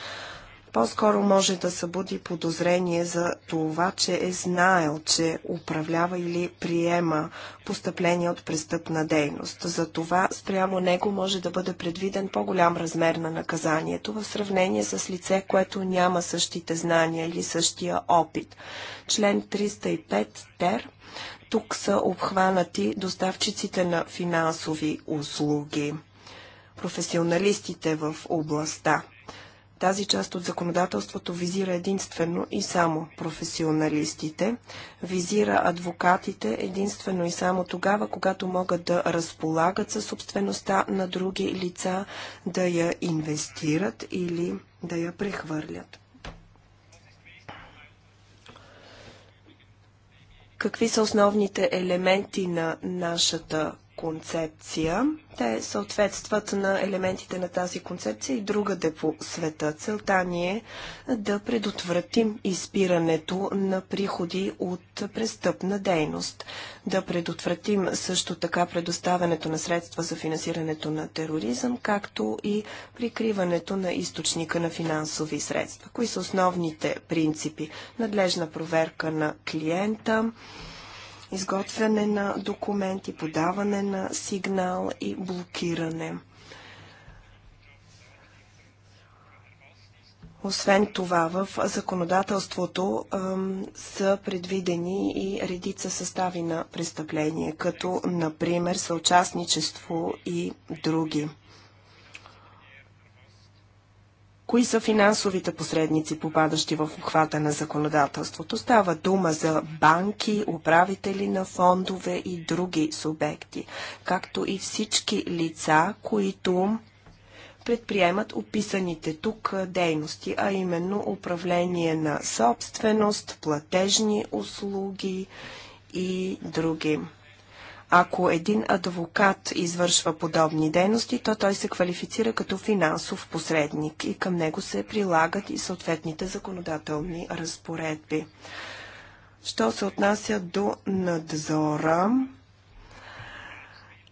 по-скоро може да събуди подозрение за това, че е знаел, че управлява или приема постъпления от престъпна дейност. За това спрямо него може да бъде предвиден по-голям размер на наказанието в сравнение с лице, което няма същите знания или същия опит. Член 305 ТЕР тук са обхванати доставчиците на финансови услуги, професионалистите в областта. Тази част от законодателството визира единствено и само професионалистите, визира адвокатите единствено и само тогава, когато могат да разполагат със собствеността на други лица, да я инвестират или да я прехвърлят. Какви са основните елементи на нашата концепция. Те съответстват на елементите на тази концепция и другаде по света. Целта ни е да предотвратим изпирането на приходи от престъпна дейност. Да предотвратим също така предоставянето на средства за финансирането на тероризъм, както и прикриването на източника на финансови средства. Кои са основните принципи? Надлежна проверка на клиента, изготвяне на документи, подаване на сигнал и блокиране. Освен това, в законодателството ъм, са предвидени и редица състави на престъпления, като, например, съучастничество и други. Кои са финансовите посредници, попадащи в обхвата на законодателството? Става дума за банки, управители на фондове и други субекти, както и всички лица, които предприемат описаните тук дейности, а именно управление на собственост, платежни услуги и други. Ако един адвокат извършва подобни дейности, то той се квалифицира като финансов посредник и към него се прилагат и съответните законодателни разпоредби. Що се отнася до надзора,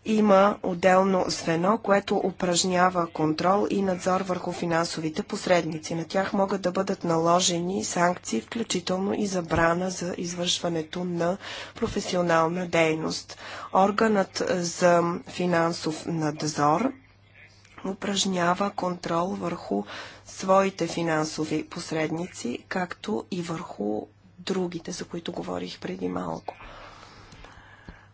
има отделно звено, което упражнява контрол и надзор върху финансовите посредници. На тях могат да бъдат наложени санкции, включително и забрана за извършването на професионална дейност. Органът за финансов надзор упражнява контрол върху своите финансови посредници, както и върху другите, за които говорих преди малко.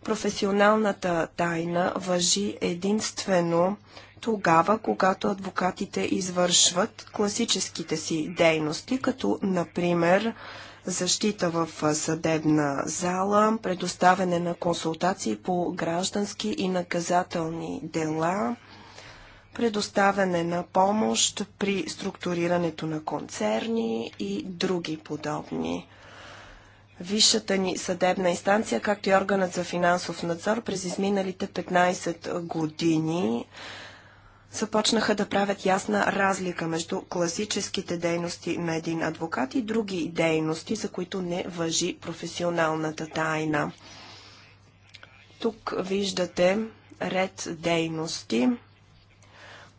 Професионалната тайна въжи единствено тогава, когато адвокатите извършват класическите си дейности, като например защита в съдебна зала, предоставяне на консултации по граждански и наказателни дела, предоставяне на помощ при структурирането на концерни и други подобни Висшата ни съдебна инстанция, както и органът за финансов надзор през изминалите 15 години започнаха да правят ясна разлика между класическите дейности на един адвокат и други дейности, за които не въжи професионалната тайна. Тук виждате ред дейности,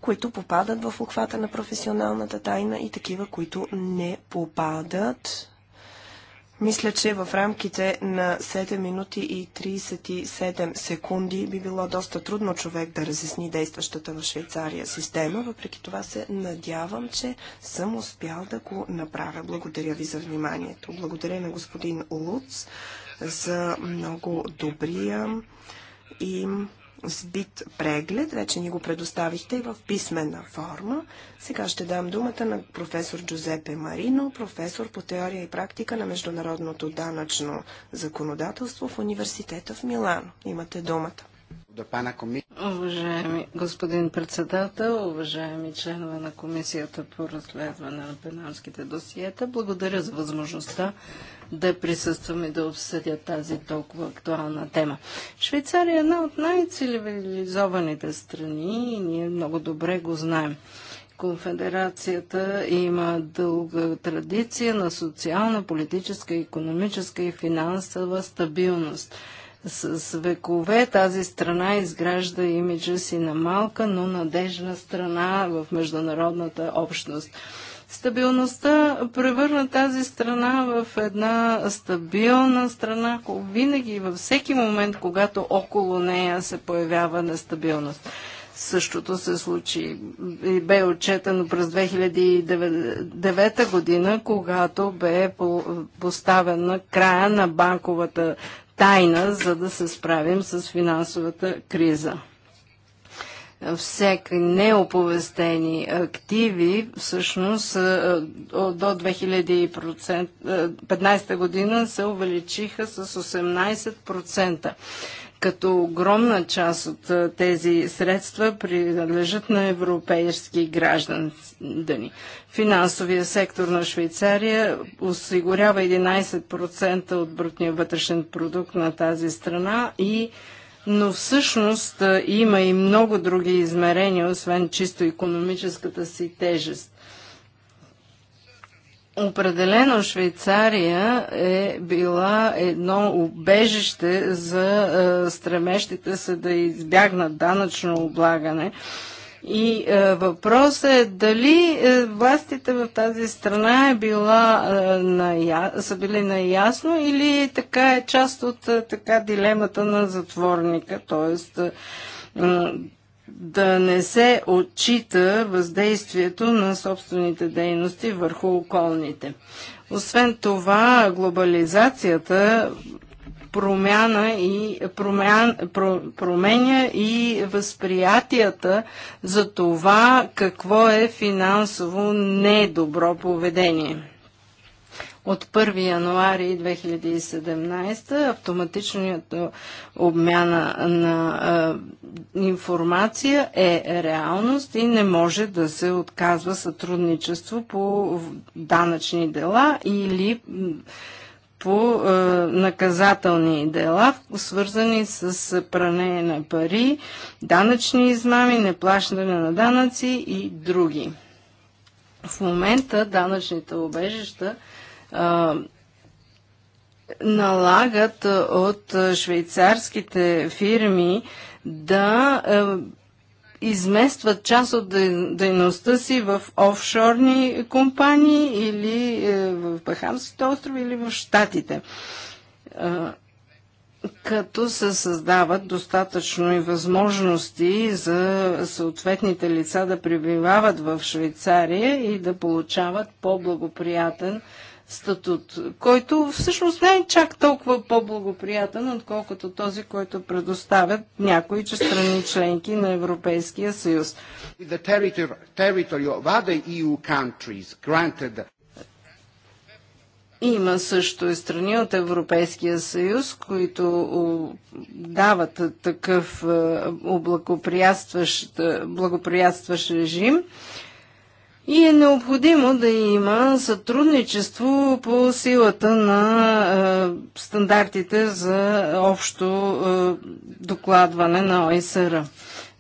които попадат в обхвата на професионалната тайна и такива, които не попадат. Мисля, че в рамките на 7 минути и 37 секунди би било доста трудно човек да разясни действащата в Швейцария система. Въпреки това се надявам, че съм успял да го направя. Благодаря ви за вниманието. Благодаря на господин Луц за много добрия и сбит преглед. Вече ни го предоставихте и в писмена форма. Сега ще дам думата на професор Джузепе Марино, професор по теория и практика на международното данъчно законодателство в университета в Милано. Имате думата. Уважаеми господин председател, уважаеми членове на Комисията по разследване на пенамските досиета, благодаря за възможността да присъствам и да обсъдя тази толкова актуална тема. Швейцария е една от най-цивилизованите страни и ние много добре го знаем. Конфедерацията има дълга традиция на социална, политическа, економическа и финансова стабилност – с векове тази страна изгражда имиджа си на малка, но надежна страна в международната общност. Стабилността превърна тази страна в една стабилна страна, винаги във всеки момент, когато около нея се появява нестабилност. Същото се случи и бе отчетено през 2009 година, когато бе поставена края на банковата тайна, за да се справим с финансовата криза. Всеки неоповестени активи всъщност е, е, до 2015 е, година се увеличиха с 18% като огромна част от тези средства принадлежат на европейски граждани. Финансовия сектор на Швейцария осигурява 11% от брутния вътрешен продукт на тази страна и но всъщност има и много други измерения, освен чисто економическата си тежест. Определено Швейцария е била едно убежище за е, стремещите се да избягнат данъчно облагане. И е, въпросът е дали е, властите в тази страна е била, е, са били наясно или така е част от е, така дилемата на затворника, т.е. Е, да не се отчита въздействието на собствените дейности върху околните. Освен това, глобализацията промяна и промян, про, променя и възприятията за това какво е финансово недобро поведение от 1 януари 2017 автоматичната обмяна на информация е реалност и не може да се отказва сътрудничество по данъчни дела или по наказателни дела, свързани с пране на пари, данъчни измами, неплащане на данъци и други. В момента данъчните обежища налагат от швейцарските фирми да изместват част от дейността си в офшорни компании или е, в Бахамските острови или в Штатите като се създават достатъчно и възможности за съответните лица да пребивават в Швейцария и да получават по-благоприятен статут, който всъщност не е чак толкова по-благоприятен, отколкото този, който предоставят някои че страни членки на Европейския съюз. E Има също и страни от Европейския съюз, които дават такъв е, е, благоприятстващ режим и е необходимо да има сътрудничество по силата на е, стандартите за общо е, докладване на ОСР.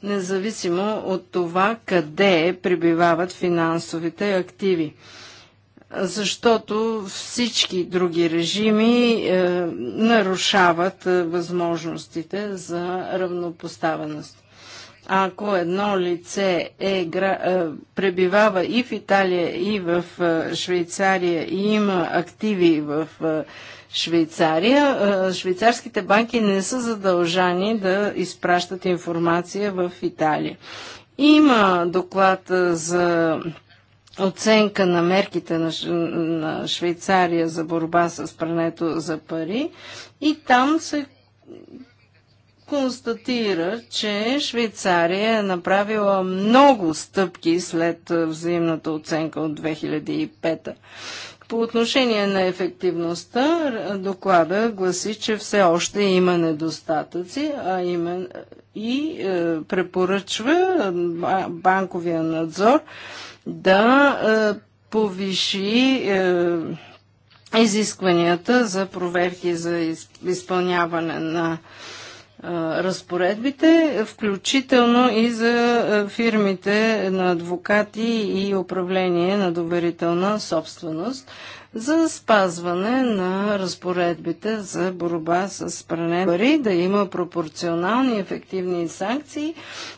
Независимо от това къде прибивават финансовите активи. Защото всички други режими е, нарушават е, възможностите за равнопоставеност. Ако едно лице е, е, пребивава и в Италия, и в е, Швейцария, и има активи в е, Швейцария, швейцарските банки не са задължани да изпращат информация в Италия. Има доклад за оценка на мерките на, на Швейцария за борба с прането за пари и там се констатира, че Швейцария е направила много стъпки след взаимната оценка от 2005 По отношение на ефективността, доклада гласи, че все още има недостатъци, а има и е, препоръчва банковия надзор да е, повиши е, изискванията за проверки за изпълняване на разпоредбите, включително и за фирмите на адвокати и управление на доверителна собственост за спазване на разпоредбите за борба с пране пари, да има пропорционални ефективни санкции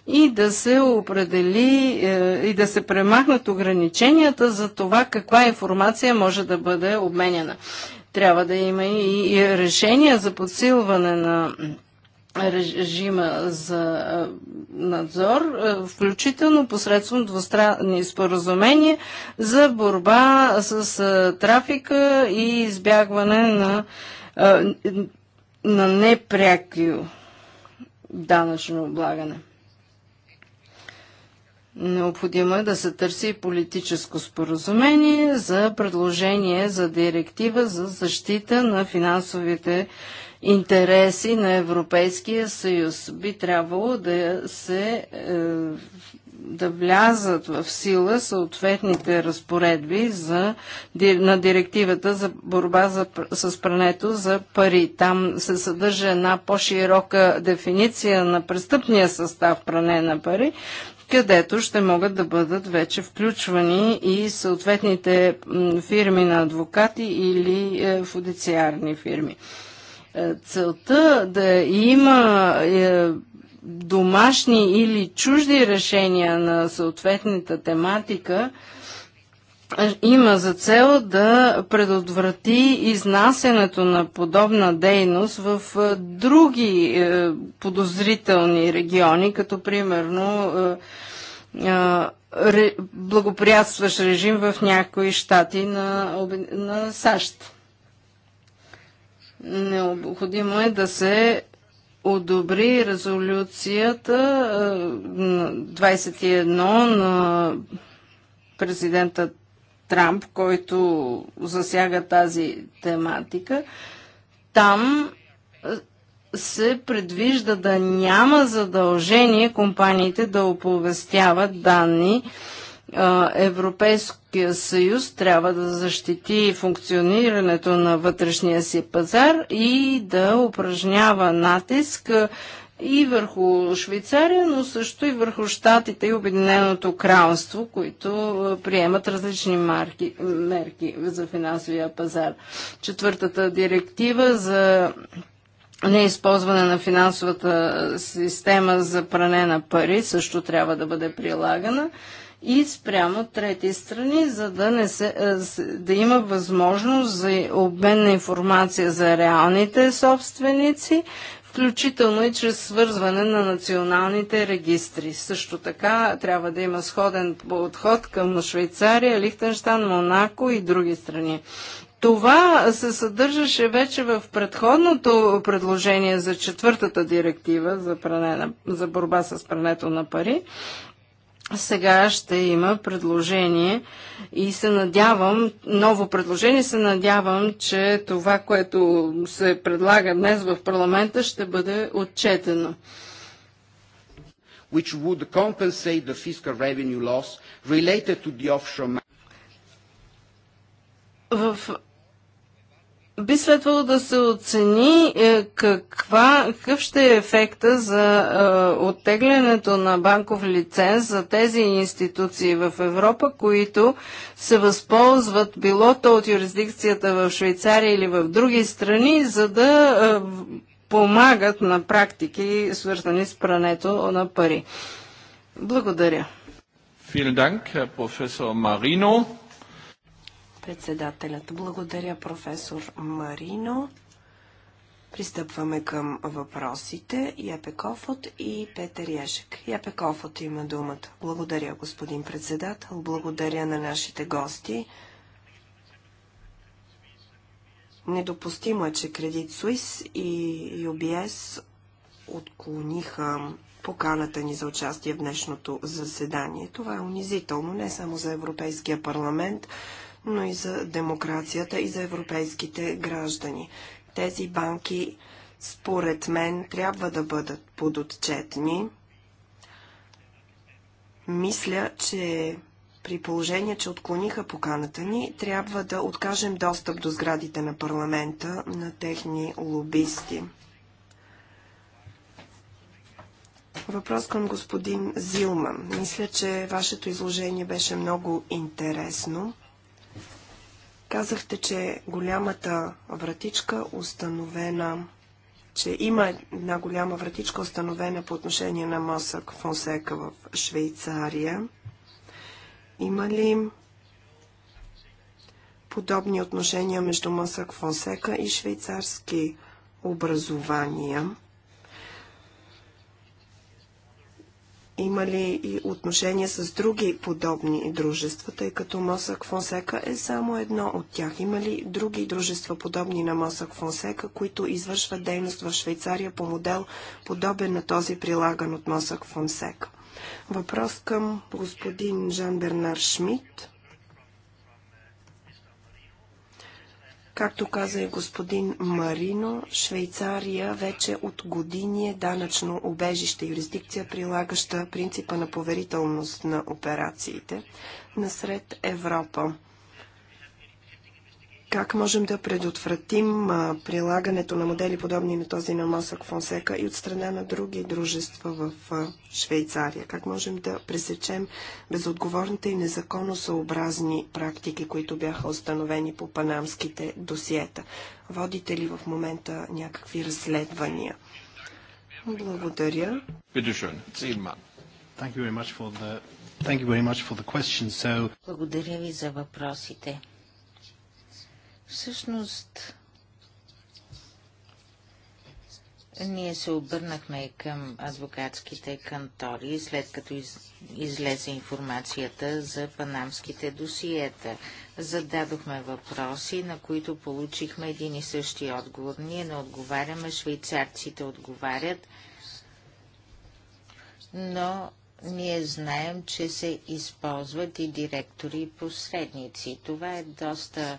и да се определи е, и да се премахнат ограниченията за това каква информация може да бъде обменена. Трябва да има и, и решения за подсилване на режима за надзор, включително посредством двустранни споразумения за борба с трафика и избягване на, на непряки данъчно облагане. Необходимо е да се търси политическо споразумение за предложение за директива за защита на финансовите интереси на Европейския съюз. Би трябвало да се е, да влязат в сила съответните разпоредби за, на директивата за борба за, с прането за пари. Там се съдържа една по-широка дефиниция на престъпния състав пране на пари, където ще могат да бъдат вече включвани и съответните фирми на адвокати или е, фудициарни фирми. Е, целта да има е, домашни или чужди решения на съответната тематика има за цел да предотврати изнасянето на подобна дейност в е, други подозрителни региони, като примерно благоприятстваш благоприятстващ режим в някои щати на, на САЩ. Необходимо е да се одобри резолюцията 21 е, на президента Трамп, който засяга тази тематика. Там е, се предвижда да няма задължение компаниите да оповестяват данни е, европейско Европейския съюз трябва да защити функционирането на вътрешния си пазар и да упражнява натиск и върху Швейцария, но също и върху Штатите и Обединеното кралство, които приемат различни марки, мерки за финансовия пазар. Четвъртата директива за неизползване на финансовата система за пране на пари също трябва да бъде прилагана и спрямо трети страни, за да, не се, е, да има възможност за обмен на информация за реалните собственици, включително и чрез свързване на националните регистри. Също така трябва да има сходен подход към Швейцария, Лихтенштан, Монако и други страни. Това се съдържаше вече в предходното предложение за четвъртата директива за, пране на, за борба с прането на пари сега ще има предложение и се надявам, ново предложение, се надявам, че това, което се предлага днес в парламента, ще бъде отчетено. Which would compensate the fiscal revenue loss related to the offshore в би следвало да се оцени е, каква, какъв ще е ефекта за е, оттеглянето на банков лиценз за тези институции в Европа, които се възползват било то от юрисдикцията в Швейцария или в други страни, за да е, помагат на практики, свързани с прането на пари. Благодаря. Vielen Dank, Herr Professor Marino. Председателят. Благодаря, професор Марино. Пристъпваме към въпросите. Япеков от и Петър Яшек. Япе има думата. Благодаря, господин председател. Благодаря на нашите гости. Недопустимо е, че Кредит Суис и UBS отклониха поканата ни за участие в днешното заседание. Това е унизително не само за Европейския парламент, но и за демокрацията и за европейските граждани. Тези банки, според мен, трябва да бъдат подотчетни. Мисля, че при положение, че отклониха поканата ни, трябва да откажем достъп до сградите на парламента на техни лобисти. Въпрос към господин Зилман. Мисля, че вашето изложение беше много интересно. Казахте, че голямата вратичка, установена, че има една голяма вратичка, установена по отношение на Мосък Фонсека в Швейцария. Има ли подобни отношения между Мосък Фонсека и швейцарски образования? Има ли и отношения с други подобни дружества, тъй като Мосък Фонсека е само едно от тях? Има ли други дружества подобни на Мосък Фонсека, които извършват дейност в Швейцария по модел подобен на този прилаган от Мосък Фонсека? Въпрос към господин Жан Бернар Шмидт. Както каза и господин Марино, Швейцария вече от години е данъчно обежище, юрисдикция, прилагаща принципа на поверителност на операциите насред Европа как можем да предотвратим прилагането на модели подобни на този на Мосък Фонсека и от страна на други дружества в Швейцария? Как можем да пресечем безотговорните и незаконосъобразни практики, които бяха установени по панамските досиета? Водите ли в момента някакви разследвания? Благодаря. Благодаря ви за въпросите. Всъщност, ние се обърнахме към адвокатските кантори, след като из, излезе информацията за панамските досиета. Зададохме въпроси, на които получихме един и същи отговор. Ние не отговаряме, швейцарците отговарят, но ние знаем, че се използват и директори и посредници. Това е доста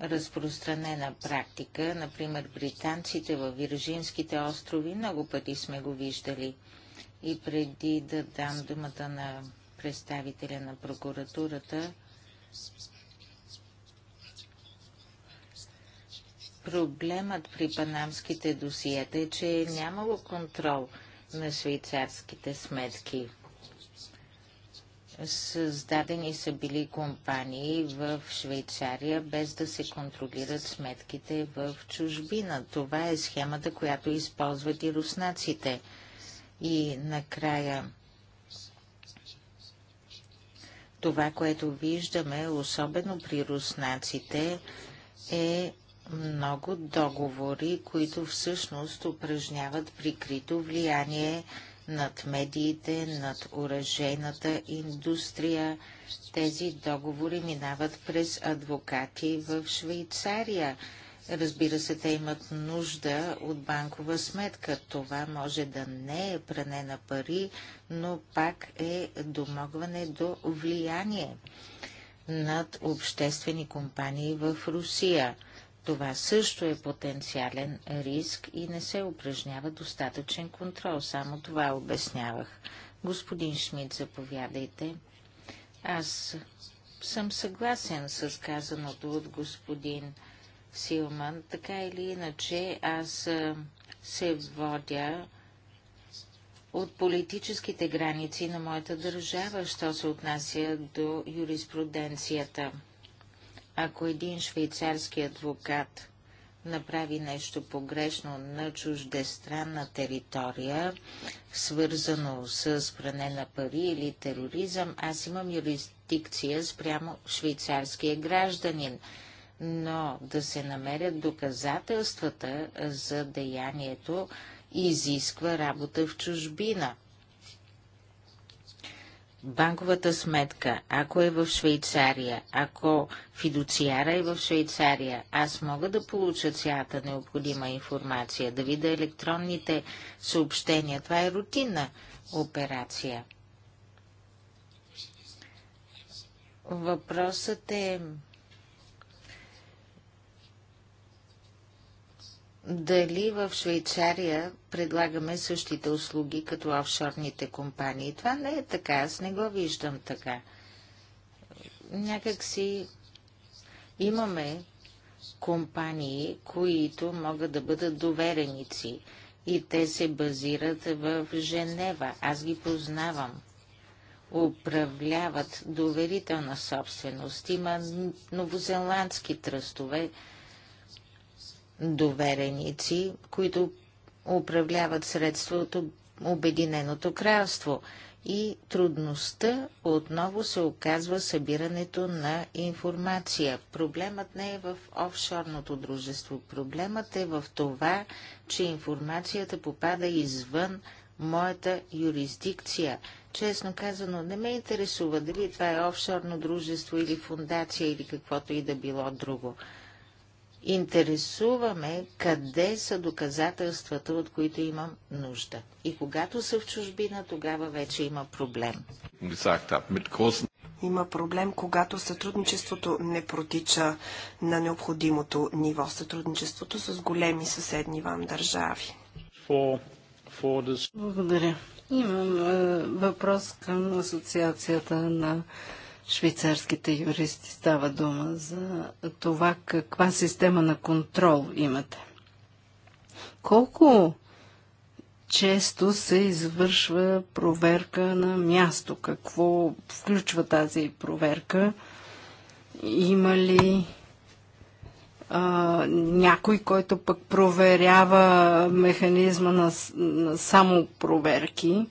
разпространена практика. Например, британците във Виржинските острови много пъти сме го виждали. И преди да дам думата на представителя на прокуратурата, проблемът при панамските досиета е, че е нямало контрол на швейцарските сметки. Създадени са били компании в Швейцария, без да се контролират сметките в чужбина. Това е схемата, която използват и руснаците. И накрая това, което виждаме, особено при руснаците, е много договори, които всъщност упражняват прикрито влияние над медиите, над оръжейната индустрия. Тези договори минават през адвокати в Швейцария. Разбира се, те имат нужда от банкова сметка. Това може да не е пране на пари, но пак е домогване до влияние над обществени компании в Русия. Това също е потенциален риск и не се упражнява достатъчен контрол. Само това обяснявах. Господин Шмидт, заповядайте. Аз съм съгласен с казаното от господин Силман. Така или иначе, аз се водя от политическите граници на моята държава, що се отнася до юриспруденцията. Ако един швейцарски адвокат направи нещо погрешно на чуждестранна територия, свързано с пране на пари или тероризъм, аз имам юрисдикция спрямо швейцарския гражданин. Но да се намерят доказателствата за деянието изисква работа в чужбина банковата сметка, ако е в Швейцария, ако фидуциара е в Швейцария, аз мога да получа цялата необходима информация, да видя електронните съобщения. Това е рутинна операция. Въпросът е дали в Швейцария предлагаме същите услуги като офшорните компании. Това не е така, аз не го виждам така. Някак си имаме компании, които могат да бъдат довереници и те се базират в Женева. Аз ги познавам. Управляват доверителна собственост. Има новозеландски тръстове, довереници, които управляват средства от Обединеното кралство. И трудността отново се оказва събирането на информация. Проблемът не е в офшорното дружество. Проблемът е в това, че информацията попада извън моята юрисдикция. Честно казано, не ме интересува дали това е офшорно дружество или фундация или каквото и да било друго интересуваме къде са доказателствата, от които имам нужда. И когато са в чужбина, тогава вече има проблем. Има проблем, когато сътрудничеството не протича на необходимото ниво. Сътрудничеството с големи съседни вам държави. Благодаря. Имам е, въпрос към Асоциацията на швейцарските юристи става дума за това каква система на контрол имате. Колко често се извършва проверка на място? Какво включва тази проверка? Има ли а, някой, който пък проверява механизма на, на само проверки?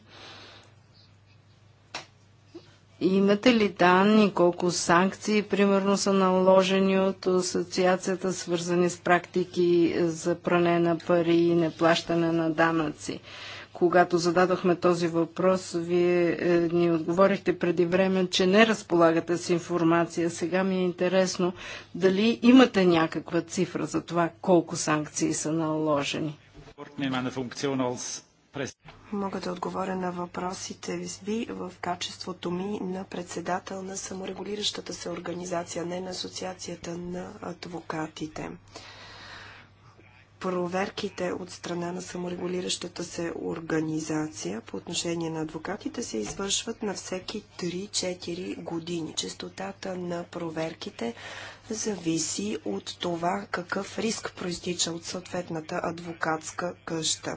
Имате ли данни колко санкции, примерно, са наложени от асоциацията, свързани с практики за пране на пари и неплащане на данъци? Когато зададохме този въпрос, вие е, ни отговорихте преди време, че не разполагате с информация. Сега ми е интересно дали имате някаква цифра за това колко санкции са наложени. Мога да отговоря на въпросите ви в качеството ми на председател на саморегулиращата се организация, не на Асоциацията на адвокатите. Проверките от страна на саморегулиращата се организация по отношение на адвокатите се извършват на всеки 3-4 години. Честотата на проверките зависи от това какъв риск проистича от съответната адвокатска къща.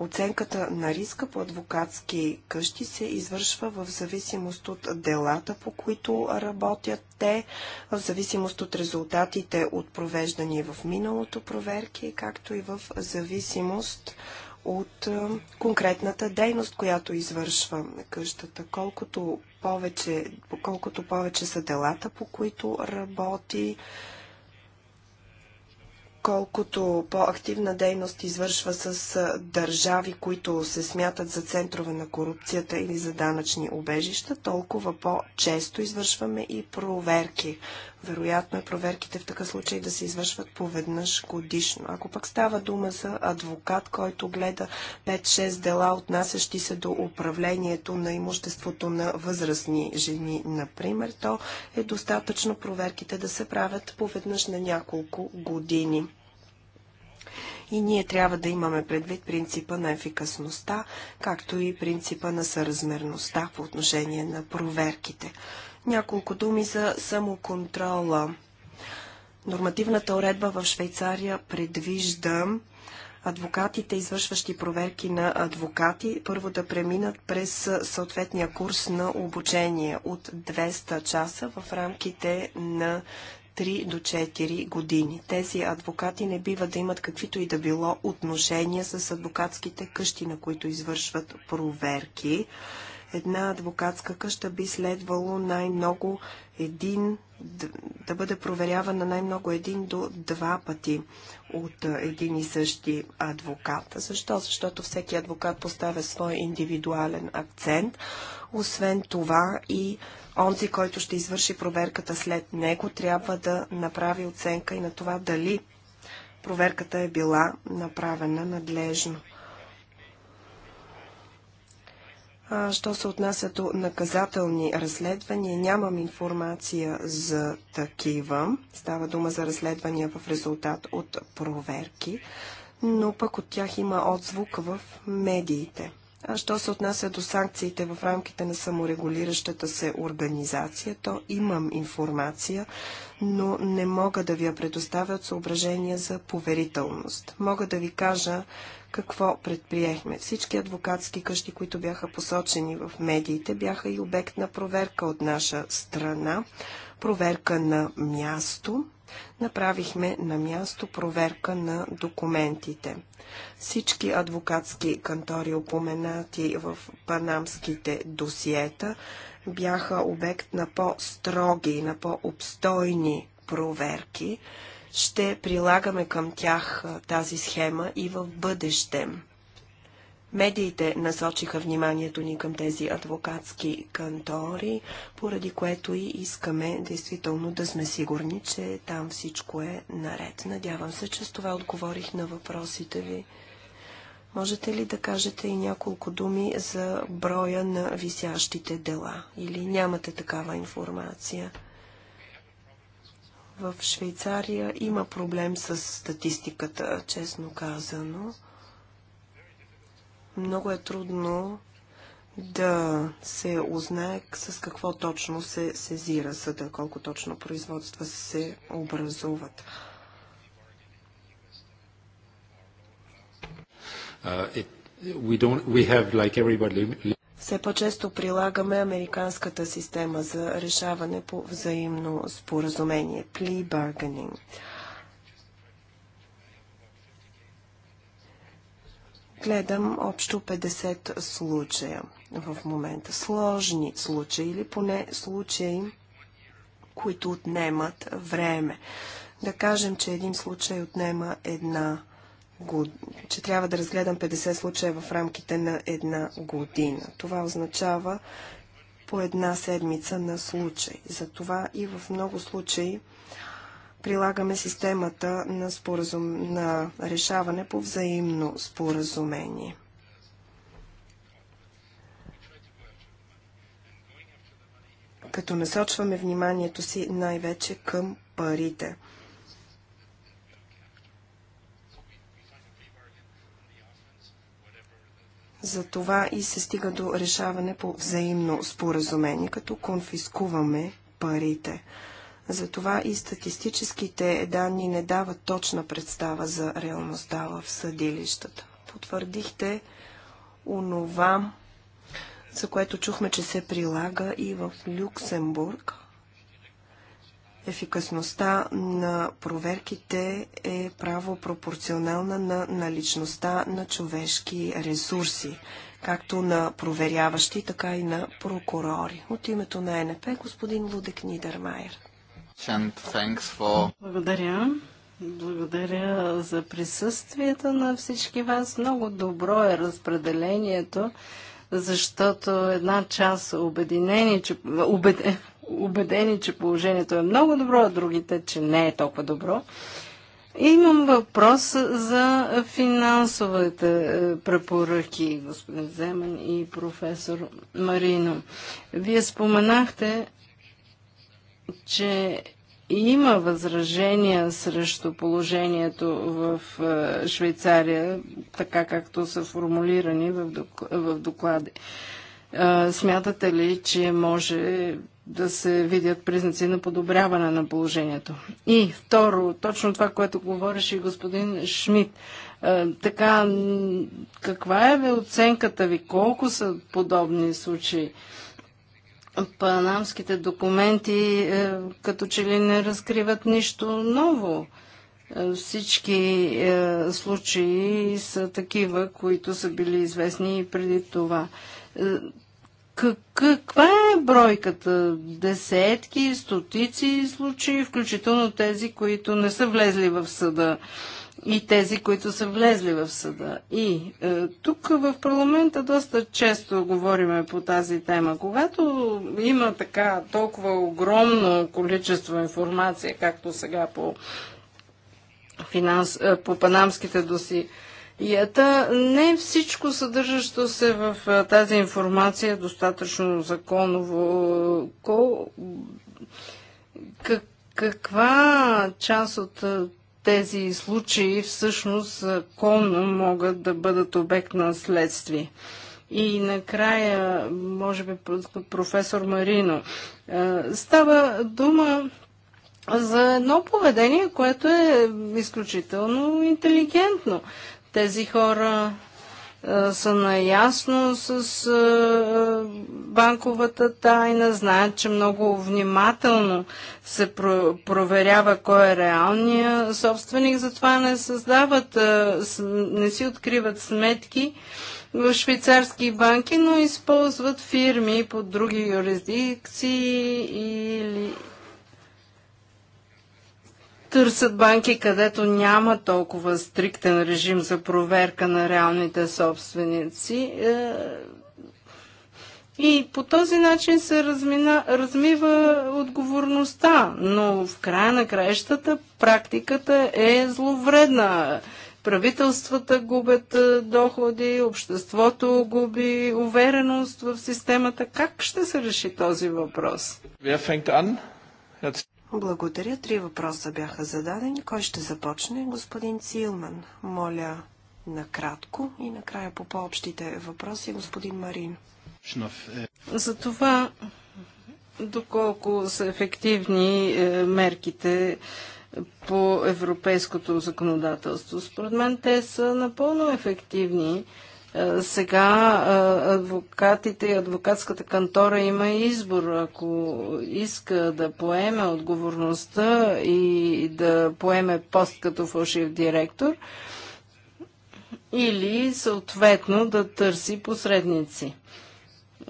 Оценката на риска по адвокатски къщи се извършва в зависимост от делата, по които работят те, в зависимост от резултатите от провеждани в миналото проверки, както и в зависимост от е, конкретната дейност, която извършва къщата. Колкото повече, колкото повече са делата, по които работи, колкото по-активна дейност извършва с държави, които се смятат за центрове на корупцията или за данъчни убежища, толкова по-често извършваме и проверки вероятно е проверките в такъв случай да се извършват поведнъж годишно. Ако пък става дума за адвокат, който гледа 5-6 дела, отнасящи се до управлението на имуществото на възрастни жени, например, то е достатъчно проверките да се правят поведнъж на няколко години. И ние трябва да имаме предвид принципа на ефикасността, както и принципа на съразмерността по отношение на проверките. Няколко думи за самоконтрола. Нормативната уредба в Швейцария предвижда адвокатите, извършващи проверки на адвокати, първо да преминат през съответния курс на обучение от 200 часа в рамките на 3 до 4 години. Тези адвокати не бива да имат каквито и да било отношения с адвокатските къщи, на които извършват проверки една адвокатска къща би следвало най-много един, да бъде проверявана най-много един до два пъти от един и същи адвокат. Защо? Защото всеки адвокат поставя свой индивидуален акцент. Освен това и онзи, който ще извърши проверката след него, трябва да направи оценка и на това дали проверката е била направена надлежно. Що се отнася до наказателни разследвания, нямам информация за такива. Става дума за разследвания в резултат от проверки, но пък от тях има отзвук в медиите. А що се отнася до санкциите в рамките на саморегулиращата се организация, то имам информация, но не мога да ви я предоставя от съображения за поверителност. Мога да ви кажа какво предприехме? Всички адвокатски къщи, които бяха посочени в медиите, бяха и обект на проверка от наша страна. Проверка на място. Направихме на място проверка на документите. Всички адвокатски кантори, упоменати в панамските досиета, бяха обект на по-строги и на по-обстойни проверки ще прилагаме към тях тази схема и в бъдеще. Медиите насочиха вниманието ни към тези адвокатски кантори, поради което и искаме действително да сме сигурни, че там всичко е наред. Надявам се, че с това отговорих на въпросите ви. Можете ли да кажете и няколко думи за броя на висящите дела? Или нямате такава информация? В Швейцария има проблем с статистиката, честно казано. Много е трудно да се узнае с какво точно се сезира съда, колко точно производства се образуват. Uh, it, we don't, we have, like everybody... Все по-често прилагаме американската система за решаване по взаимно споразумение – plea bargaining. Гледам общо 50 случая в момента. Сложни случаи или поне случаи, които отнемат време. Да кажем, че един случай отнема една че трябва да разгледам 50 случая в рамките на една година. Това означава по една седмица на случай. Затова и в много случаи прилагаме системата на, споразум... на решаване по взаимно споразумение. Като насочваме вниманието си най-вече към парите – За това и се стига до решаване по взаимно споразумение, като конфискуваме парите. Затова и статистическите данни не дават точна представа за реалността в съдилищата. Потвърдихте онова, за което чухме, че се прилага и в Люксембург. Ефикасността на проверките е право пропорционална на наличността на човешки ресурси, както на проверяващи, така и на прокурори. От името на НП господин Лудек Нидермайер. For... Благодаря. Благодаря за присъствието на всички вас. Много добро е разпределението, защото една част обединени, че, обед, убедени, че положението е много добро, а другите, че не е толкова добро. И имам въпрос за финансовите е, препоръки, господин Земен и професор Марино. Вие споменахте, че има възражения срещу положението в е, Швейцария, така както са формулирани в доклади. Смятате ли, че може да се видят признаци на подобряване на положението? И второ, точно това, което говореше и господин Шмидт, така, каква е ви оценката ви? Колко са подобни случаи? Панамските документи е, като че ли не разкриват нищо ново. Е, всички е, случаи са такива, които са били известни и преди това каква е бройката? Десетки, стотици случаи, включително тези, които не са влезли в съда и тези, които са влезли в съда. И е, тук в парламента доста често говориме по тази тема. Когато има така толкова огромно количество информация, както сега по, финанс, е, по панамските доси, ята. Не всичко съдържащо се в тази информация е достатъчно законово. Кол... Как, каква част от тези случаи всъщност законно могат да бъдат обект на следствие? И накрая, може би, професор Марино, става дума за едно поведение, което е изключително интелигентно. Тези хора са наясно с банковата тайна, знаят, че много внимателно се проверява кой е реалния собственик, затова не създават, не си откриват сметки в швейцарски банки, но използват фирми под други юрисдикции или търсят банки, където няма толкова стриктен режим за проверка на реалните собственици. Е, и по този начин се размина, размива отговорността, но в края на краищата практиката е зловредна. Правителствата губят е, доходи, обществото губи увереност в системата. Как ще се реши този въпрос? Благодаря. Три въпроса бяха зададени. Кой ще започне? Господин Цилман. Моля накратко и накрая по по-общите въпроси господин Марин. За това, доколко са ефективни е, мерките по европейското законодателство, според мен те са напълно ефективни е, сега е, адвокатите и адвокатската кантора има избор. Ако иска да поеме отговорността и да поеме пост като фалшив директор, или съответно да търси посредници.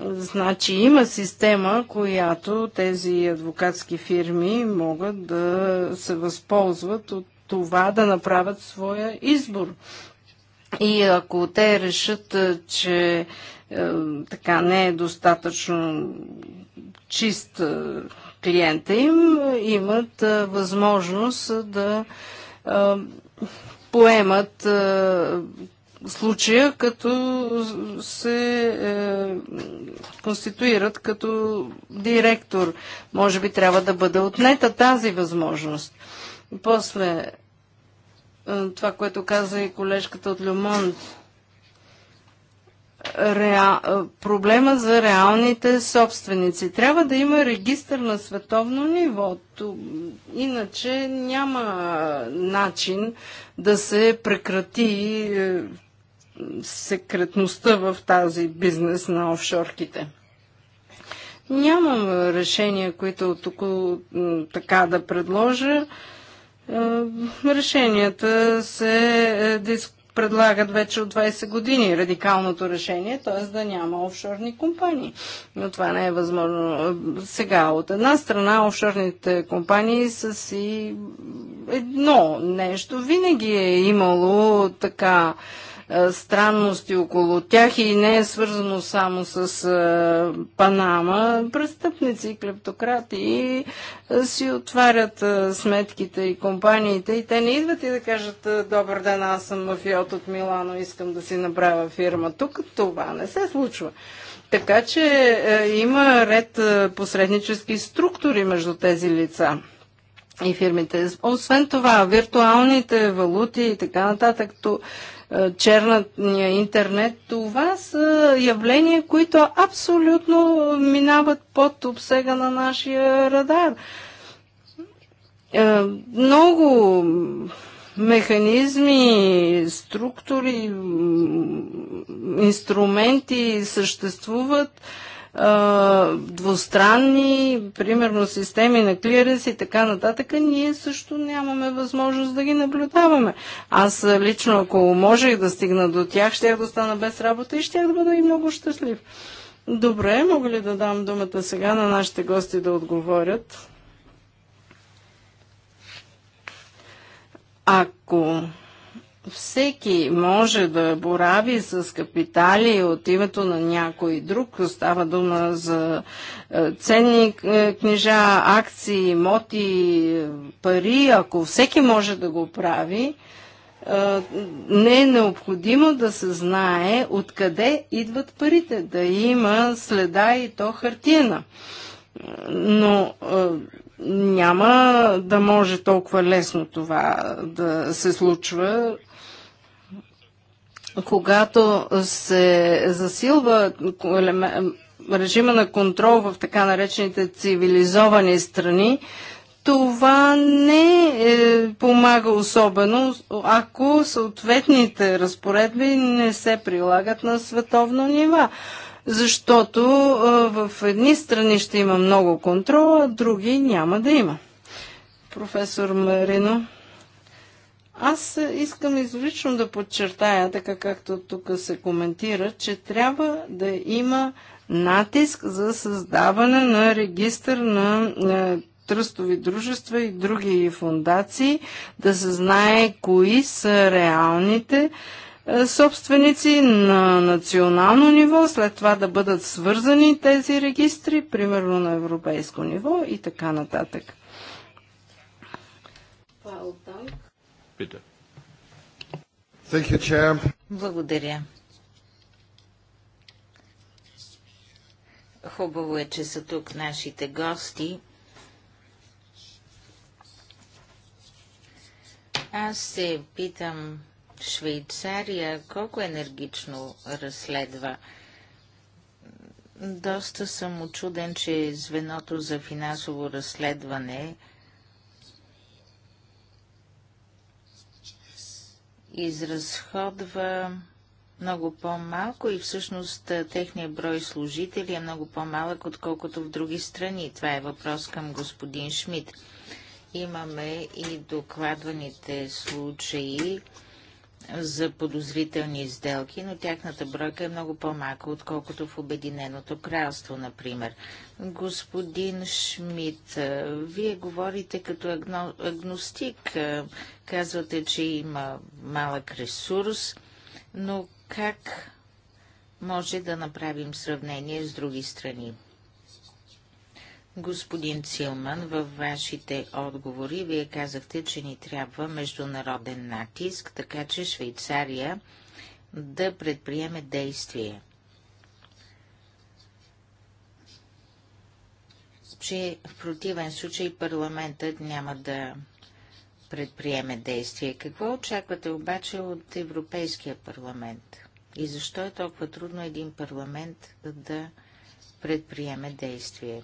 Значи има система, която тези адвокатски фирми могат да се възползват от това да направят своя избор и ако те решат, е, че е, така не е достатъчно чист е, клиента им, имат възможност да поемат случая, като се конституират като директор. Може би трябва да бъде отнета тази възможност. После е, това, което каза и колежката от Люмонт. Реа... Е, проблема за реалните собственици. Трябва да има регистр на световно ниво. Иначе няма начин да се прекрати е, секретността в тази бизнес на офшорките. Нямам решения, които тук така да предложа. Е, решенията се е, предлагат вече от 20 години радикалното решение, т.е. да няма офшорни компании. Но това не е възможно. Е, сега, от една страна, офшорните компании са си едно нещо. Винаги е имало така е, странности около тях и не е свързано само с е, Панама. Престъпници и клептократи е, си отварят сметките и компаниите и те не идват и да кажат добър ден, аз съм мафиот от Милано, искам да си направя фирма. Тук това не се случва. Така че а, има ред а, посреднически структури между тези лица и фирмите. Освен това, виртуалните валути и така нататък, то, е, черния интернет, това са явления, които абсолютно минават под обсега на нашия радар. Е, много механизми, структури, инструменти съществуват, двустранни, примерно системи на клиренс и така нататък, ние също нямаме възможност да ги наблюдаваме. Аз лично, ако можех да стигна до тях, щях да стана без работа и щях да бъда и много щастлив. Добре, мога ли да дам думата сега на нашите гости да отговорят? Ако всеки може да борави с капитали от името на някой друг. Става дума за е, ценни е, книжа, акции, имоти, е, пари. Ако всеки може да го прави, не е необходимо да се знае откъде идват парите, да има следа и то хартиена. Но няма да може толкова лесно това да се случва когато се засилва режима на контрол в така наречените цивилизовани страни, това не е, помага особено, ако съответните разпоредби не се прилагат на световно нива. Защото е, в едни страни ще има много контрол, а други няма да има. Професор Марино. Аз искам изрично да подчертая, така както тук се коментира, че трябва да има натиск за създаване на регистър на тръстови дружества и други фундации, да се знае кои са реалните е, собственици на национално ниво, след това да бъдат свързани тези регистри, примерно на европейско ниво и така нататък. Пао е Танк Bitte. Благодаря. Хубаво е, че са тук нашите гости. Аз се питам Швейцария колко енергично разследва. Доста съм очуден, че звеното за финансово разследване е изразходва много по-малко и всъщност техният брой служители е много по-малък, отколкото в други страни. Това е въпрос към господин Шмидт. Имаме и докладваните случаи за подозрителни изделки, но тяхната бройка е много по-малка, отколкото в Обединеното кралство, например. Господин Шмидт, вие говорите като агно... агностик, казвате, че има малък ресурс, но как може да направим сравнение с други страни? Господин Цилман, във вашите отговори вие казахте, че ни трябва международен натиск, така че Швейцария да предприеме действие. Че в противен случай парламентът няма да предприеме действие. Какво очаквате обаче от Европейския парламент? И защо е толкова трудно един парламент да предприеме действие?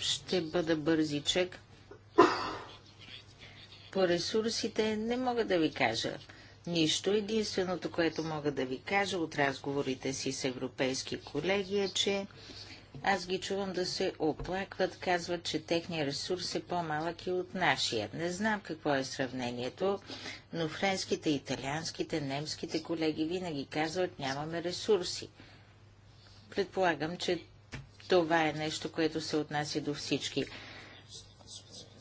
Ще бъда бързичек. По ресурсите не мога да ви кажа нищо. Единственото, което мога да ви кажа от разговорите си с европейски колеги е, че аз ги чувам да се оплакват, казват, че техният ресурс е по-малък и от нашия. Не знам какво е сравнението, но френските, италианските, немските колеги винаги казват, нямаме ресурси. Предполагам, че това е нещо, което се отнася до всички.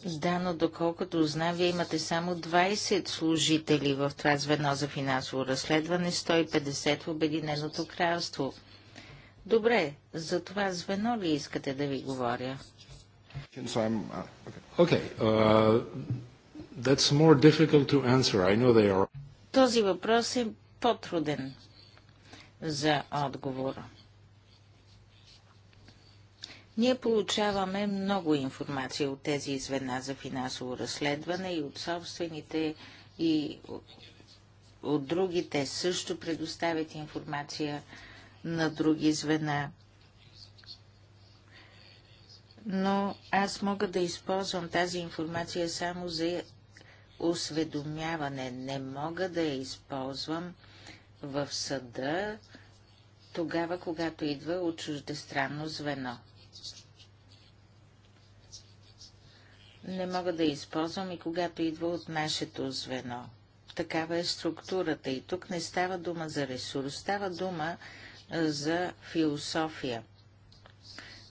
Да, но доколкото знам, вие имате само 20 служители в това звено за финансово разследване, 150 в Обединеното кралство. Добре, за това звено ли искате да ви говоря? Uh, uh, Този въпрос е по-труден за отговора. Ние получаваме много информация от тези звена за финансово разследване и от собствените и от другите също предоставят информация на други звена. Но аз мога да използвам тази информация само за осведомяване. Не мога да я използвам в съда, тогава, когато идва от чуждестранно звено. не мога да използвам и когато идва от нашето звено. Такава е структурата и тук не става дума за ресурс, става дума за философия.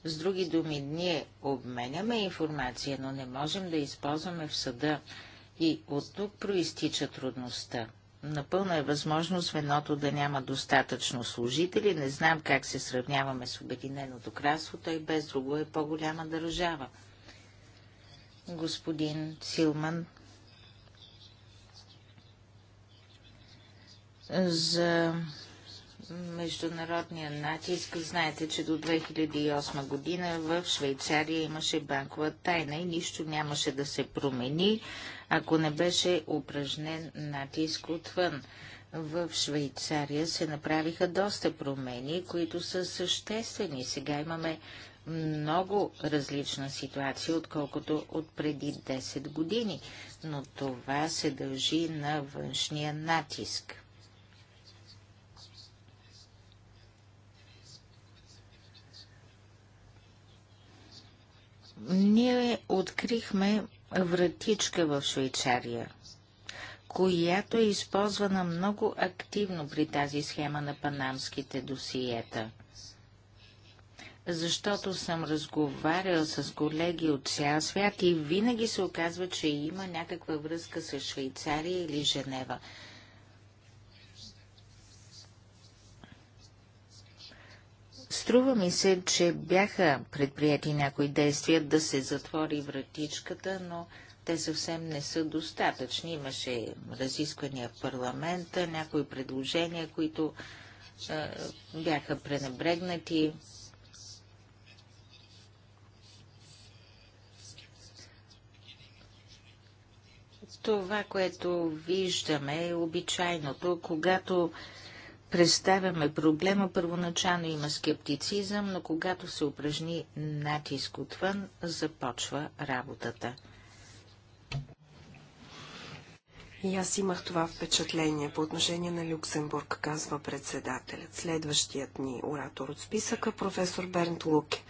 С други думи, ние обменяме информация, но не можем да използваме в съда и от тук проистича трудността. Напълно е възможно звеното да няма достатъчно служители. Не знам как се сравняваме с Обединеното кралство, той без друго е по-голяма държава господин Силман за международния натиск. Знаете, че до 2008 година в Швейцария имаше банкова тайна и нищо нямаше да се промени, ако не беше упражнен натиск отвън. В Швейцария се направиха доста промени, които са съществени. Сега имаме много различна ситуация, отколкото от преди 10 години, но това се дължи на външния натиск. Ние открихме вратичка в Швейцария, която е използвана много активно при тази схема на панамските досиета защото съм разговарял с колеги от цял свят и винаги се оказва, че има някаква връзка с Швейцария или Женева. Струва ми се, че бяха предприяти някои действия да се затвори вратичката, но те съвсем не са достатъчни. Имаше разисквания в парламента, някои предложения, които а, е, бяха пренебрегнати. Това, което виждаме е обичайното. Когато представяме проблема, първоначално има скептицизъм, но когато се упражни натиск отвън, започва работата. И аз имах това впечатление по отношение на Люксембург, казва председателят. Следващият ни оратор от списъка, професор Бернт Луке.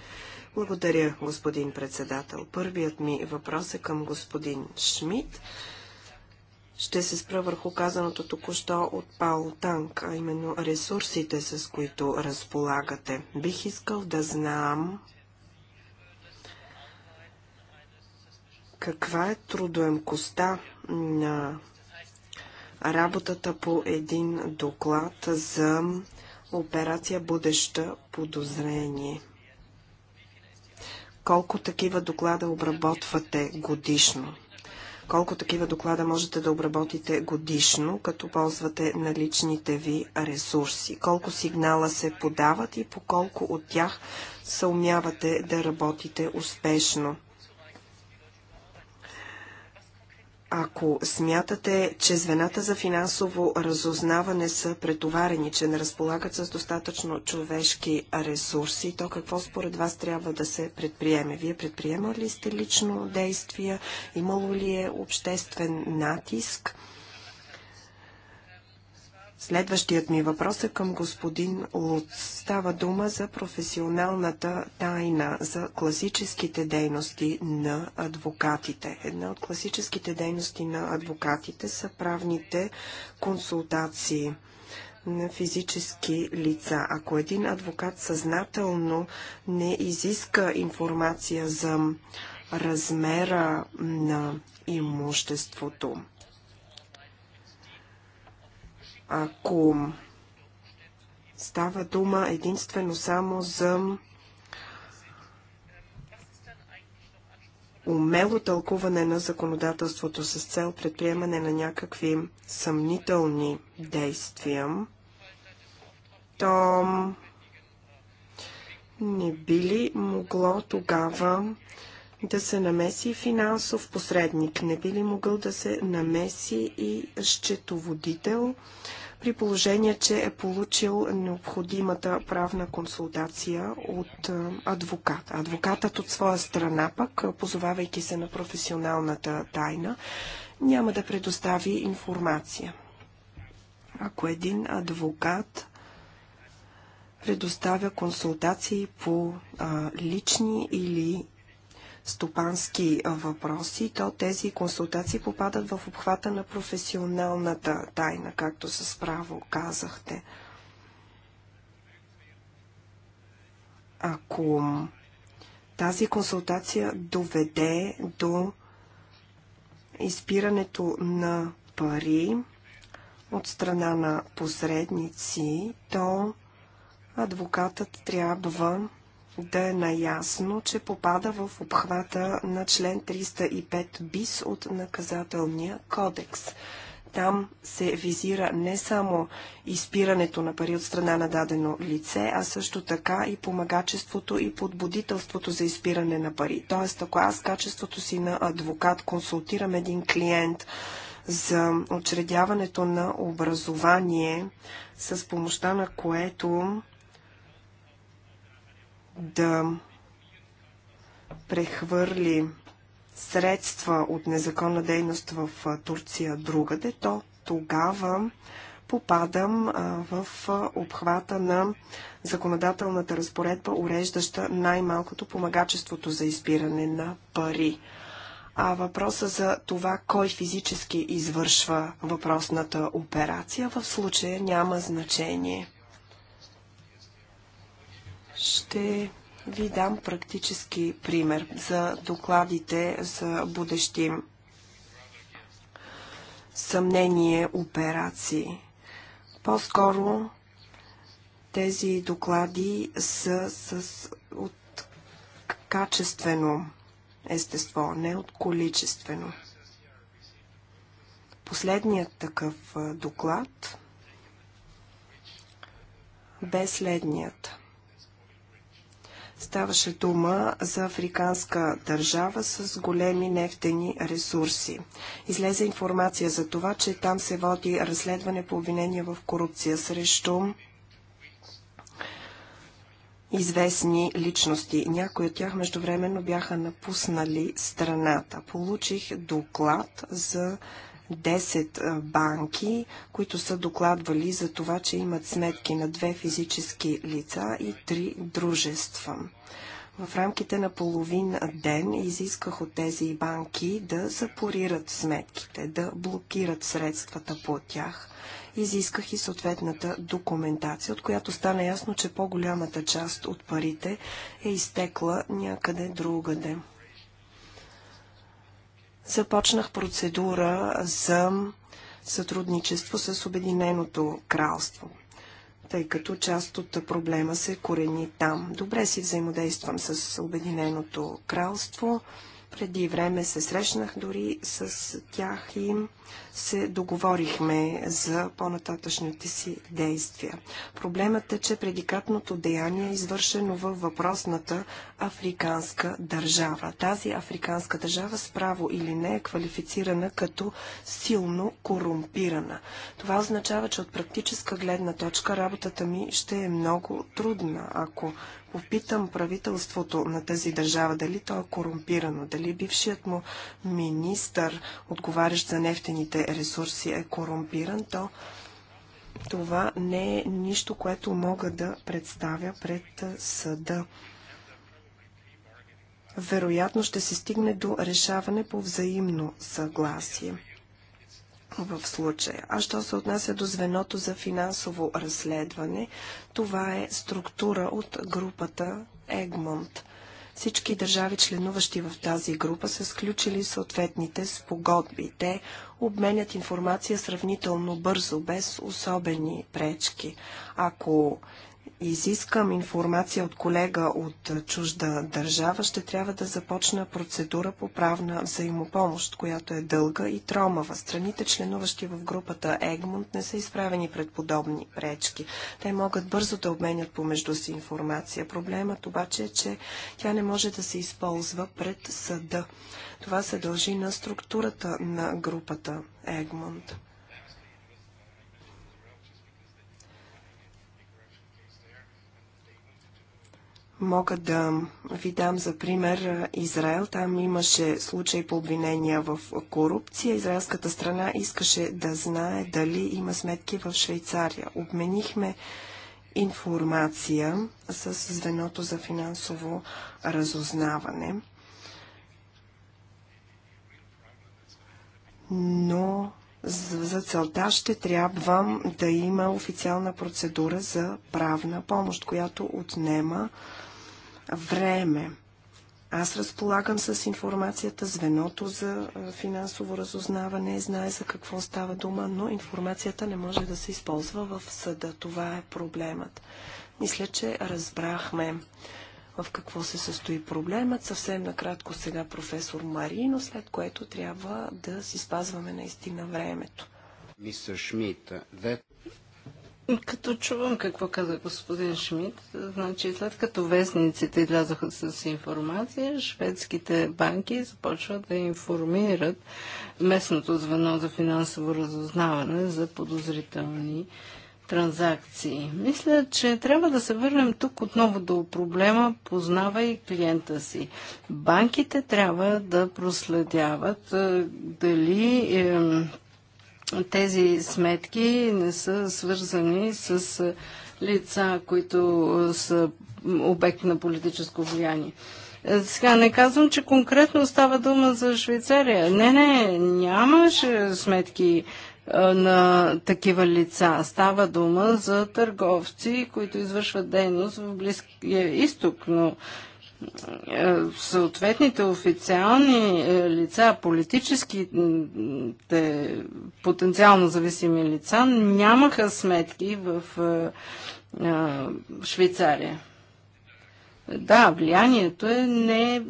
Благодаря, господин председател. Първият ми въпрос е към господин Шмидт ще се спра върху казаното току-що от Паул Танк, а именно ресурсите, с които разполагате. Бих искал да знам каква е трудоемкостта на работата по един доклад за операция Будеща подозрение. Колко такива доклада обработвате годишно? Колко такива доклада можете да обработите годишно, като ползвате наличните ви ресурси? Колко сигнала се подават и по колко от тях съумявате да работите успешно? Ако смятате, че звената за финансово разузнаване са претоварени, че не разполагат с достатъчно човешки ресурси, то какво според вас трябва да се предприеме? Вие предприемали сте лично действия? Имало ли е обществен натиск? Следващият ми въпрос е към господин Луц. Става дума за професионалната тайна, за класическите дейности на адвокатите. Една от класическите дейности на адвокатите са правните консултации на физически лица. Ако един адвокат съзнателно не изиска информация за размера на имуществото, ако става дума единствено само за умело тълкуване на законодателството с цел предприемане на някакви съмнителни действия, то не би ли могло тогава да се намеси финансов посредник? Не би ли могъл да се намеси и счетоводител, при положение, че е получил необходимата правна консултация от адвокат? Адвокатът от своя страна пък, позовавайки се на професионалната тайна, няма да предостави информация. Ако един адвокат предоставя консултации по а, лични или стопански въпроси, то тези консултации попадат в обхвата на професионалната тайна, както с право казахте. Ако тази консултация доведе до изпирането на пари от страна на посредници, то адвокатът трябва да е наясно, че попада в обхвата на член 305 бис от наказателния кодекс. Там се визира не само изпирането на пари от страна на дадено лице, а също така и помагачеството и подбудителството за изпиране на пари. Тоест, ако аз качеството си на адвокат консултирам един клиент, за учредяването на образование, с помощта на което да прехвърли средства от незаконна дейност в Турция другаде, то тогава попадам в обхвата на законодателната разпоредба, уреждаща най-малкото помагачеството за избиране на пари. А въпроса за това кой физически извършва въпросната операция в случая няма значение. Ще ви дам практически пример за докладите за будещи съмнение операции. По-скоро тези доклади са с, от качествено естество, не от количествено. Последният такъв доклад бе следният – Ставаше дума за африканска държава с големи нефтени ресурси. Излезе информация за това, че там се води разследване по обвинение в корупция срещу известни личности. Някои от тях междувременно бяха напуснали страната. Получих доклад за 10 банки, които са докладвали за това, че имат сметки на две физически лица и три дружества. В рамките на половин ден изисках от тези банки да запорират сметките, да блокират средствата по тях. Изисках и съответната документация, от която стана ясно, че по-голямата част от парите е изтекла някъде другаде започнах процедура за сътрудничество с Обединеното кралство, тъй като част от проблема се корени там. Добре си взаимодействам с Обединеното кралство. Преди време се срещнах дори с тях и се договорихме за по-нататъчните си действия. Проблемът е, че предикатното деяние е извършено във въпросната африканска държава. Тази африканска държава справо или не е квалифицирана като силно корумпирана. Това означава, че от практическа гледна точка работата ми ще е много трудна, ако попитам правителството на тази държава дали то е корумпирано, дали бившият му министър, отговарящ за нефтените ресурси е корумпиран, то това не е нищо, което мога да представя пред съда. Вероятно ще се стигне до решаване по взаимно съгласие в случая. А що се отнася до звеното за финансово разследване, това е структура от групата Egmont. Всички държави, членуващи в тази група, са сключили съответните спогодби. Те обменят информация сравнително бързо, без особени пречки. Ако изискам информация от колега от чужда държава, ще трябва да започна процедура по правна взаимопомощ, която е дълга и тромава. Страните, членуващи в групата Егмунд, не са изправени пред подобни пречки. Те могат бързо да обменят помежду си информация. Проблемът обаче е, че тя не може да се използва пред съда. Това се дължи на структурата на групата Егмунд. Мога да ви дам за пример Израел. Там имаше случай по обвинения в корупция. Израелската страна искаше да знае дали има сметки в Швейцария. Обменихме информация с звеното за финансово разузнаване. Но за целта ще трябва да има официална процедура за правна помощ, която отнема време. Аз разполагам с информацията, звеното за финансово разузнаване знае за какво става дума, но информацията не може да се използва в съда. Това е проблемът. Мисля, че разбрахме в какво се състои проблемът. Съвсем накратко сега професор Марино, след което трябва да си спазваме наистина времето. Мисър Шмидт, като чувам какво каза господин Шмидт, значи след като вестниците излязоха с информация, шведските банки започват да информират местното звено за финансово разузнаване за подозрителни транзакции. Мисля, че трябва да се върнем тук отново до проблема познавай клиента си. Банките трябва да проследяват е, дали е, тези сметки не са свързани с лица, които са обект на политическо влияние. Е, сега не казвам, че конкретно става дума за Швейцария. Не, не, нямаше сметки на такива лица. Става дума за търговци, които извършват дейност в Близкия изток, но е, съответните официални е, лица, политическите потенциално зависими лица нямаха сметки в е, Швейцария. Да, влиянието е не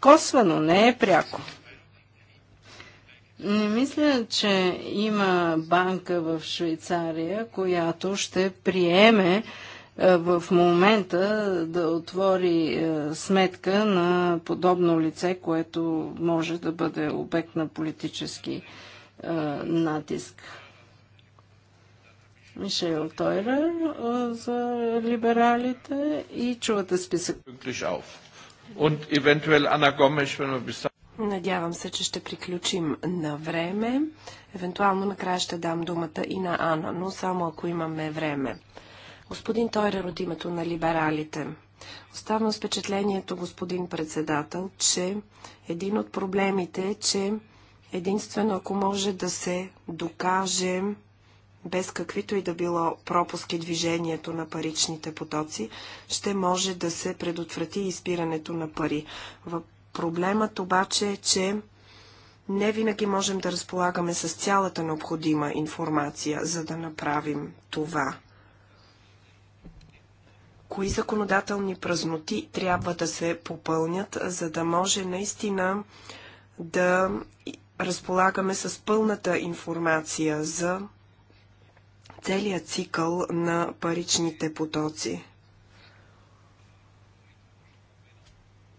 косвено, не е пряко. Не мисля, че има банка в Швейцария, която ще приеме е, в момента да отвори е, сметка на подобно лице, което може да бъде обект на политически е, натиск. Мишел Тойрер за либералите и чувате списък. Надявам се, че ще приключим на време. Евентуално накрая ще дам думата и на Ана, но само ако имаме време. Господин Тойрер от името на либералите. Оставам с впечатлението, господин председател, че един от проблемите е, че единствено ако може да се докаже без каквито и да било пропуски движението на паричните потоци, ще може да се предотврати изпирането на пари. Проблемът обаче е, че не винаги можем да разполагаме с цялата необходима информация, за да направим това кои законодателни празноти трябва да се попълнят, за да може наистина да разполагаме с пълната информация за целия цикъл на паричните потоци.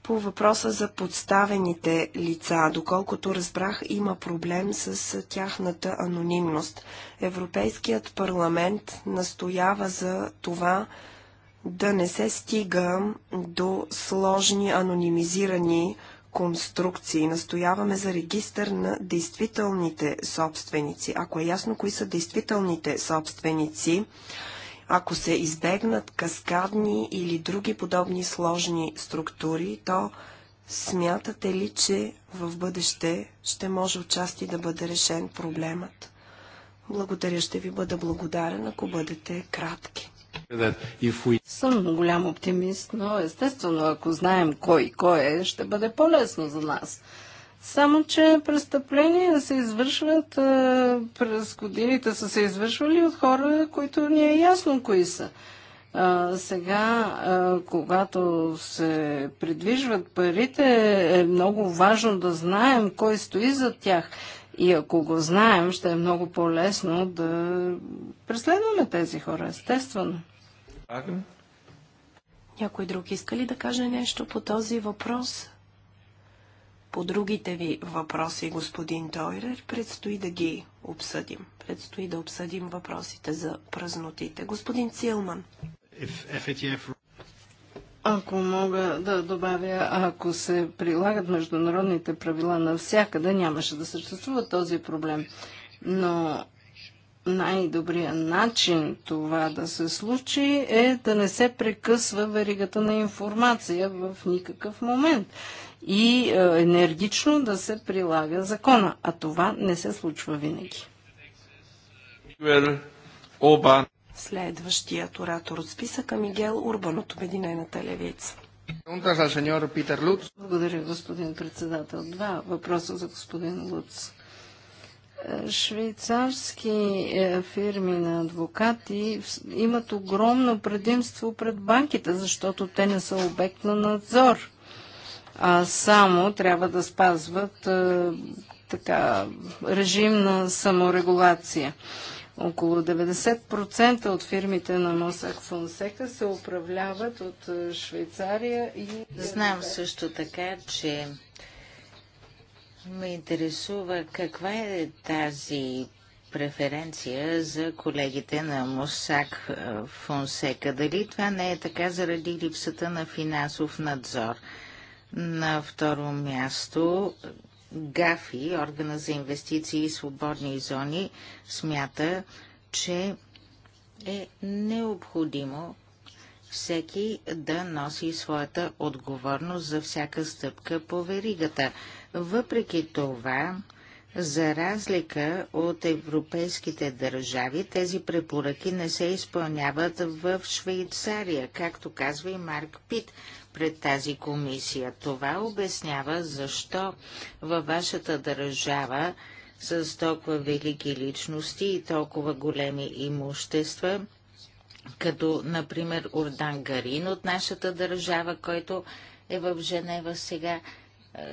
По въпроса за подставените лица, доколкото разбрах, има проблем с тяхната анонимност. Европейският парламент настоява за това да не се стига до сложни анонимизирани конструкции. Настояваме за регистър на действителните собственици. Ако е ясно кои са действителните собственици, ако се избегнат каскадни или други подобни сложни структури, то смятате ли, че в бъдеще ще може отчасти да бъде решен проблемът? Благодаря, ще ви бъда благодарен, ако бъдете кратки. Съм голям оптимист, но естествено, ако знаем кой кой е, ще бъде по-лесно за нас. Само, че престъпления се извършват, а, е, през годините са се извършвали от хора, които ни е ясно кои са. А, сега, а, когато се придвижват парите, е много важно да знаем кой стои за тях. И ако го знаем, ще е много по-лесно да преследваме тези хора, естествено. Някой друг иска ли да каже нещо по този въпрос? По другите ви въпроси, господин Тойрер, предстои да ги обсъдим. Предстои да обсъдим въпросите за празнотите. Господин Цилман. Ако мога да добавя, ако се прилагат международните правила навсякъде, нямаше да съществува този проблем. Но най-добрият начин това да се случи е да не се прекъсва веригата на информация в никакъв момент и е, енергично да се прилага закона. А това не се случва винаги. Следващият оратор от списъка Мигел Урбан от Обединената левица. Благодаря, господин председател. Два въпроса за господин Луц швейцарски е, фирми на адвокати имат огромно предимство пред банките, защото те не са обект на надзор, а само трябва да спазват е, така, режим на саморегулация. Около 90% от фирмите на Мосак Фонсека се управляват от е, Швейцария и... Знам също така, че ме интересува каква е тази преференция за колегите на Мосак е, Фонсека. Дали това не е така заради липсата на финансов надзор? На второ място ГАФИ, органа за инвестиции и свободни зони, смята, че е необходимо всеки да носи своята отговорност за всяка стъпка по веригата. Въпреки това, за разлика от европейските държави, тези препоръки не се изпълняват в Швейцария, както казва и Марк Пит пред тази комисия. Това обяснява защо във вашата държава с толкова велики личности и толкова големи имущества, като, например, Ордан Гарин от нашата държава, който е в Женева сега,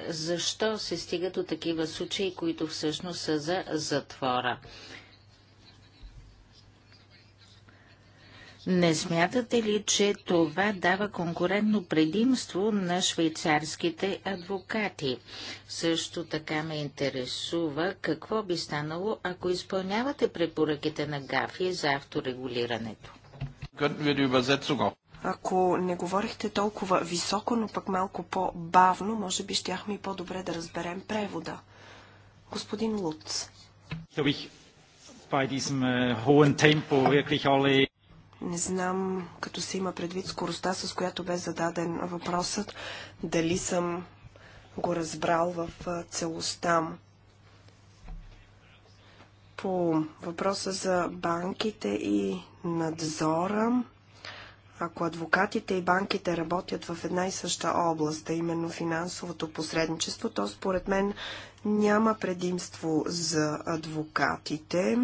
защо се стига до такива случаи, които всъщност са за затвора. Не смятате ли, че това дава конкурентно предимство на швейцарските адвокати? Също така ме интересува какво би станало, ако изпълнявате препоръките на ГАФИ за авторегулирането. Ако не говорихте толкова високо, но пък малко по-бавно, може би щяхме и по-добре да разберем превода. Господин Луц. Äh, не знам, като се има предвид скоростта, с която бе зададен въпросът, дали съм го разбрал в целостта му. По въпроса за банките и надзора, ако адвокатите и банките работят в една и съща област, а именно финансовото посредничество, то според мен няма предимство за адвокатите.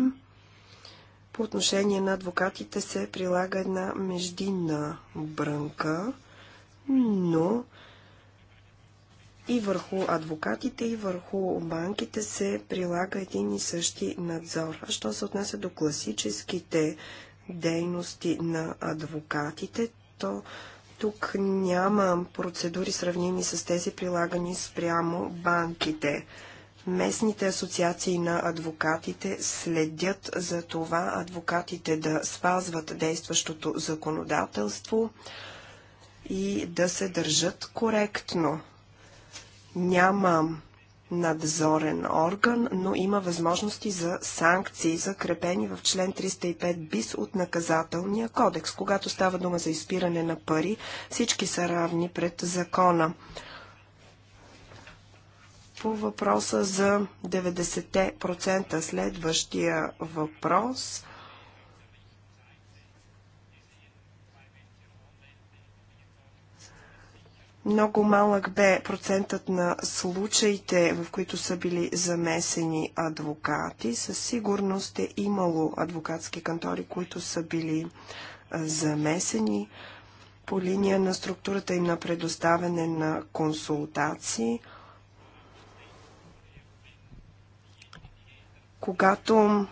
По отношение на адвокатите се прилага една междинна брънка, но и върху адвокатите, и върху банките се прилага един и същи надзор. А що се отнася до класическите дейности на адвокатите, то тук няма процедури сравними с тези прилагани спрямо банките. Местните асоциации на адвокатите следят за това адвокатите да спазват действащото законодателство и да се държат коректно. Няма надзорен орган, но има възможности за санкции, закрепени в член 305 бис от наказателния кодекс. Когато става дума за изпиране на пари, всички са равни пред закона. По въпроса за 90% следващия въпрос – Много малък бе процентът на случаите, в които са били замесени адвокати. Със сигурност е имало адвокатски кантори, които са били замесени по линия на структурата им на предоставяне на консултации. Когато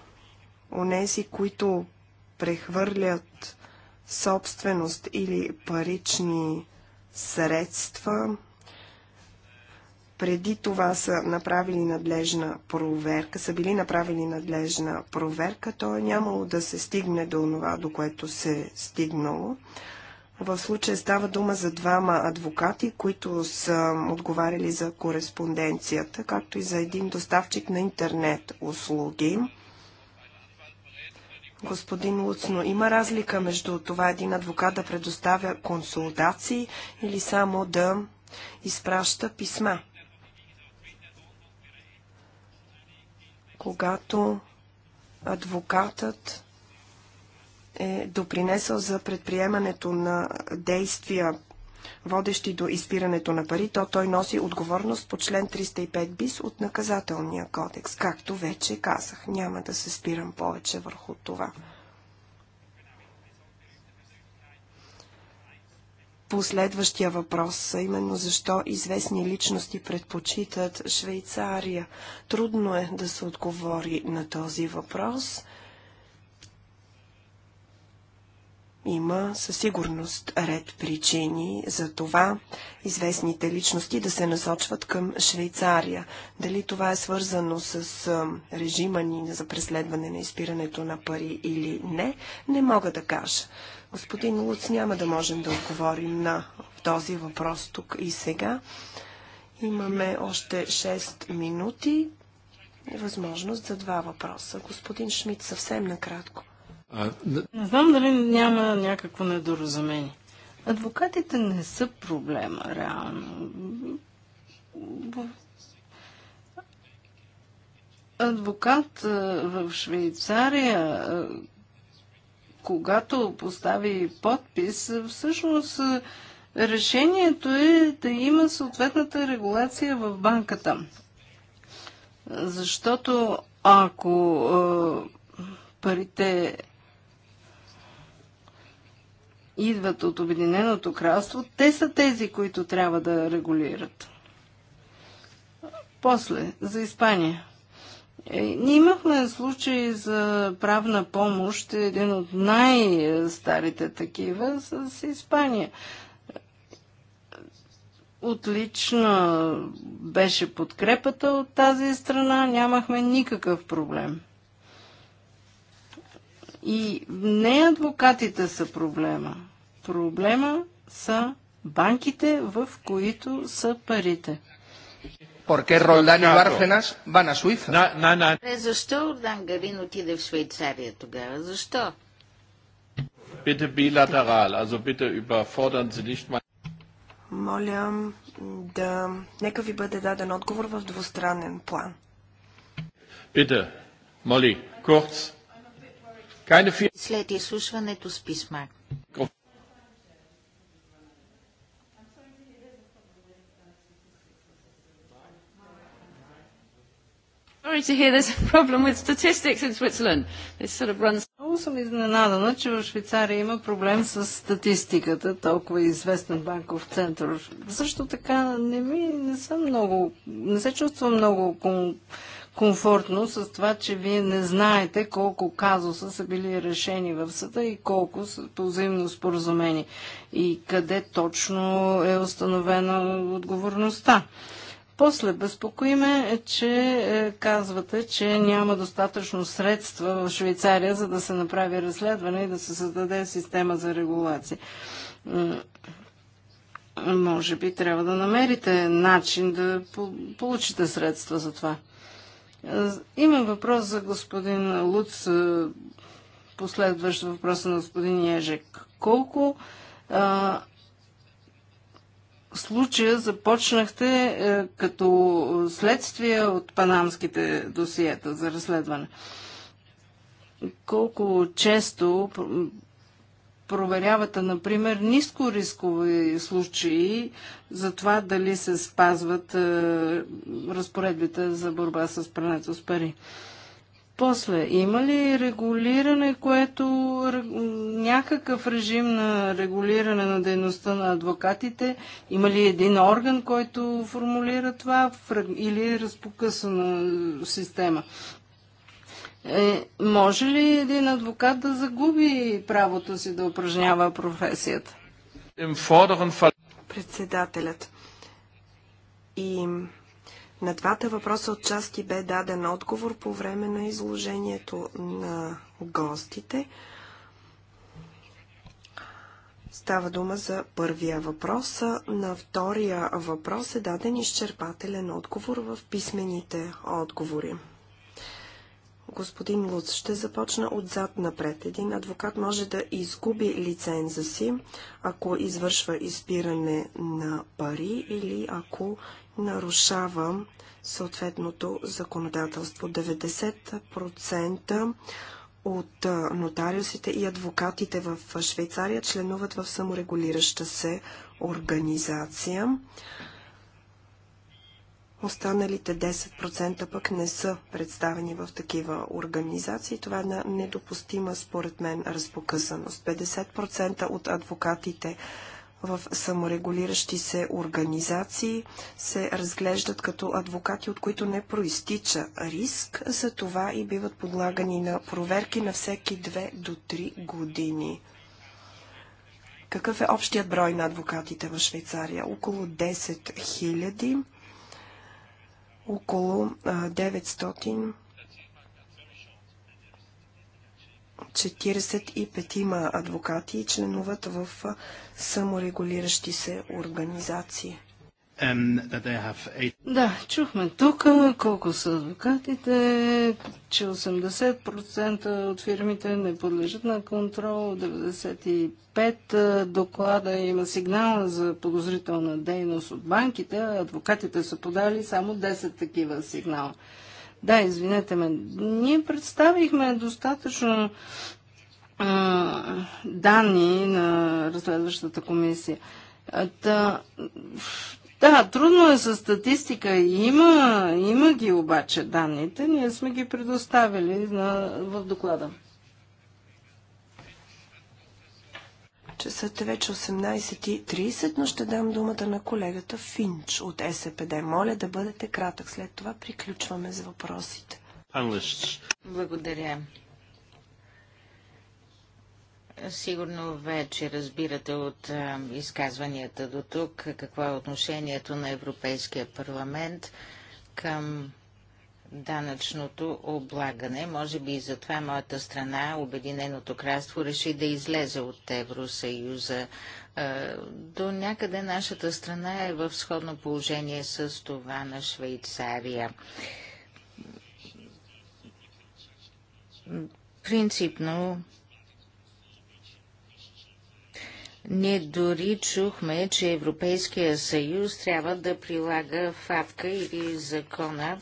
онези, които прехвърлят собственост или парични средства. Преди това са направили надлежна проверка, са били направили надлежна проверка, то е нямало да се стигне до това, до което се е стигнало. В случая става дума за двама адвокати, които са отговаряли за кореспонденцията, както и за един доставчик на интернет услуги господин Луцно, има разлика между това един адвокат да предоставя консултации или само да изпраща писма? Когато адвокатът е допринесъл за предприемането на действия водещи до изпирането на пари, то той носи отговорност по член 305 бис от наказателния кодекс. Както вече казах, няма да се спирам повече върху това. Последващия въпрос, а именно защо известни личности предпочитат Швейцария. Трудно е да се отговори на този въпрос – Има със сигурност ред причини за това известните личности да се насочват към Швейцария. Дали това е свързано с режима ни за преследване на изпирането на пари или не, не мога да кажа. Господин Луц, няма да можем да отговорим на този въпрос тук и сега. Имаме още 6 минути. Възможност за два въпроса. Господин Шмидт, съвсем накратко. Не знам дали няма някакво недоразумение. Адвокатите не са проблема, реално. Адвокат в Швейцария, когато постави подпис, всъщност решението е да има съответната регулация в банката. Защото ако парите идват от Обединеното кралство, те са тези, които трябва да регулират. После, за Испания. Е, ние имахме случай за правна помощ, един от най-старите такива, с Испания. Отлично беше подкрепата от тази страна, нямахме никакъв проблем. И не адвокатите са проблема. Проблема са банките, в които са парите. Porque Roldán y Bárcenas van a Suiza. No, no, no. Не, защо Ордан Гарин отиде в Швейцария тогава? Защо? Bitte bilateral, also bitte überfordern Sie nicht mal. Моля да... Нека ви бъде даден отговор в двустранен план. Bitte, Моли, kurz. След изслушването с писма. Sorry to hear there's a problem with statistics in Switzerland. This sort of runs... Много съм изненадана, че в Швейцария има проблем с статистиката, толкова е известен банков център. Също така не, ми, не съм много, не се чувствам много комфортно комфортно с това, че вие не знаете колко казуса са били решени в съда и колко са по взаимно споразумение и къде точно е установена отговорността. После безпокоиме, е, че е, казвате, че няма достатъчно средства в Швейцария, за да се направи разследване и да се създаде система за регулация. Може би трябва да намерите начин да получите средства за това. Има въпрос за господин Луц, последващ въпроса на господин Ежек. Колко а, случая започнахте а, е, като следствие от панамските досиета за разследване? Колко често проверявате, например, ниско рискови случаи за това дали се спазват е, разпоредбите за борба с прането с пари. После, има ли регулиране, което някакъв режим на регулиране на дейността на адвокатите? Има ли един орган, който формулира това или е разпокъсана система? Е, може ли един адвокат да загуби правото си да упражнява професията? Председателят. И на двата въпроса от части бе даден отговор по време на изложението на гостите. Става дума за първия въпрос. На втория въпрос е даден изчерпателен отговор в писмените отговори господин Луц. Ще започна отзад напред. Един адвокат може да изгуби лиценза си, ако извършва изпиране на пари или ако нарушава съответното законодателство. 90% от нотариусите и адвокатите в Швейцария членуват в саморегулираща се организация. Останалите 10% пък не са представени в такива организации. Това е недопустима, според мен, разпокъсаност. 50% от адвокатите в саморегулиращи се организации се разглеждат като адвокати, от които не проистича риск, за това и биват подлагани на проверки на всеки 2 до 3 години. Какъв е общият брой на адвокатите в Швейцария? Около 10 000 около 945 45 адвокати членуват в саморегулиращи се организации. Um, да, чухме тук колко са адвокатите, че 80% от фирмите не подлежат на контрол, 95 доклада има сигнал за подозрителна дейност от банките, а адвокатите са подали само 10 такива сигнала. Да, извинете ме, ние представихме достатъчно а, данни на разследващата комисия. Та, да, трудно е с статистика. Има, има ги обаче данните. Ние сме ги предоставили на, в доклада. Часът е вече 18.30, но ще дам думата на колегата Финч от СПД. Моля да бъдете кратък. След това приключваме с въпросите. Благодаря. Сигурно вече разбирате от изказванията до тук какво е отношението на Европейския парламент към данъчното облагане. Може би и затова моята страна, Обединеното кралство, реши да излезе от Евросъюза. До някъде нашата страна е в сходно положение с това на Швейцария. Принципно ние дори чухме, че Европейския съюз трябва да прилага фатка или закона,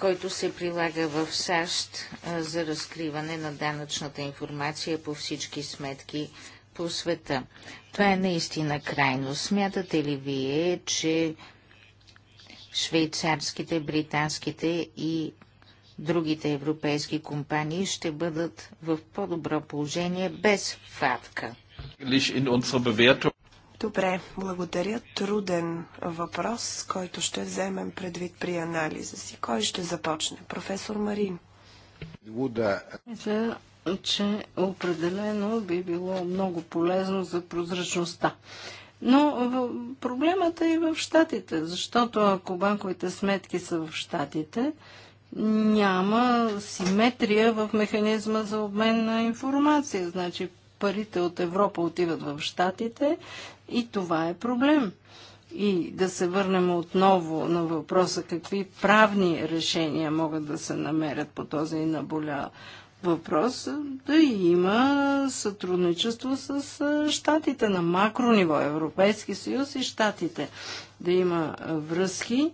който се прилага в САЩ за разкриване на данъчната информация по всички сметки по света. Това е наистина крайно. Смятате ли вие, че швейцарските, британските и другите европейски компании ще бъдат в по-добро положение без фатка? Добре, благодаря. Труден въпрос, който ще вземем предвид при анализа си. Кой ще започне? Професор Марин. Мисля, че определено би било много полезно за прозрачността. Но проблемът е и в щатите, защото ако банковите сметки са в щатите, няма симетрия в механизма за обмен на информация. Значи парите от Европа отиват в Штатите и това е проблем. И да се върнем отново на въпроса какви правни решения могат да се намерят по този наболя въпрос, да има сътрудничество с щатите на макро ниво, Европейски съюз и щатите. Да има връзки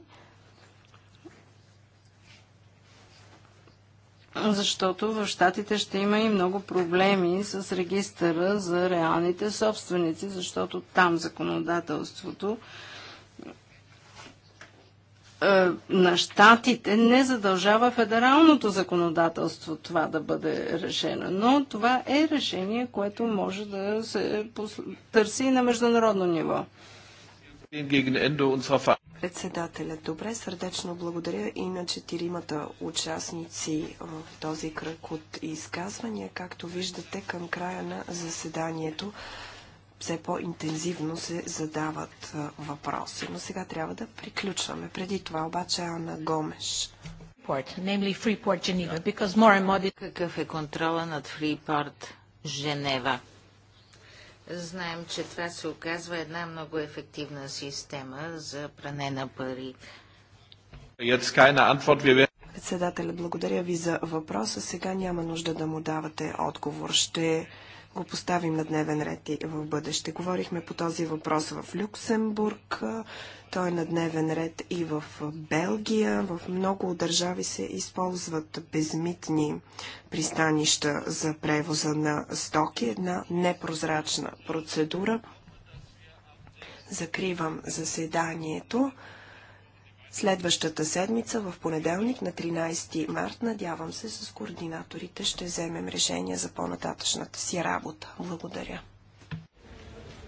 защото в Штатите ще има и много проблеми с регистъра за реалните собственици, защото там законодателството е, на щатите не задължава федералното законодателство това да бъде решено. Но това е решение, което може да се търси и на международно ниво. Председателя, добре, сърдечно благодаря и на четиримата участници в този кръг от изказвания. Както виждате, към края на заседанието все по-интензивно се задават въпроси. Но сега трябва да приключваме. Преди това обаче Анна Гомеш. Какъв е контрола над Фрипорт Женева? Знаем, че това се оказва една много ефективна система за пране на пари. Председателя, благодаря ви за въпроса. Сега няма нужда да му давате отговор. Ще го поставим на дневен ред и в бъдеще. Говорихме по този въпрос в Люксембург, той е на дневен ред и в Белгия. В много държави се използват безмитни пристанища за превоза на стоки. Една непрозрачна процедура. Закривам заседанието. Следващата седмица, в понеделник на 13 март, надявам се, с координаторите ще вземем решение за по-нататъчната си работа. Благодаря.